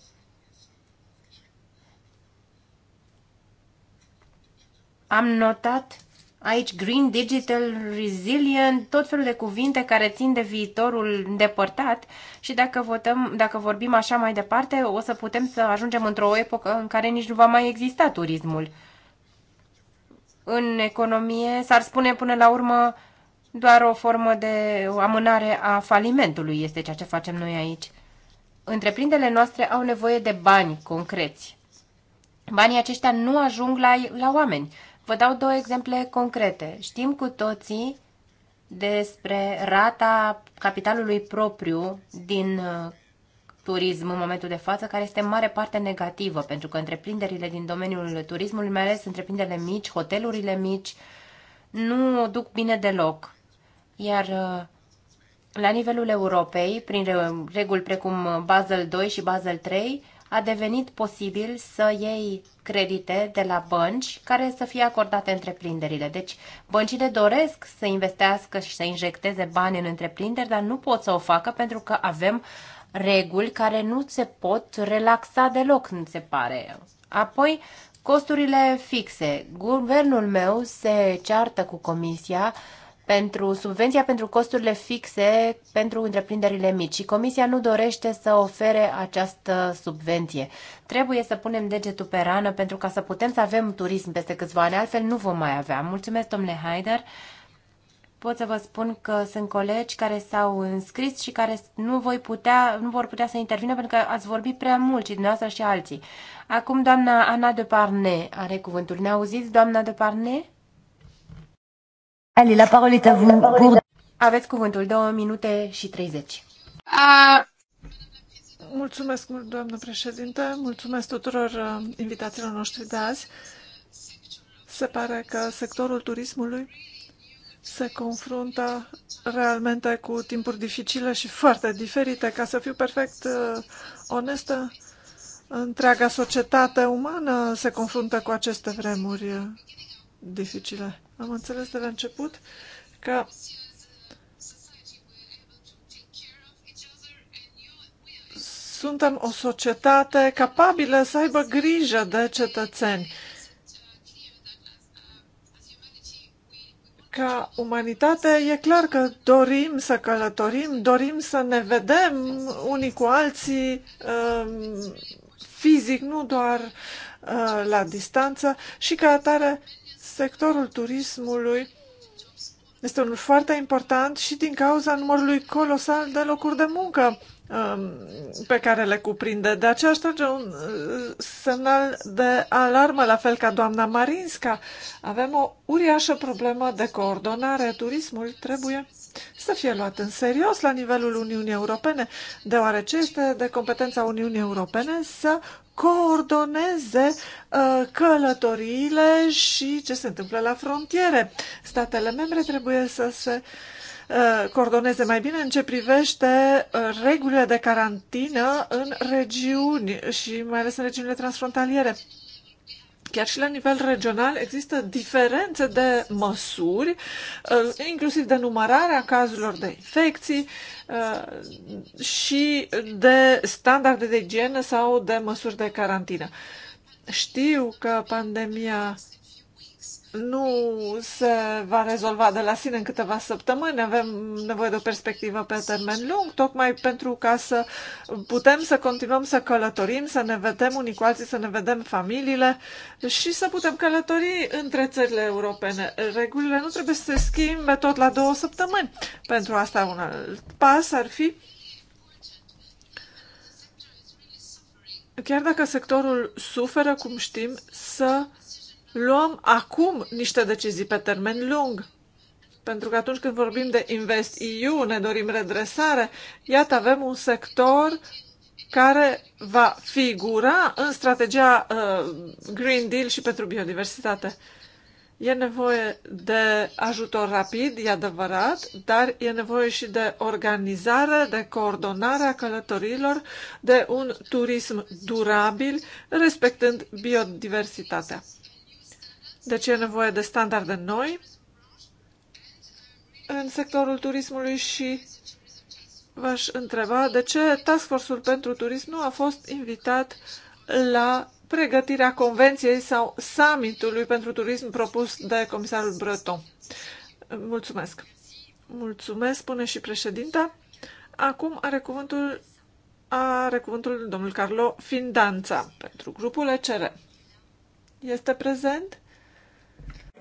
Am notat aici Green Digital, Resilient, tot felul de cuvinte care țin de viitorul îndepărtat și dacă, votăm, dacă vorbim așa mai departe, o să putem să ajungem într-o epocă în care nici nu va mai exista turismul. În economie s-ar spune până la urmă doar o formă de amânare a falimentului este ceea ce facem noi aici. Întreprinderile noastre au nevoie de bani concreți. Banii aceștia nu ajung la, la oameni. Vă dau două exemple concrete. Știm cu toții despre rata capitalului propriu din uh, turism în momentul de față, care este în mare parte negativă, pentru că întreprinderile din domeniul turismului, mai ales întreprinderile mici, hotelurile mici, nu duc bine deloc. Iar uh, la nivelul Europei, prin reguli precum Basel 2 și Basel 3, a devenit posibil să iei credite de la bănci care să fie acordate întreprinderile. Deci băncile doresc să investească și să injecteze bani în întreprinderi, dar nu pot să o facă pentru că avem reguli care nu se pot relaxa deloc, nu se pare. Apoi, costurile fixe. Guvernul meu se ceartă cu comisia pentru subvenția pentru costurile fixe pentru întreprinderile mici și Comisia nu dorește să ofere această subvenție. Trebuie să punem degetul pe rană pentru ca să putem să avem turism peste câțiva ani, altfel nu vom mai avea. Mulțumesc, domnule Haider. Pot să vă spun că sunt colegi care s-au înscris și care nu, voi putea, nu vor putea să intervină pentru că ați vorbit prea mult și dumneavoastră și alții. Acum doamna Ana de Parne are cuvântul. Ne auziți, doamna de Parne? Ali, la parole est à vous. Aveți cuvântul, 2 minute și 30. A... Mulțumesc mult, doamnă președinte, mulțumesc tuturor uh, invitațiilor noștri de azi. Se pare că sectorul turismului se confruntă realmente cu timpuri dificile și foarte diferite. Ca să fiu perfect uh, onestă, întreaga societate umană se confruntă cu aceste vremuri dificile. Am înțeles de la început că suntem o societate capabilă să aibă grijă de cetățeni. Ca umanitate, e clar că dorim să călătorim, dorim să ne vedem unii cu alții um, fizic, nu doar uh, la distanță și ca atare sectorul turismului este unul foarte important și din cauza numărului colosal de locuri de muncă um, pe care le cuprinde. De aceea aș trage un uh, semnal de alarmă, la fel ca doamna Marinska. Avem o uriașă problemă de coordonare. Turismul trebuie să fie luat în serios la nivelul Uniunii Europene, deoarece este de competența Uniunii Europene să coordoneze uh, călătoriile și ce se întâmplă la frontiere. Statele membre trebuie să se uh, coordoneze mai bine în ce privește uh, regulile de carantină în regiuni și mai ales în regiunile transfrontaliere. Chiar și la nivel regional există diferențe de măsuri, uh, inclusiv de numărarea cazurilor de infecții uh, și de standarde de igienă sau de măsuri de carantină. Știu că pandemia nu se va rezolva de la sine în câteva săptămâni. Avem nevoie de o perspectivă pe termen lung, tocmai pentru ca să putem să continuăm să călătorim, să ne vedem unii cu alții, să ne vedem familiile și să putem călători între țările europene. Regulile nu trebuie să se schimbe tot la două săptămâni. Pentru asta un alt pas ar fi chiar dacă sectorul suferă, cum știm, să luăm acum niște decizii pe termen lung. Pentru că atunci când vorbim de Invest EU, ne dorim redresare, iată avem un sector care va figura în strategia uh, Green Deal și pentru biodiversitate. E nevoie de ajutor rapid, e adevărat, dar e nevoie și de organizare, de coordonare a călătorilor, de un turism durabil, respectând biodiversitatea ce e nevoie de standarde noi în sectorul turismului și v-aș întreba de ce Task Force-ul pentru turism nu a fost invitat la pregătirea convenției sau summitului pentru turism propus de comisarul Breton. Mulțumesc. Mulțumesc, spune și președinta. Acum are cuvântul, are cuvântul domnul Carlo Findanța pentru grupul ECR. Este prezent?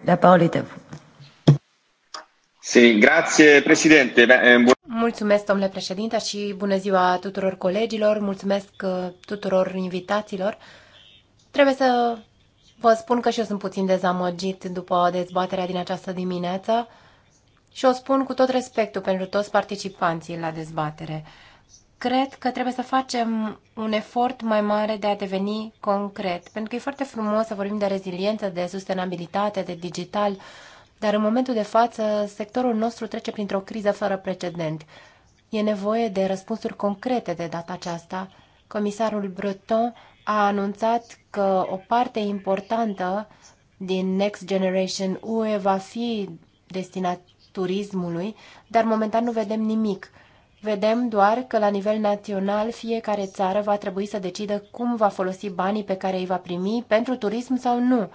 La da, parole est à vous. grazie, eh, Mulțumesc, domnule președinte, și bună ziua tuturor colegilor, mulțumesc eh, tuturor invitaților. Trebuie să vă spun că și eu sunt puțin dezamăgit după dezbaterea din această dimineață și o spun cu tot respectul pentru toți participanții la dezbatere cred că trebuie să facem un efort mai mare de a deveni concret. Pentru că e foarte frumos să vorbim de reziliență, de sustenabilitate, de digital, dar în momentul de față sectorul nostru trece printr-o criză fără precedent. E nevoie de răspunsuri concrete de data aceasta. Comisarul Breton a anunțat că o parte importantă din Next Generation UE va fi destinat turismului, dar momentan nu vedem nimic. Vedem doar că la nivel național fiecare țară va trebui să decidă cum va folosi banii pe care îi va primi pentru turism sau nu.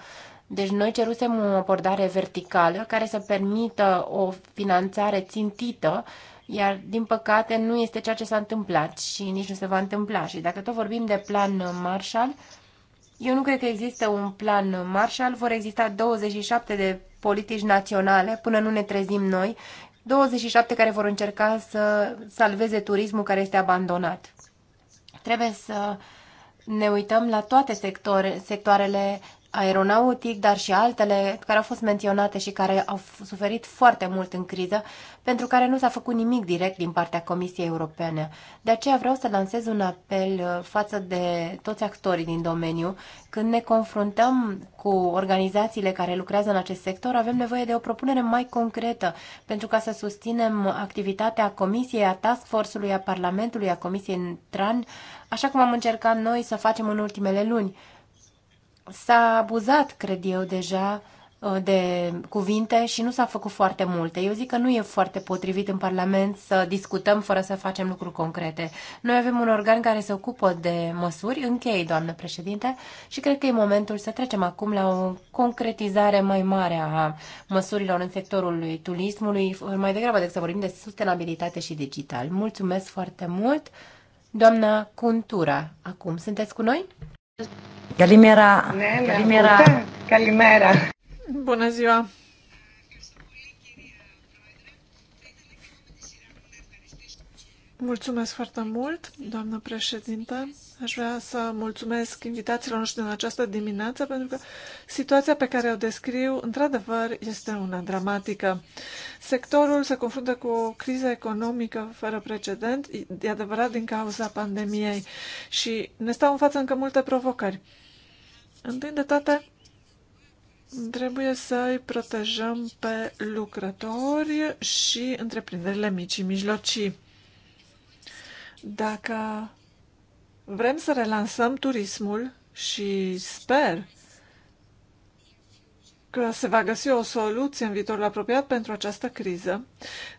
Deci noi cerusem o abordare verticală care să permită o finanțare țintită, iar din păcate nu este ceea ce s-a întâmplat și nici nu se va întâmpla. Și dacă tot vorbim de plan Marshall, eu nu cred că există un plan Marshall, vor exista 27 de politici naționale până nu ne trezim noi 27 care vor încerca să salveze turismul care este abandonat. Trebuie să ne uităm la toate sectoare, sectoarele aeronautic, dar și altele care au fost menționate și care au suferit foarte mult în criză, pentru care nu s-a făcut nimic direct din partea Comisiei Europene. De aceea vreau să lansez un apel uh, față de toți actorii din domeniu. Când ne confruntăm cu organizațiile care lucrează în acest sector, avem nevoie de o propunere mai concretă pentru ca să susținem activitatea Comisiei, a Task Force-ului, a Parlamentului, a Comisiei în Tran, așa cum am încercat noi să facem în ultimele luni s-a abuzat, cred eu, deja uh, de cuvinte și nu s-a făcut foarte multe. Eu zic că nu e foarte potrivit în Parlament să discutăm fără să facem lucruri concrete. Noi avem un organ care se ocupă de măsuri, închei, doamnă președinte, și cred că e momentul să trecem acum la o concretizare mai mare a măsurilor în sectorul turismului, mai degrabă decât să vorbim de sustenabilitate și digital. Mulțumesc foarte mult! Doamna Cuntura, acum sunteți cu noi? Καλημέρα. Ναι, ναι, Καλημέρα. Ακούτε. Καλημέρα. Bună ziua. Mulțumesc foarte mult, doamnă președinte. Aș vrea să mulțumesc invitațiilor noștri în această dimineață, pentru că situația pe care o descriu, într-adevăr, este una dramatică. Sectorul se confruntă cu o criză economică fără precedent, e adevărat din cauza pandemiei și ne stau în față încă multe provocări. Întâi de toate, trebuie să îi protejăm pe lucrători și întreprinderile mici și mijlocii. Dacă Vrem să relansăm turismul și sper că se va găsi o soluție în viitorul apropiat pentru această criză,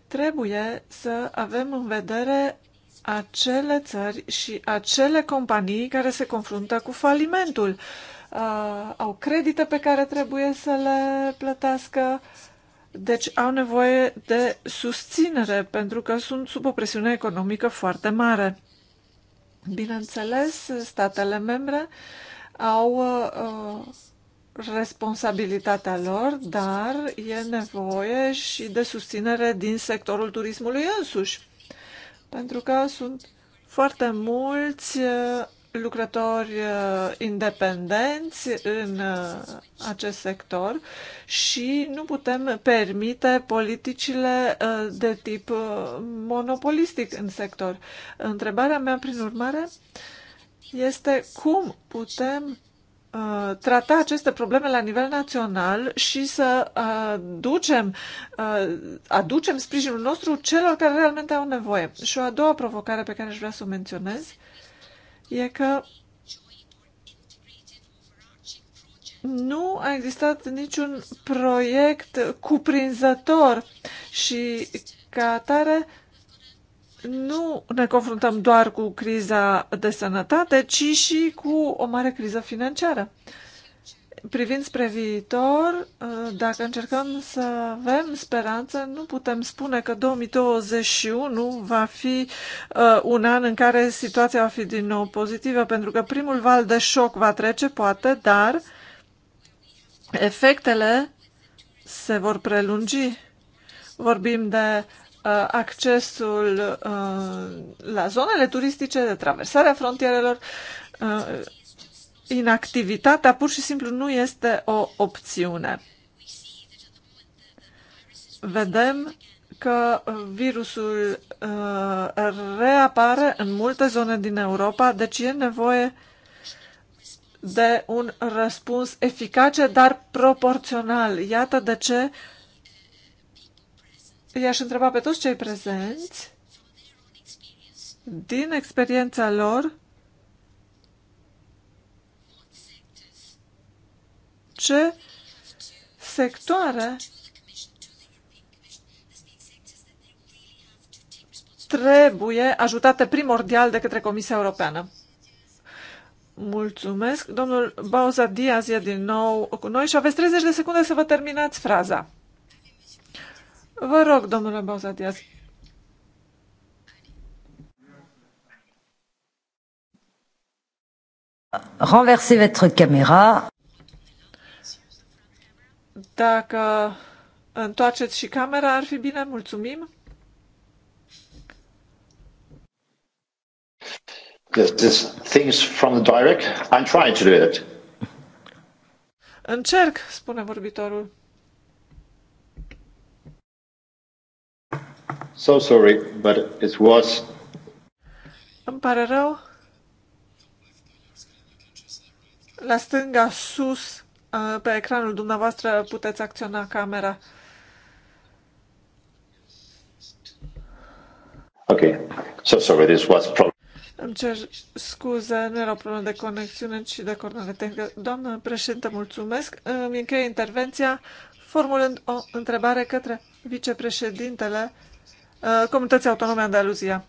trebuie să avem în vedere acele țări și acele companii care se confruntă cu falimentul. Uh, au credite pe care trebuie să le plătească, deci au nevoie de susținere pentru că sunt sub o presiune economică foarte mare. Bineînțeles, statele membre au uh, responsabilitatea lor, dar e nevoie și de susținere din sectorul turismului însuși. Pentru că sunt foarte mulți uh, lucrători uh, independenți în uh, acest sector și nu putem permite politicile uh, de tip monopolistic în sector. Întrebarea mea, prin urmare, este cum putem trata aceste probleme la nivel național și să aducem, aducem sprijinul nostru celor care realmente au nevoie. Și o a doua provocare pe care aș vrea să o menționez e că nu a existat niciun proiect cuprinzător și ca atare nu ne confruntăm doar cu criza de sănătate, ci și cu o mare criză financiară. Privind spre viitor, uh, dacă încercăm să avem speranță, nu putem spune că 2021 va fi uh, un an în care situația va fi din nou pozitivă, pentru că primul val de șoc va trece, poate, dar efectele se vor prelungi. Vorbim de uh, accesul la zonele turistice, de traversarea frontierelor inactivitatea pur și simplu nu este o opțiune. Vedem că virusul uh, reapare în multe zone din Europa, deci e nevoie de un răspuns eficace, dar proporțional. Iată de ce i-aș întreba pe toți cei prezenți, din experiența lor, ce sectoare trebuie ajutate primordial de către Comisia Europeană. Mulțumesc. Domnul Bauza Diaz e din nou cu noi și aveți 30 de secunde să vă terminați fraza. Vă rog, domnule Bauza Diaz. Renversez votre caméra. Dacă întoarceți și camera, ar fi bine. Mulțumim! This, things from the direct. I'm trying to do it. Încerc, spune vorbitorul. So sorry, but it was... Îmi pare rău. La stânga sus Uh, pe ecranul dumneavoastră puteți acționa camera. Ok. So sorry, this was problem. Îmi cer scuze, nu era o problemă de conexiune, ci de coordonare tehnică. Doamnă președinte, mulțumesc. Îmi încheie intervenția formulând o întrebare către vicepreședintele uh, Comunității Autonome Andaluzia.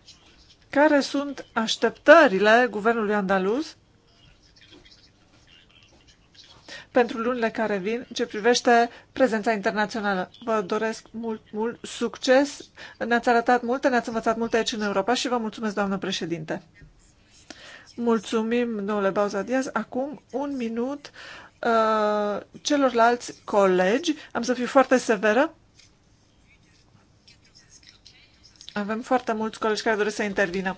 Care sunt așteptările guvernului andaluz pentru lunile care vin ce privește prezența internațională. Vă doresc mult, mult succes. Ne-ați arătat multe, ne-ați învățat multe aici în Europa și vă mulțumesc, doamnă președinte. Mulțumim, domnule Bauza Diaz. Acum un minut uh, celorlalți colegi. Am să fiu foarte severă. Avem foarte mulți colegi care doresc să intervină.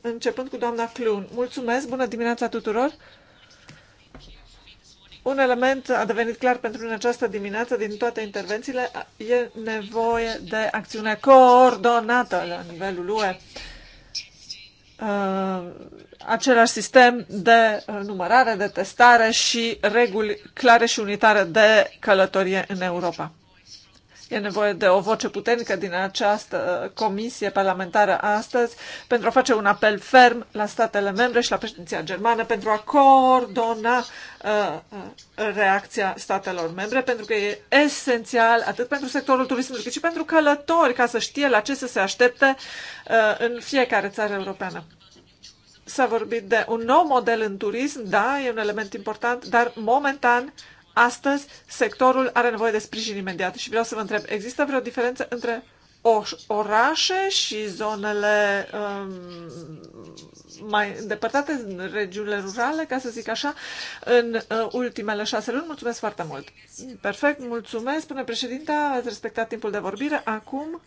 Începând cu doamna Clun. Mulțumesc, bună dimineața tuturor! Uh, un element a devenit clar pentru în această dimineață din toate intervențiile, e nevoie de acțiune coordonată la nivelul UE. Uh, același sistem de uh, numărare, de testare și reguli clare și unitare de călătorie în Europa. E nevoie de o voce puternică din această comisie parlamentară astăzi pentru a face un apel ferm la statele membre și la președinția germană pentru a coordona uh, uh, reacția statelor membre, pentru că e esențial atât pentru sectorul turismului cât și pentru călători ca să știe la ce să se aștepte uh, în fiecare țară europeană. S-a vorbit de un nou model în turism, da, e un element important, dar momentan Astăzi, sectorul are nevoie de sprijin imediat și vreau să vă întreb, există vreo diferență între orașe și zonele um, mai îndepărtate, regiunile rurale, ca să zic așa, în uh, ultimele șase luni. Mulțumesc foarte mult! Perfect, mulțumesc, Până președinta, ați respectat timpul de vorbire. Acum,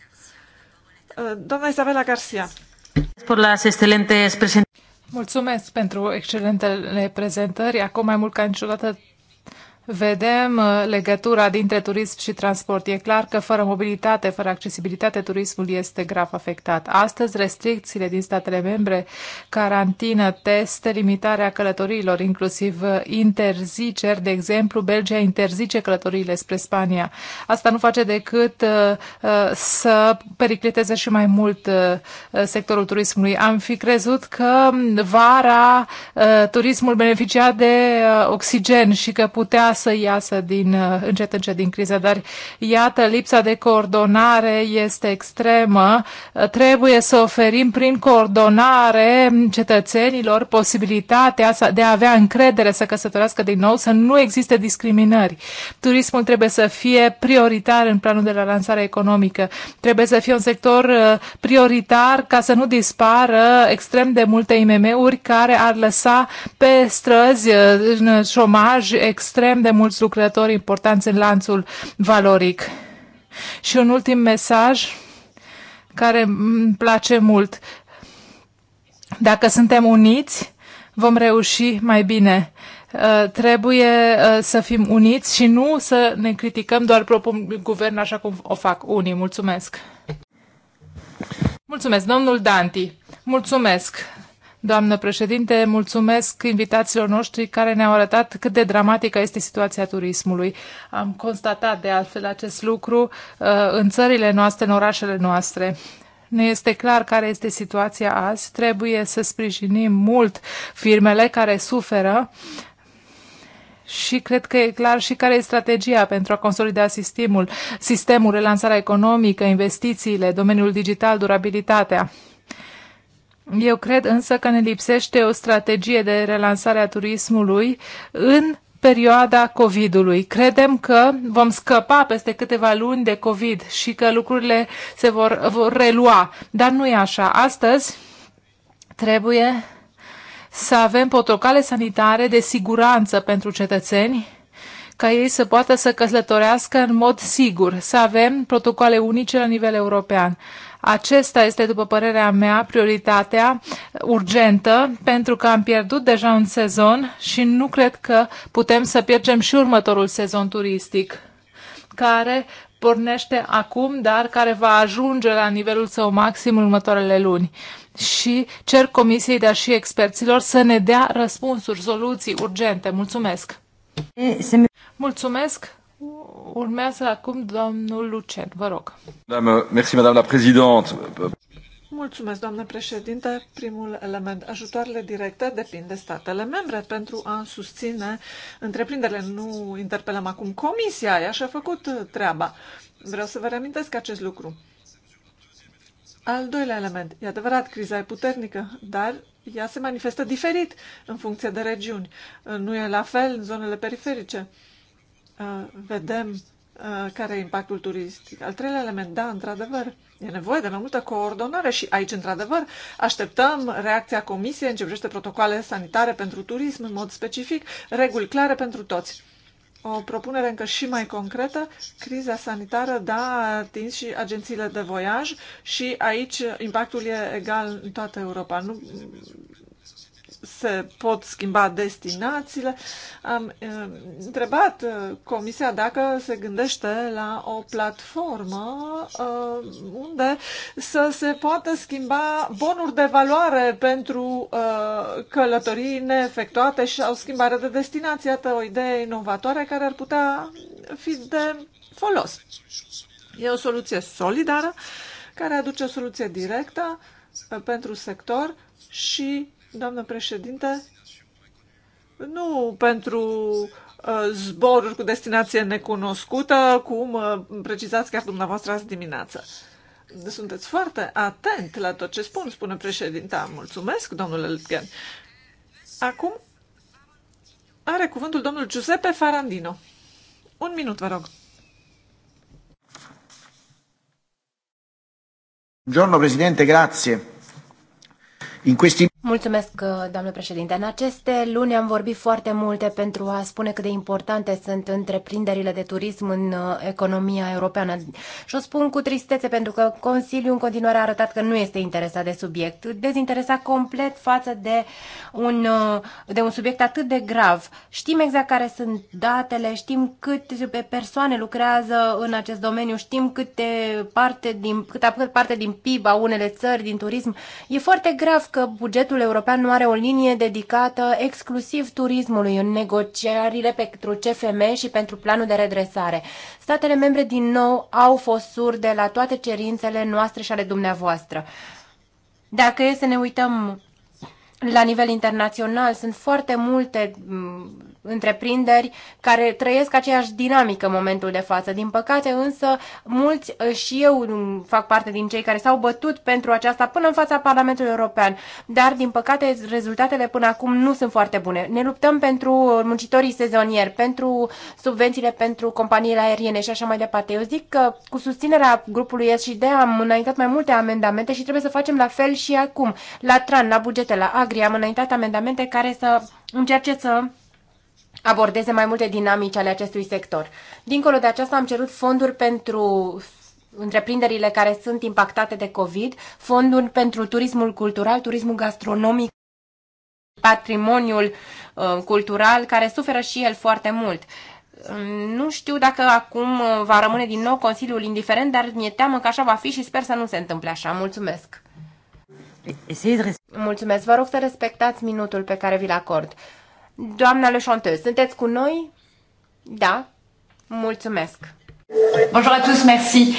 uh, doamna Isabela Garcia. Mulțumesc pentru excelentele prezentări. Acum mai mult ca niciodată vedem uh, legătura dintre turism și transport. E clar că fără mobilitate, fără accesibilitate, turismul este grav afectat. Astăzi, restricțiile din statele membre, carantină, teste, limitarea călătorilor, inclusiv uh, interziceri, de exemplu, Belgia interzice călătoriile spre Spania. Asta nu face decât uh, să pericliteze și mai mult sectorul turismului. Am fi crezut că vara turismul beneficia de oxigen și că putea să iasă din, uh, încet încet din criză, dar iată, lipsa de coordonare este extremă. Uh, trebuie să oferim prin coordonare cetățenilor posibilitatea de a avea încredere să căsătorească din nou, să nu existe discriminări. Turismul trebuie să fie prioritar în planul de la lansare economică. Trebuie să fie un sector uh, prioritar ca să nu dispară extrem de multe IMM-uri care ar lăsa pe străzi șomaj extrem de mulți lucrători importanți în lanțul valoric. Și un ultim mesaj care îmi place mult. Dacă suntem uniți, vom reuși mai bine. Uh, trebuie uh, să fim uniți și nu să ne criticăm doar propriul guvern așa cum o fac unii. Mulțumesc! Mulțumesc, domnul Danti. Mulțumesc. Doamnă președinte, mulțumesc invitațiilor noștri care ne-au arătat cât de dramatică este situația turismului. Am constatat de altfel acest lucru uh, în țările noastre, în orașele noastre. Ne este clar care este situația azi. Trebuie să sprijinim mult firmele care suferă și cred că e clar și care e strategia pentru a consolida sistemul, sistemul, relansarea economică, investițiile, domeniul digital, durabilitatea. Eu cred însă că ne lipsește o strategie de relansare a turismului în perioada COVID-ului. Credem că vom scăpa peste câteva luni de COVID și că lucrurile se vor, vor relua, dar nu e așa. Astăzi trebuie să avem protocole sanitare de siguranță pentru cetățeni ca ei să poată să căsătorească în mod sigur, să avem protocoale unice la nivel european. Acesta este, după părerea mea, prioritatea urgentă, pentru că am pierdut deja un sezon și nu cred că putem să pierdem și următorul sezon turistic care pornește acum, dar care va ajunge la nivelul său maxim în următoarele luni. Și cer comisiei, dar și experților să ne dea răspunsuri, soluții urgente. Mulțumesc! Mulțumesc! Urmează acum domnul Lucen, vă rog. Mulțumesc, doamnă președinte. Primul element, ajutoarele directe depind de statele membre pentru a susține întreprinderile. Nu interpelăm acum comisia, ea și-a făcut treaba. Vreau să vă reamintesc acest lucru. Al doilea element, e adevărat, criza e puternică, dar ea se manifestă diferit în funcție de regiuni. Nu e la fel în zonele periferice. Uh, vedem uh, care e impactul turistic. Al treilea element, da, într-adevăr, e nevoie de mai multă coordonare și aici, într-adevăr, așteptăm reacția Comisiei în ce privește protocoale sanitare pentru turism, în mod specific, reguli clare pentru toți. O propunere încă și mai concretă, criza sanitară, da, a atins și agențiile de voiaj și aici impactul e egal în toată Europa. Nu se pot schimba destinațiile. Am eh, întrebat eh, Comisia dacă se gândește la o platformă eh, unde să se poată schimba bonuri de valoare pentru călătorii neefectuate și au schimbare de destinație. Iată o idee inovatoare care ar putea fi de folos. E o soluție solidară care aduce o soluție directă pentru sector și Doamnă președinte, nu pentru uh, zboruri cu destinație necunoscută, cum uh, precizați chiar dumneavoastră azi dimineață. Sunteți foarte atent la tot ce spun, spune președinta. Mulțumesc, domnule Lutgen. Acum are cuvântul domnul Giuseppe Farandino. Un minut, vă rog. Buongiorno Presidente, grazie. In questi... Mulțumesc, uh, doamnă președinte. În aceste luni am vorbit foarte multe pentru a spune cât de importante sunt întreprinderile de turism în uh, economia europeană. Și o spun cu tristețe pentru că Consiliul în continuare a arătat că nu este interesat de subiect, dezinteresat complet față de un, uh, de un subiect atât de grav. Știm exact care sunt datele, știm câte persoane lucrează în acest domeniu, știm câte parte din, câte parte din PIB a unele țări, din turism. E foarte grav că bugetul Parlamentul European nu are o linie dedicată exclusiv turismului în negocierile pentru CFM și pentru planul de redresare. Statele membre din nou au fost surde la toate cerințele noastre și ale dumneavoastră. Dacă e să ne uităm la nivel internațional, sunt foarte multe mm, întreprinderi care trăiesc aceeași dinamică în momentul de față. Din păcate însă, mulți uh, și eu um, fac parte din cei care s-au bătut pentru aceasta până în fața Parlamentului European, dar din păcate rezultatele până acum nu sunt foarte bune. Ne luptăm pentru uh, muncitorii sezonieri, pentru subvențiile pentru companiile aeriene și așa mai departe. Eu zic că cu susținerea grupului S am înaintat mai multe amendamente și trebuie să facem la fel și acum. La TRAN, la bugete, la AGRI am înaintat amendamente care să încerce să abordeze mai multe dinamici ale acestui sector. Dincolo de aceasta am cerut fonduri pentru întreprinderile care sunt impactate de COVID, fonduri pentru turismul cultural, turismul gastronomic, patrimoniul uh, cultural, care suferă și el foarte mult. Uh, nu știu dacă acum uh, va rămâne din nou Consiliul indiferent, dar mi-e teamă că așa va fi și sper să nu se întâmple așa. Mulțumesc! Mulțumesc, vă rog să respectați minutul pe care vi-l acord. Doamna Le Chanteuse, sunteți cu noi? Da. Mulțumesc. Bonjour à tous, merci.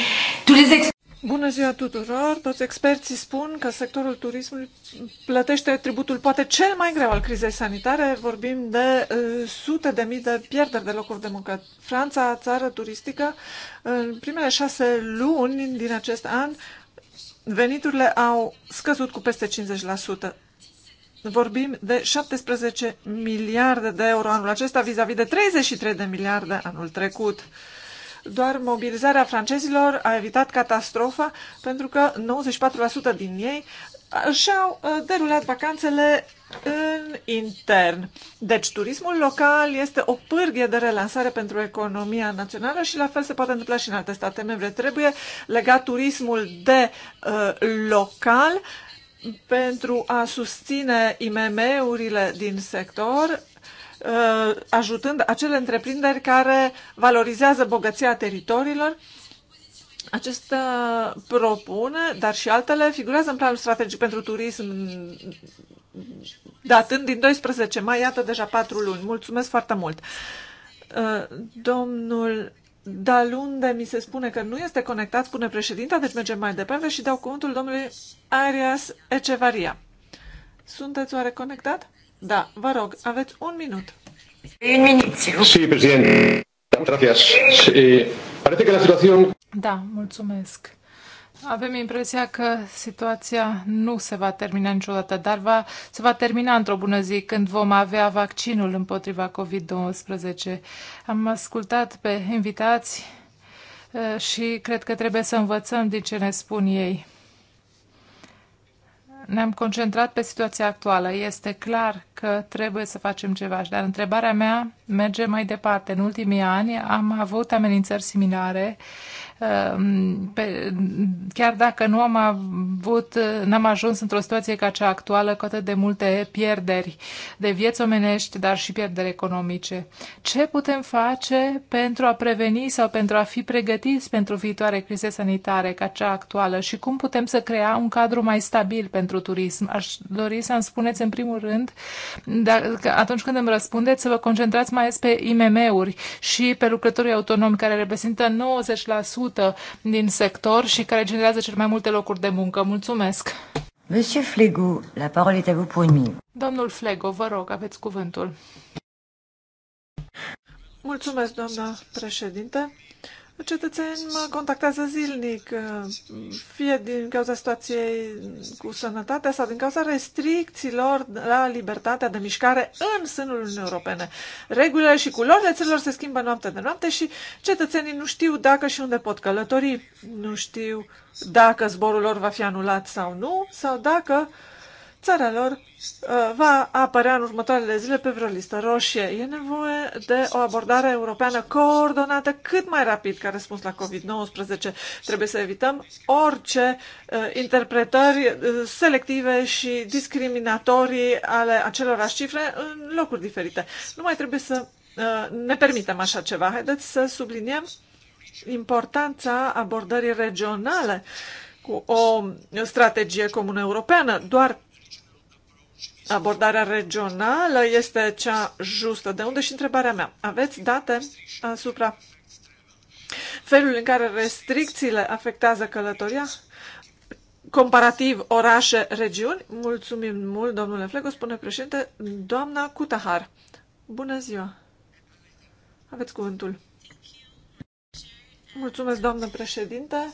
Tous les ex- Bună ziua tuturor! Toți experții spun că sectorul turismului plătește tributul poate cel mai greu al crizei sanitare. Vorbim de uh, sute de mii de pierderi de locuri de muncă. Franța, țară turistică, în primele șase luni din acest an, veniturile au scăzut cu peste 50% vorbim de 17 miliarde de euro anul acesta vis-a-vis -vis de 33 de miliarde anul trecut. Doar mobilizarea francezilor a evitat catastrofa pentru că 94% din ei și-au uh, derulat vacanțele în intern. Deci turismul local este o pârghie de relansare pentru economia națională și la fel se poate întâmpla și în alte state membre. Trebuie legat turismul de uh, local pentru a susține IMM-urile din sector, uh, ajutând acele întreprinderi care valorizează bogăția teritoriilor. acesta propune, dar și altele, figurează în planul strategic pentru turism datând din 12 mai, iată deja patru luni. Mulțumesc foarte mult! Uh, domnul dar unde mi se spune că nu este conectat, spune președinta, deci mergem mai departe și dau cuvântul domnului Arias Ecevaria. Sunteți oare conectat? Da, vă rog, aveți un minut. Un minut. Sí, președinte. Gracias. Eh, parece la situație. Da, mulțumesc. Avem impresia că situația nu se va termina niciodată, dar va, se va termina într-o bună zi când vom avea vaccinul împotriva COVID-19. Am ascultat pe invitați ă, și cred că trebuie să învățăm din ce ne spun ei. Ne-am concentrat pe situația actuală. Este clar că trebuie să facem ceva, dar întrebarea mea merge mai departe. În ultimii ani am avut amenințări similare Ehm, pe, chiar dacă nu am avut, n-am ajuns într-o situație ca cea actuală cu atât de multe pierderi de vieți omenești, dar și pierderi economice. Ce putem face pentru a preveni sau pentru a fi pregătiți pentru viitoare crize sanitare ca cea actuală și cum putem să crea un cadru mai stabil pentru turism? Aș dori să-mi spuneți în primul rând, dacă, atunci când îmi răspundeți, să vă concentrați mai ales pe IMM-uri și pe lucrătorii autonomi care reprezintă 90% din sector și care generează cel mai multe locuri de muncă. Mulțumesc! Monsieur Flego, la parole est à vous pour une minute. Domnul Flego, vă rog, aveți cuvântul. Mulțumesc, doamna președinte cetățeni mă contactează zilnic, fie din cauza situației cu sănătatea sau din cauza restricțiilor la libertatea de mișcare în sânul Uniunii Europene. Regulile și culorile țărilor se schimbă noapte de noapte și cetățenii nu știu dacă și unde pot călători, nu știu dacă zborul lor va fi anulat sau nu, sau dacă uh, țara lor uh, va apărea în următoarele zile pe vreo listă roșie. E nevoie de o abordare europeană coordonată cât mai rapid ca răspuns la COVID-19. Trebuie să evităm orice uh, interpretări uh, selective și discriminatorii ale acelorași cifre în locuri diferite. Nu mai trebuie să ne permitem așa ceva. Haideți să subliniem importanța abordării regionale cu o strategie comună europeană. Doar abordarea regională este cea justă. De unde și întrebarea mea? Aveți date asupra felul în care restricțiile afectează călătoria? Comparativ orașe-regiuni? Mulțumim mult, domnule Flego, spune președinte, doamna Cutahar. Bună ziua! Aveți cuvântul. Mulțumesc, doamnă președinte.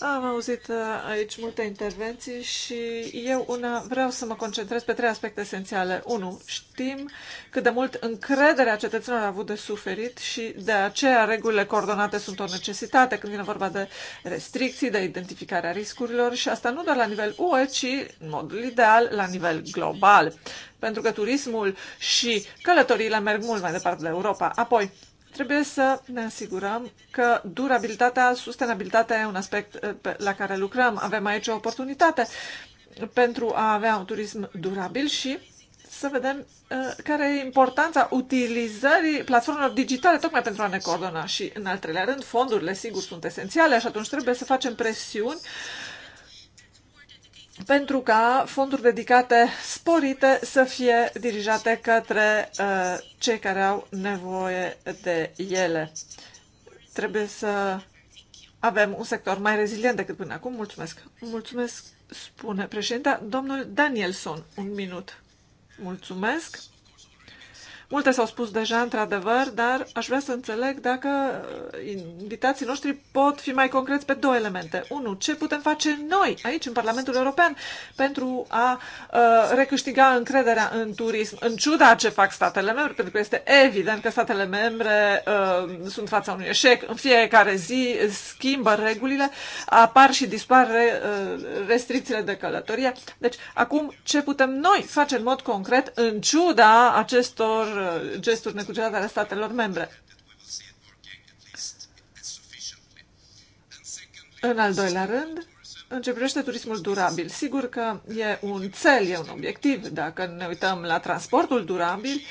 Am auzit uh, aici multe intervenții și eu una vreau să mă concentrez pe trei aspecte esențiale. Unu, știm cât de mult încrederea cetățenilor a avut de suferit și de aceea regulile coordonate sunt o necesitate când vine vorba de restricții, de identificarea riscurilor și asta nu doar la nivel UE, ci în modul ideal la nivel global. Pentru că turismul și călătoriile merg mult mai departe de Europa. Apoi, Trebuie să ne asigurăm că durabilitatea, sustenabilitatea e un aspect eh, la care lucrăm. Avem aici o oportunitate pentru a avea un turism durabil și să vedem eh, care e importanța utilizării platformelor digitale tocmai pentru a ne coordona. Și, în al treilea rând, fondurile, sigur, sunt esențiale și atunci trebuie să facem presiuni uh, pentru ca fonduri dedicate sporite să fie dirijate către uh, cei care au nevoie de ele. Trebuie să avem un sector mai rezilient decât până acum. Mulțumesc. Mulțumesc, spune președinta. Domnul Danielson, un minut. Mulțumesc. Multe s-au spus deja, într-adevăr, dar aș vrea să înțeleg dacă uh, invitații noștri pot fi mai concreți pe două elemente. Unu, ce putem face noi aici, în Parlamentul European, pentru a uh, recâștiga încrederea în turism, în ciuda ce fac statele membre, pentru că este evident că statele membre uh, sunt fața unui eșec. În fiecare zi schimbă regulile, apar și dispar re, uh, restricțiile de călătorie. Deci, acum, ce putem noi face în mod concret, în ciuda acestor Uh, gesturi necugerate ale statelor membre. În al doilea rând, în ce privește turismul durabil, sigur că e un cel, e un obiectiv. Dacă ne uităm la transportul durabil,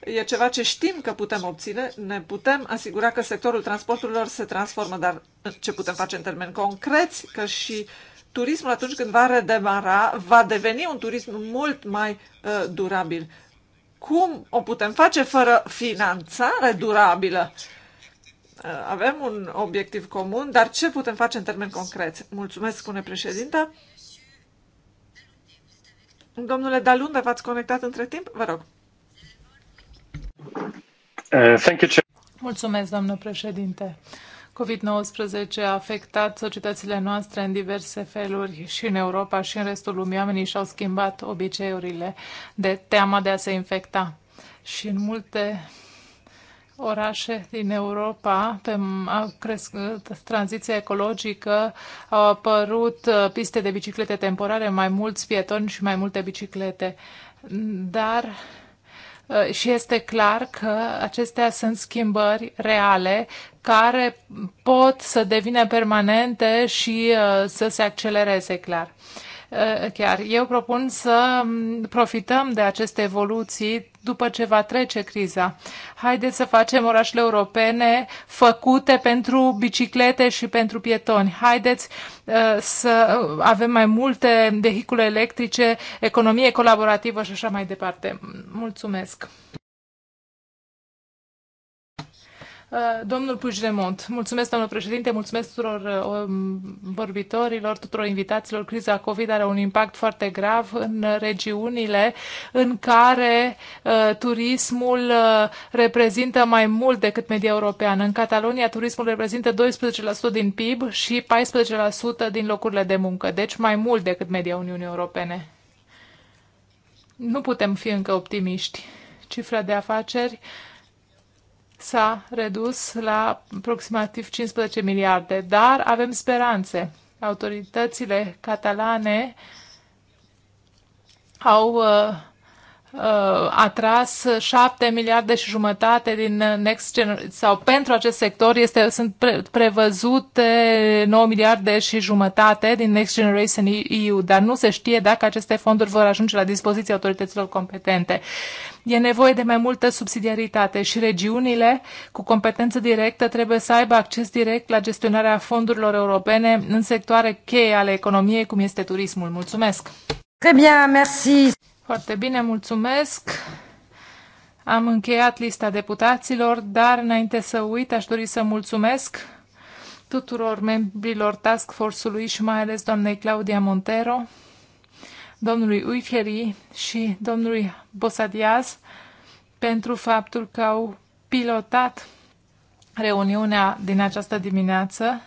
e ceva ce știm că putem obține, ne putem asigura că sectorul transporturilor se transformă, dar ce putem face în termeni concreți, că și turismul atunci când va redemara, va deveni un turism mult mai uh, durabil cum o putem face fără finanțare durabilă? Uh, avem un obiectiv comun, dar ce putem face în termeni concreți? Mulțumesc, spune președinte. Domnule Dalunde, v-ați conectat între timp? Vă rog. Uh, thank you, Mulțumesc, domnule președinte. Uh, COVID-19 a afectat societățile noastre în diverse feluri și în Europa și în restul lumii. Oamenii și-au schimbat obiceiurile de teama de a se infecta. Și în multe orașe din Europa, pe, a crescut tranziția ecologică, au apărut uh, piste de biciclete temporare, mai mulți pietoni și mai multe biciclete. Dar Uh, și este clar că acestea sunt schimbări reale care pot să devină permanente și uh, să se accelereze clar. Eh, chiar. Eu propun să mm, profităm de aceste evoluții după ce va trece criza. Haideți să facem orașele europene făcute pentru biciclete și pentru pietoni. Haideți eh, să avem mai multe vehicule electrice, economie colaborativă și așa mai departe. Mulțumesc! Uh, domnul Puigdemont, mulțumesc, domnul președinte, mulțumesc tuturor uh, um, vorbitorilor, tuturor invitaților. Criza COVID are un impact foarte grav în regiunile în care uh, turismul reprezintă mai mult decât media europeană. În Catalonia, turismul reprezintă 12% din PIB și 14% din locurile de muncă, deci mai mult decât media Uniunii Europene. Nu putem fi încă optimiști. Cifra de afaceri s-a redus la aproximativ 15 miliarde, dar avem speranțe. Autoritățile catalane au uh, Uh, atras 7 miliarde și jumătate din Next Generation sau pentru acest sector este, sunt pre, prevăzute 9 miliarde și jumătate din Next Generation EU, dar nu se știe dacă aceste fonduri vor ajunge la dispoziția autorităților competente. E nevoie de mai multă subsidiaritate și regiunile cu competență directă trebuie să aibă acces direct la gestionarea fondurilor europene în sectoare cheie ale economiei, cum este turismul. Mulțumesc! Très bien, merci! Foarte bine, mulțumesc. Am încheiat lista deputaților, dar înainte să uit, aș dori să mulțumesc tuturor membrilor Task Force-ului și mai ales doamnei Claudia Montero, domnului Uicheri și domnului Bosadias pentru faptul că au pilotat reuniunea din această dimineață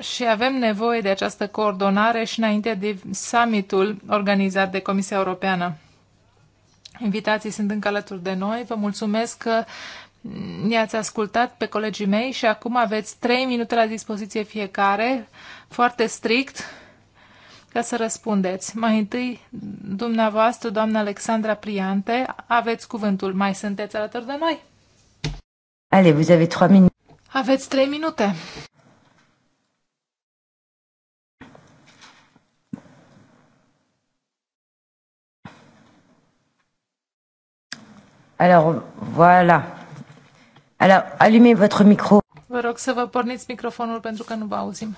și avem nevoie de această coordonare și înainte de summitul organizat de Comisia Europeană. Invitații sunt încă alături de noi. Vă mulțumesc că ne ați ascultat pe colegii mei și acum aveți trei minute la dispoziție fiecare, foarte strict, ca să răspundeți. Mai întâi, dumneavoastră, doamna Alexandra Priante, aveți cuvântul. Mai sunteți alături de noi? Ale, vous avez minute. Aveți trei minute. Alors, voilà. Alors, allumez votre micro. Vă rog să vă porniți microfonul pentru că nu vă auzim.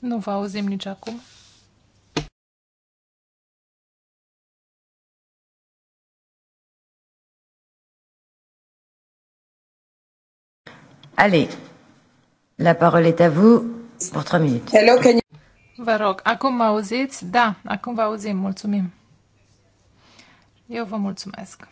Nu vă auzim nici acum. Allez, la parole est à vous. 3 minutes. Hello, can you... Vă rog, acum mă auziți? Da, acum vă auzim, mulțumim. Eu vă mulțumesc.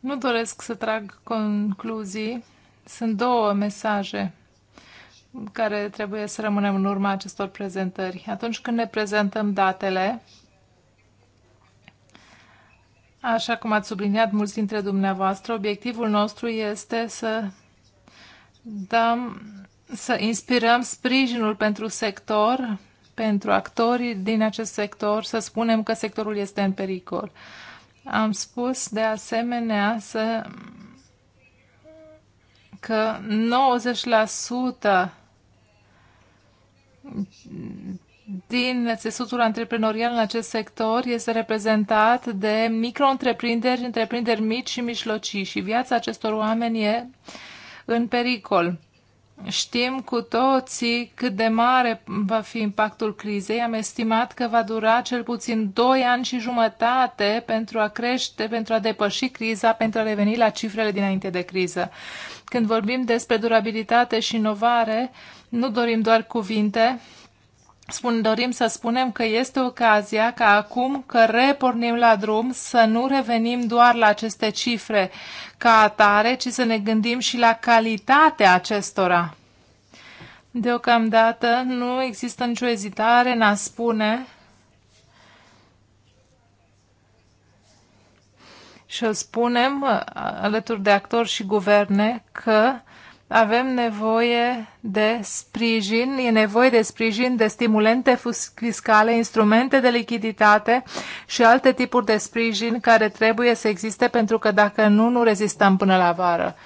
Nu doresc să trag concluzii. Sunt două mesaje care trebuie să rămânem în urma acestor prezentări. Atunci când ne prezentăm datele, Așa cum ați subliniat mulți dintre dumneavoastră, obiectivul nostru este să dăm, să inspirăm sprijinul pentru sector, pentru actorii din acest sector, să spunem că sectorul este în pericol. Am spus de asemenea să că 90% din țesutul antreprenorial în acest sector este reprezentat de micro-întreprinderi, întreprinderi mici și mijlocii și viața acestor oameni e în pericol. Știm cu toții cât de mare va fi impactul crizei. Am estimat că va dura cel puțin 2 ani și jumătate pentru a crește, pentru a depăși criza, pentru a reveni la cifrele dinainte de criză. Când vorbim despre durabilitate și inovare, nu dorim doar cuvinte, spun, dorim să spunem că este ocazia ca acum că repornim la drum să nu revenim doar la aceste cifre ca atare, ci să ne gândim și la calitatea acestora. Deocamdată nu există nicio ezitare în a spune și o spunem uh, alături de actori și guverne că avem nevoie de sprijin, e nevoie de sprijin de stimulente fiscale, instrumente de lichiditate și alte tipuri de sprijin care trebuie să existe pentru că dacă nu, nu rezistăm până la vară.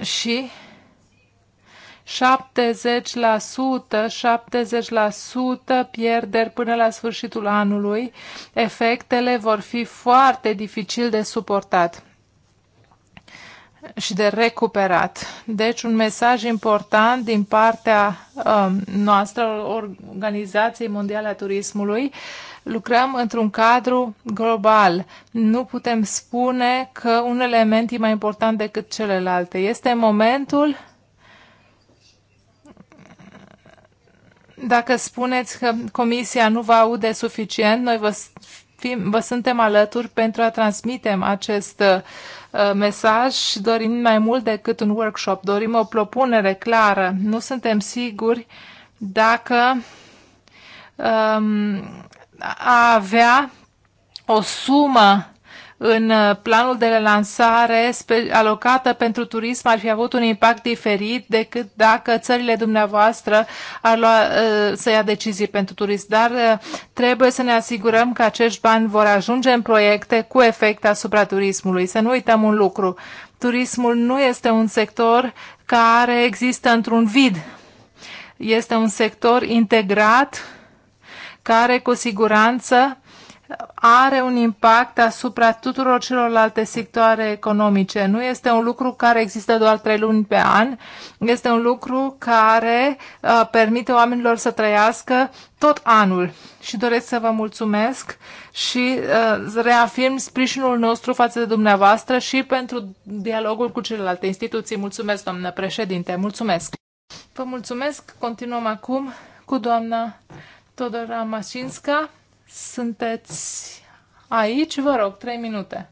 Și 70%, 70% pierderi până la sfârșitul anului, efectele vor fi foarte dificil de suportat și de recuperat. Deci un mesaj important din partea um, noastră, Organizației Mondiale a Turismului, lucrăm într-un cadru global. Nu putem spune că un element e mai important decât celelalte. Este momentul Dacă spuneți că Comisia nu vă aude suficient, noi vă, fim, vă suntem alături pentru a transmite acest Uh, mesaj și dorim mai mult decât un workshop, dorim o propunere clară. Nu suntem siguri dacă um, a avea o sumă în uh, planul de lansare alocată pentru turism ar fi avut un impact diferit decât dacă țările dumneavoastră ar lua, uh, să ia decizii pentru turism. Dar uh, trebuie să ne asigurăm că acești bani vor ajunge în proiecte cu efect asupra turismului. Să nu uităm un lucru. Turismul nu este un sector care există într-un vid. Este un sector integrat care cu siguranță are un impact asupra tuturor celorlalte sectoare economice. Nu este un lucru care există doar trei luni pe an, este un lucru care uh, permite oamenilor să trăiască tot anul. Și doresc să vă mulțumesc și uh, reafirm sprijinul nostru față de dumneavoastră și pentru dialogul cu celelalte instituții. Mulțumesc, doamnă președinte, mulțumesc. Vă mulțumesc. Continuăm acum cu doamna Todora Mașinska sunteți aici. Vă rog, trei minute.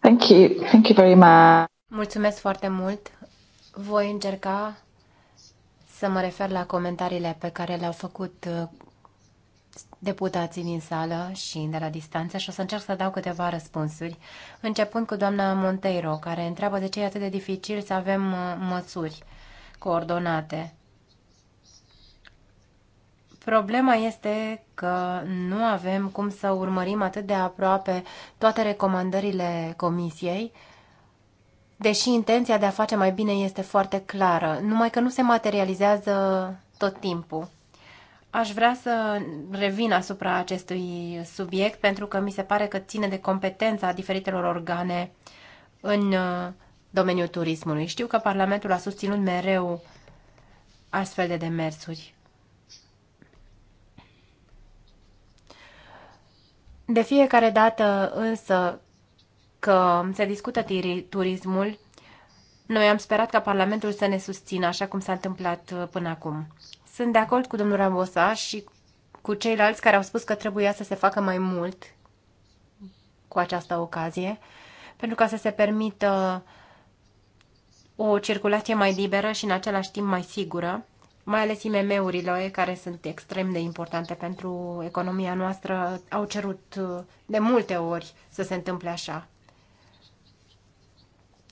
Thank you. Thank you very much. Mulțumesc foarte mult. Voi încerca să mă refer la comentariile pe care le-au făcut uh, deputații din sală și de la distanță și o să încerc să dau câteva răspunsuri, începând cu doamna Monteiro, care întreabă de ce e atât de dificil să avem uh, măsuri coordonate. Problema este că nu avem cum să urmărim atât de aproape toate recomandările comisiei, deși intenția de a face mai bine este foarte clară, numai că nu se materializează tot timpul. Aș vrea să revin asupra acestui subiect pentru că mi se pare că ține de competența diferitelor organe în uh, domeniul turismului. Știu că Parlamentul a susținut mereu astfel de demersuri. De fiecare dată însă că se discută turismul, noi am sperat ca Parlamentul să ne susțină, așa cum s-a întâmplat uh, până acum. Sunt de acord cu domnul Rambosa și cu ceilalți care au spus că trebuia să se facă mai mult cu această ocazie, pentru ca să se permită o circulație mai liberă și în același timp mai sigură mai ales IMM-urile, care sunt extrem de importante pentru economia noastră, au cerut uh, de multe ori să se întâmple așa.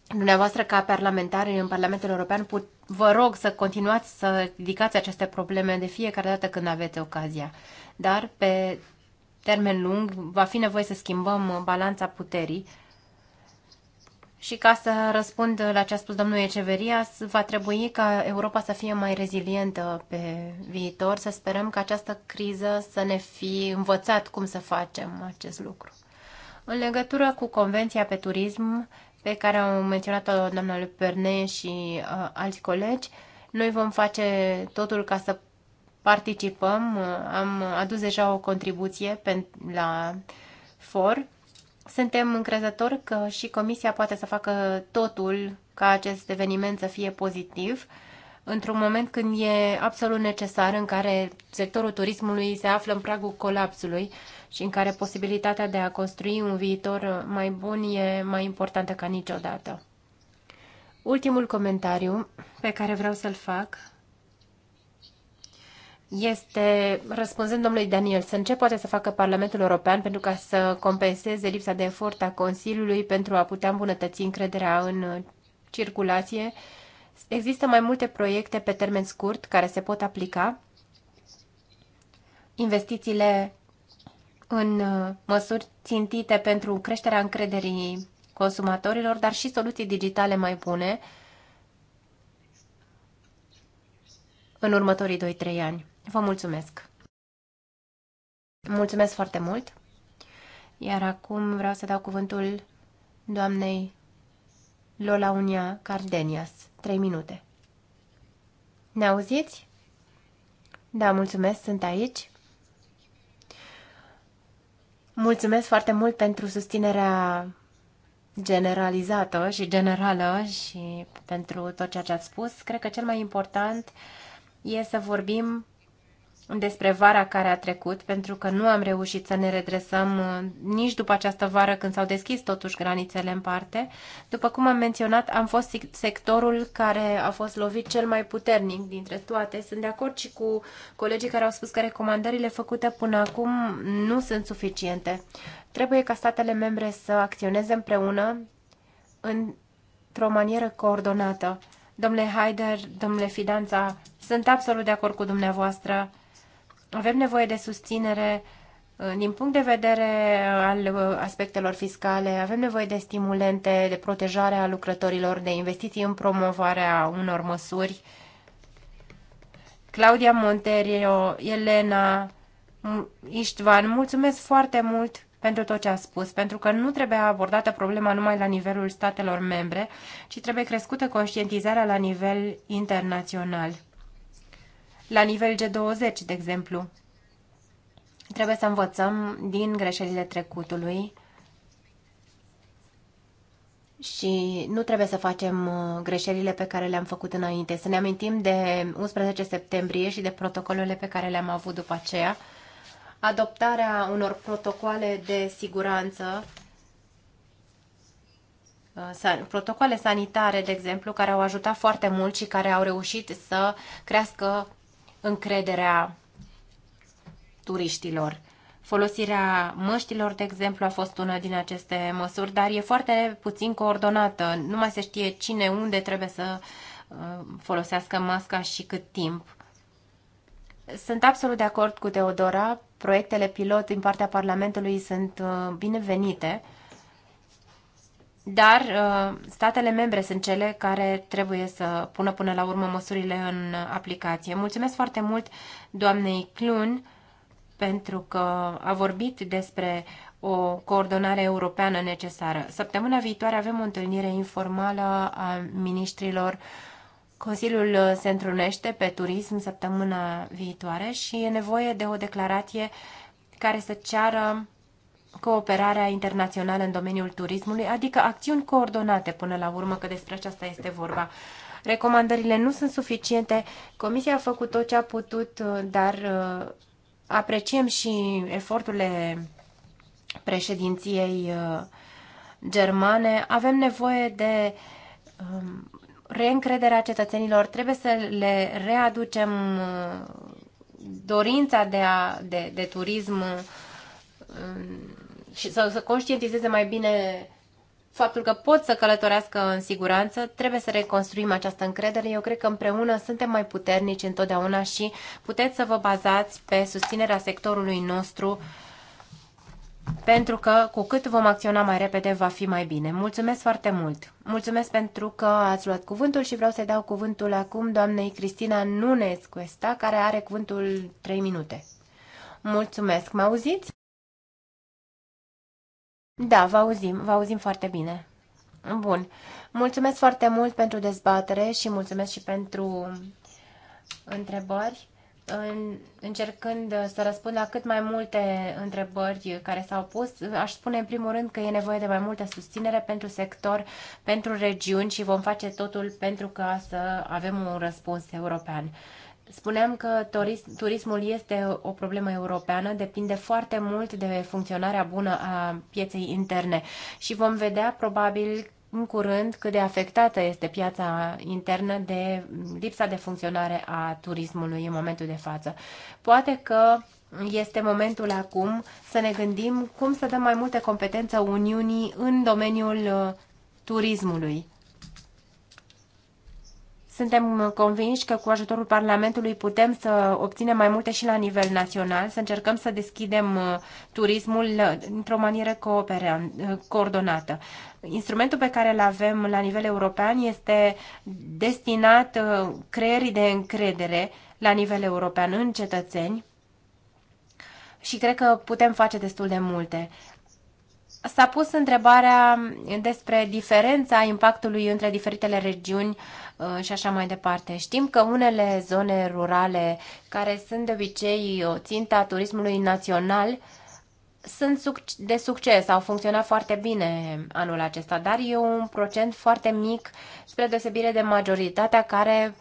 Dumneavoastră, ca parlamentari în Parlamentul European, put, vă rog să continuați să ridicați aceste probleme de fiecare dată când aveți ocazia. Dar, pe termen lung, va fi nevoie să schimbăm uh, balanța puterii și ca să răspund la ce a spus domnul Eceveria, va trebui ca Europa să fie mai rezilientă pe viitor, să sperăm că această criză să ne fi învățat cum să facem acest lucru. În legătură cu Convenția pe Turism, pe care au menționat-o doamna Perne și uh, alți colegi, noi vom face totul ca să participăm. Am adus deja o contribuție pe, la FOR suntem încrezători că și Comisia poate să facă totul ca acest eveniment să fie pozitiv într-un moment când e absolut necesar, în care sectorul turismului se află în pragul colapsului și în care posibilitatea de a construi un viitor mai bun e mai importantă ca niciodată. Ultimul comentariu pe care vreau să-l fac este, răspunzând domnului Danielson, ce poate să facă Parlamentul European pentru ca să compenseze lipsa de efort a Consiliului pentru a putea îmbunătăți încrederea în circulație? Există mai multe proiecte pe termen scurt care se pot aplica. Investițiile în măsuri țintite pentru creșterea încrederii consumatorilor, dar și soluții digitale mai bune în următorii 2-3 ani. Vă mulțumesc! Mulțumesc foarte mult! Iar acum vreau să dau cuvântul doamnei Lola Unia Cardenias. Trei minute. Ne auziți? Da, mulțumesc, sunt aici. Mulțumesc foarte mult pentru susținerea generalizată și generală și pentru tot ceea ce ați spus. Cred că cel mai important e să vorbim despre vara care a trecut, pentru că nu am reușit să ne redresăm uh, nici după această vară când s-au deschis totuși granițele în parte. După cum am menționat, am fost sectorul care a fost lovit cel mai puternic dintre toate. Sunt de acord și cu colegii care au spus că recomandările făcute până acum nu sunt suficiente. Trebuie ca statele membre să acționeze împreună într-o manieră coordonată. Domnule Haider, domnule Fidanța, sunt absolut de acord cu dumneavoastră avem nevoie de susținere uh, din punct de vedere uh, al uh, aspectelor fiscale, avem nevoie de stimulente, de protejare a lucrătorilor, de investiții în promovarea unor măsuri. Claudia Monterio, Elena, Istvan, mulțumesc foarte mult pentru tot ce a spus, pentru că nu trebuie abordată problema numai la nivelul statelor membre, ci trebuie crescută conștientizarea la nivel internațional la nivel G20, de exemplu. Trebuie să învățăm din greșelile trecutului și nu trebuie să facem uh, greșelile pe care le-am făcut înainte. Să ne amintim de 11 septembrie și de protocolele pe care le-am avut după aceea. Adoptarea unor protocoale de siguranță, uh, protocoale sanitare, de exemplu, care au ajutat foarte mult și care au reușit să crească încrederea turiștilor. Folosirea măștilor, de exemplu, a fost una din aceste măsuri, dar e foarte puțin coordonată. Nu mai se știe cine, unde trebuie să uh, folosească masca și cât timp. Sunt absolut de acord cu Teodora. Proiectele pilot din partea Parlamentului sunt uh, binevenite dar uh, statele membre sunt cele care trebuie să pună până la urmă măsurile în aplicație. Mulțumesc foarte mult doamnei Clun pentru că a vorbit despre o coordonare europeană necesară. Săptămâna viitoare avem o întâlnire informală a ministrilor. Consiliul se întrunește pe turism săptămâna viitoare și e nevoie de o declarație care să ceară cooperarea internațională în domeniul turismului, adică acțiuni coordonate până la urmă, că despre aceasta este vorba. Recomandările nu sunt suficiente, Comisia a făcut tot ce a putut, dar uh, apreciem și eforturile președinției uh, germane. Avem nevoie de um, reîncrederea cetățenilor, trebuie să le readucem uh, dorința de, a, de, de turism și sau să conștientizeze mai bine faptul că pot să călătorească în siguranță, trebuie să reconstruim această încredere. Eu cred că împreună suntem mai puternici întotdeauna și puteți să vă bazați pe susținerea sectorului nostru pentru că cu cât vom acționa mai repede va fi mai bine. Mulțumesc foarte mult! Mulțumesc pentru că ați luat cuvântul și vreau să-i dau cuvântul acum doamnei Cristina Nunes care are cuvântul 3 minute. Mulțumesc! Mă auziți? Da, vă auzim, vă auzim foarte bine. Bun. Mulțumesc foarte mult pentru dezbatere și mulțumesc și pentru întrebări. În, încercând să răspund la cât mai multe întrebări care s-au pus, aș spune în primul rând că e nevoie de mai multă susținere pentru sector, pentru regiuni și vom face totul pentru ca să avem un răspuns european. Spuneam că turismul este o problemă europeană, depinde foarte mult de funcționarea bună a pieței interne și vom vedea probabil în curând cât de afectată este piața internă de lipsa de funcționare a turismului în momentul de față. Poate că este momentul acum să ne gândim cum să dăm mai multe competență Uniunii în domeniul uh, turismului. Suntem uh, convinși că cu ajutorul Parlamentului putem să obținem mai multe și la nivel național, să încercăm să deschidem uh, turismul uh, într-o manieră coordonată. Instrumentul pe care îl avem la nivel european este destinat creierii de încredere la nivel european în cetățeni și cred că putem face destul de multe. S-a pus întrebarea despre diferența impactului între diferitele regiuni uh, și așa mai departe. Știm că unele zone rurale, care sunt de obicei o a turismului național, sunt de succes, au funcționat foarte bine anul acesta, dar e un procent foarte mic spre deosebire de majoritatea care,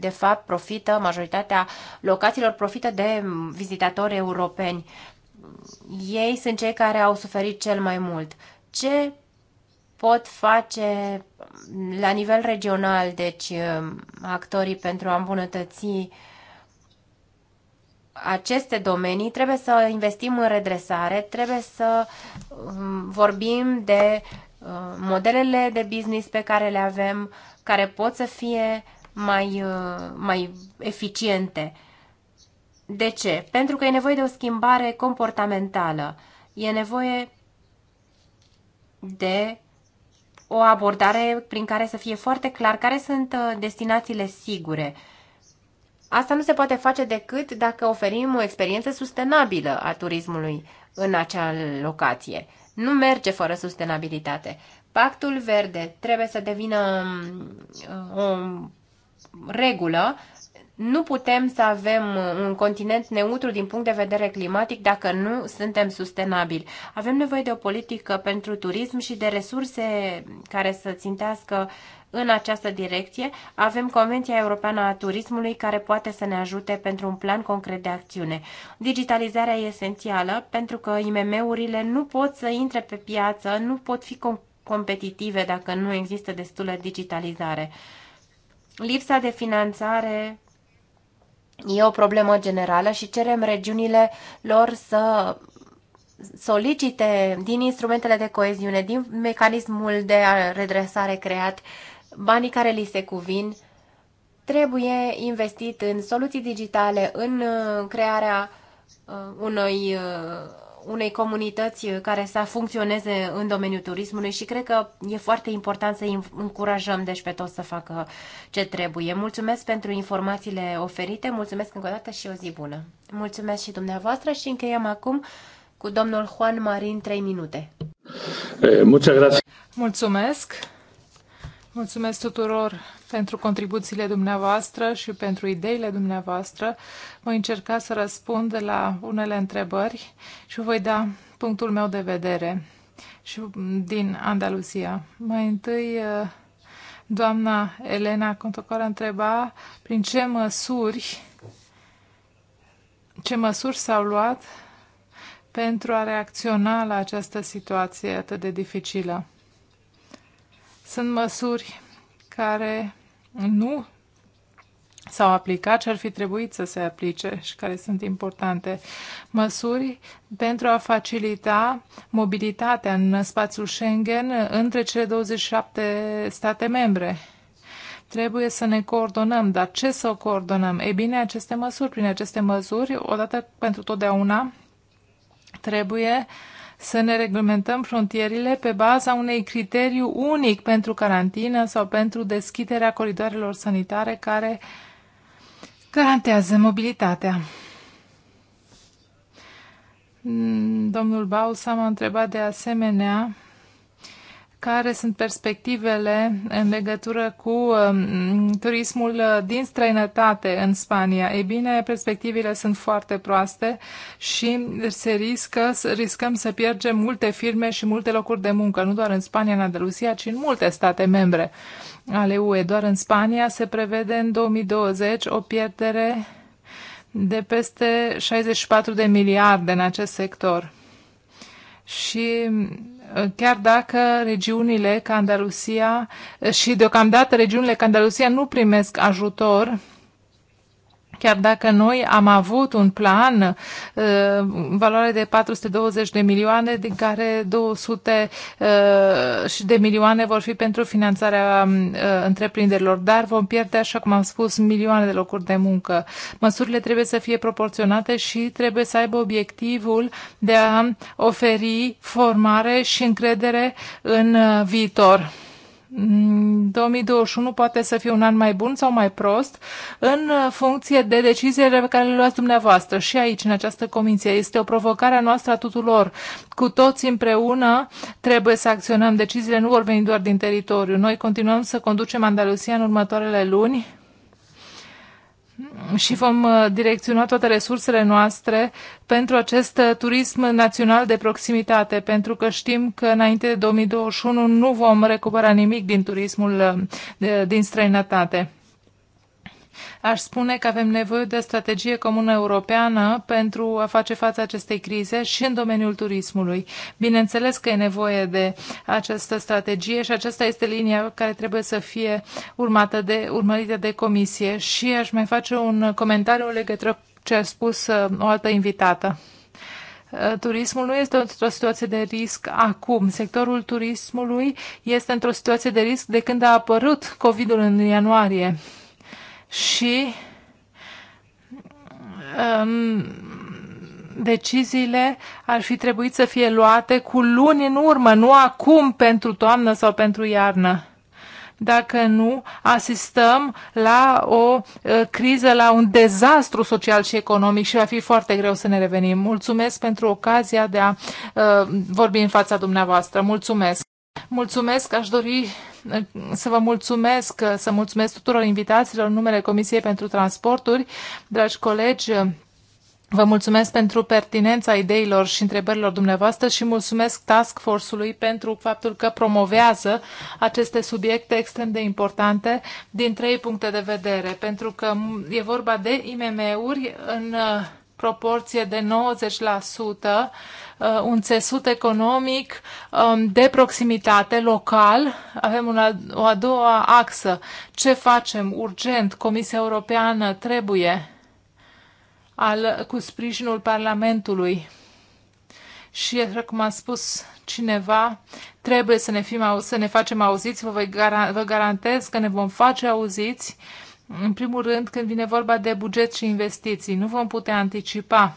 de fapt, profită, majoritatea locațiilor profită de vizitatori europeni ei sunt cei care au suferit cel mai mult. Ce pot face la nivel regional, deci um, actorii pentru a îmbunătăți aceste domenii, trebuie să investim în redresare, trebuie să um, vorbim de uh, modelele de business pe care le avem, care pot să fie mai, uh, mai eficiente. De ce? Pentru că e nevoie de o schimbare comportamentală. E nevoie de o abordare prin care să fie foarte clar care sunt uh, destinațiile sigure. Asta nu se poate face decât dacă oferim o experiență sustenabilă a turismului în acea locație. Nu merge fără sustenabilitate. Pactul verde trebuie să devină um, uh, o regulă nu putem să avem uh, un continent neutru din punct de vedere climatic dacă nu suntem sustenabili. Avem nevoie de o politică pentru turism și de resurse care să țintească în această direcție. Avem Convenția Europeană a Turismului care poate să ne ajute pentru un plan concret de acțiune. Digitalizarea e esențială pentru că IMM-urile nu pot să intre pe piață, nu pot fi competitive dacă nu există destulă digitalizare. Lipsa de finanțare e o problemă generală și cerem regiunile lor să solicite din instrumentele de coeziune, din mecanismul de redresare creat, banii care li se cuvin, trebuie investit în soluții digitale, în uh, crearea uh, unui uh, unei comunități care să funcționeze în domeniul turismului și cred că e foarte important să încurajăm deci pe toți să facă ce trebuie. Mulțumesc pentru informațiile oferite, mulțumesc încă o dată și o zi bună. Mulțumesc și dumneavoastră și încheiem acum cu domnul Juan Marin 3 minute. Eh, mulțumesc! Mulțumesc tuturor pentru contribuțiile dumneavoastră și pentru ideile dumneavoastră. Voi încerca să răspund la unele întrebări și voi da punctul meu de vedere și din Andalusia. Mai întâi, doamna Elena Contocoara întreba prin ce măsuri ce măsuri s-au luat pentru a reacționa la această situație atât de dificilă. Sunt măsuri care nu s-au aplicat și ar fi trebuit să se aplice și care sunt importante. Măsuri pentru a facilita mobilitatea în spațiul Schengen între cele 27 state membre. Trebuie să ne coordonăm, dar ce să coordonăm? Ei bine, aceste măsuri, prin aceste măsuri, odată pentru totdeauna, trebuie uh, să ne reglementăm frontierele pe baza unei criteriu unic pentru carantină sau pentru deschiderea coridoarelor sanitare care garantează mobilitatea. Domnul Bausa m-a întrebat de asemenea care sunt perspectivele în legătură cu um, turismul uh, din străinătate în Spania. Ei bine, perspectivele sunt foarte proaste și se riscă, riscăm să pierdem multe firme și multe locuri de muncă, nu doar în Spania, în Andalusia, ci în multe state membre ale UE. Doar în Spania se prevede în 2020 o pierdere de peste 64 de miliarde în acest sector. Și chiar dacă regiunile ca Andalusia și deocamdată regiunile ca Andalusia nu primesc ajutor Chiar dacă noi am avut un plan uh, în valoare de 420 de milioane, din care 200 uh, și de milioane vor fi pentru finanțarea um, uh, întreprinderilor, dar vom pierde, așa cum am spus, milioane de locuri de muncă. Măsurile trebuie să fie proporționate și trebuie să aibă obiectivul de a oferi formare și încredere în viitor. 2021 mm, poate să fie un an mai bun sau mai prost în uh, funcție de deciziile pe care le luați dumneavoastră și aici, în această comisie. Este o provocare a noastră a tuturor. Cu toți împreună trebuie să acționăm. Deciziile nu vor veni doar din teritoriu. Noi continuăm să conducem Andalusia în următoarele luni și vom uh, direcționa toate resursele noastre pentru acest uh, turism național de proximitate, pentru că știm că înainte de 2021 nu vom recupera nimic din turismul uh, din străinătate. Aș spune că avem nevoie de o strategie comună europeană pentru a face față acestei crize și în domeniul turismului. Bineînțeles că e nevoie de această strategie și aceasta este linia care trebuie să fie urmată de, urmărită de comisie. Și aș mai face un comentariu legătură ce a spus uh, o altă invitată. Uh, turismul nu este într-o situație de risc acum. Sectorul turismului este într-o situație de risc de când a apărut COVID-ul în ianuarie și um, deciziile ar fi trebuit să fie luate cu luni în urmă, nu acum pentru toamnă sau pentru iarnă. Dacă nu, asistăm la o uh, criză, la un dezastru social și economic și va fi foarte greu să ne revenim. Mulțumesc pentru ocazia de a uh, vorbi în fața dumneavoastră. Mulțumesc! Mulțumesc! Aș dori să vă mulțumesc, să mulțumesc tuturor invitațiilor în numele Comisiei pentru Transporturi. Dragi colegi, Vă mulțumesc pentru pertinența ideilor și întrebărilor dumneavoastră și mulțumesc Task Force-ului pentru faptul că promovează aceste subiecte extrem de importante din trei puncte de vedere, pentru că e vorba de IMM-uri în uh, proporție de 90% Uh, un țesut economic um, de proximitate, local. Avem una, o a doua axă. Ce facem urgent? Comisia Europeană trebuie al, cu sprijinul Parlamentului. Și, așa cum a spus cineva, trebuie să ne, fim, să ne facem auziți, vă, vă garantez că ne vom face auziți, în primul rând când vine vorba de buget și investiții. Nu vom putea anticipa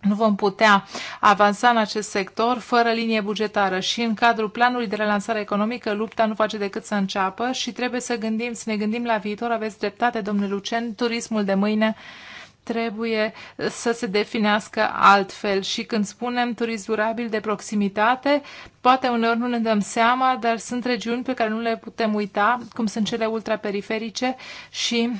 nu vom putea avansa în acest sector fără linie bugetară și în cadrul planului de relansare economică lupta nu face decât să înceapă și trebuie să gândim, să ne gândim la viitor. Aveți dreptate, domnule Lucen, turismul de mâine trebuie să se definească altfel și când spunem turism durabil de proximitate, poate uneori nu ne dăm seama, dar sunt regiuni pe care nu le putem uita, cum sunt cele ultraperiferice și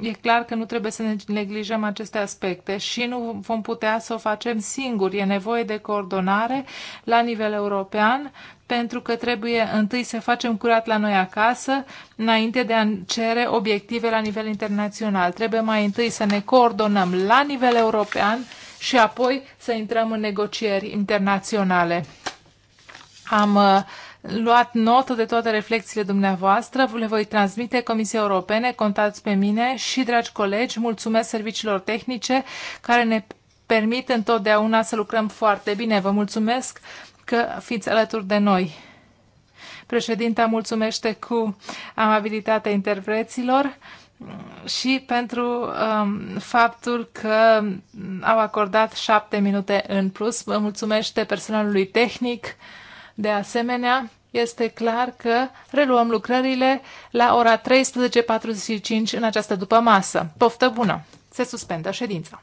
e clar că nu trebuie să ne neglijăm aceste aspecte și nu vom putea să o facem singuri. E nevoie de coordonare la nivel european pentru că trebuie întâi să facem curat la noi acasă înainte de a cere obiective la nivel internațional. Trebuie mai întâi să ne coordonăm la nivel european și apoi să intrăm în negocieri internaționale. Am uh, luat notă de toate reflexiile dumneavoastră, le voi transmite Comisiei Europene, contați pe mine și, dragi colegi, mulțumesc serviciilor tehnice care ne permit întotdeauna să lucrăm foarte bine. Vă mulțumesc că fiți alături de noi. Președinta mulțumește cu amabilitatea interpreților și pentru um, faptul că au acordat șapte minute în plus. Vă mulțumește personalului tehnic. De asemenea, este clar că reluăm lucrările la ora 13.45 în această după masă. Poftă bună! Se suspendă ședința.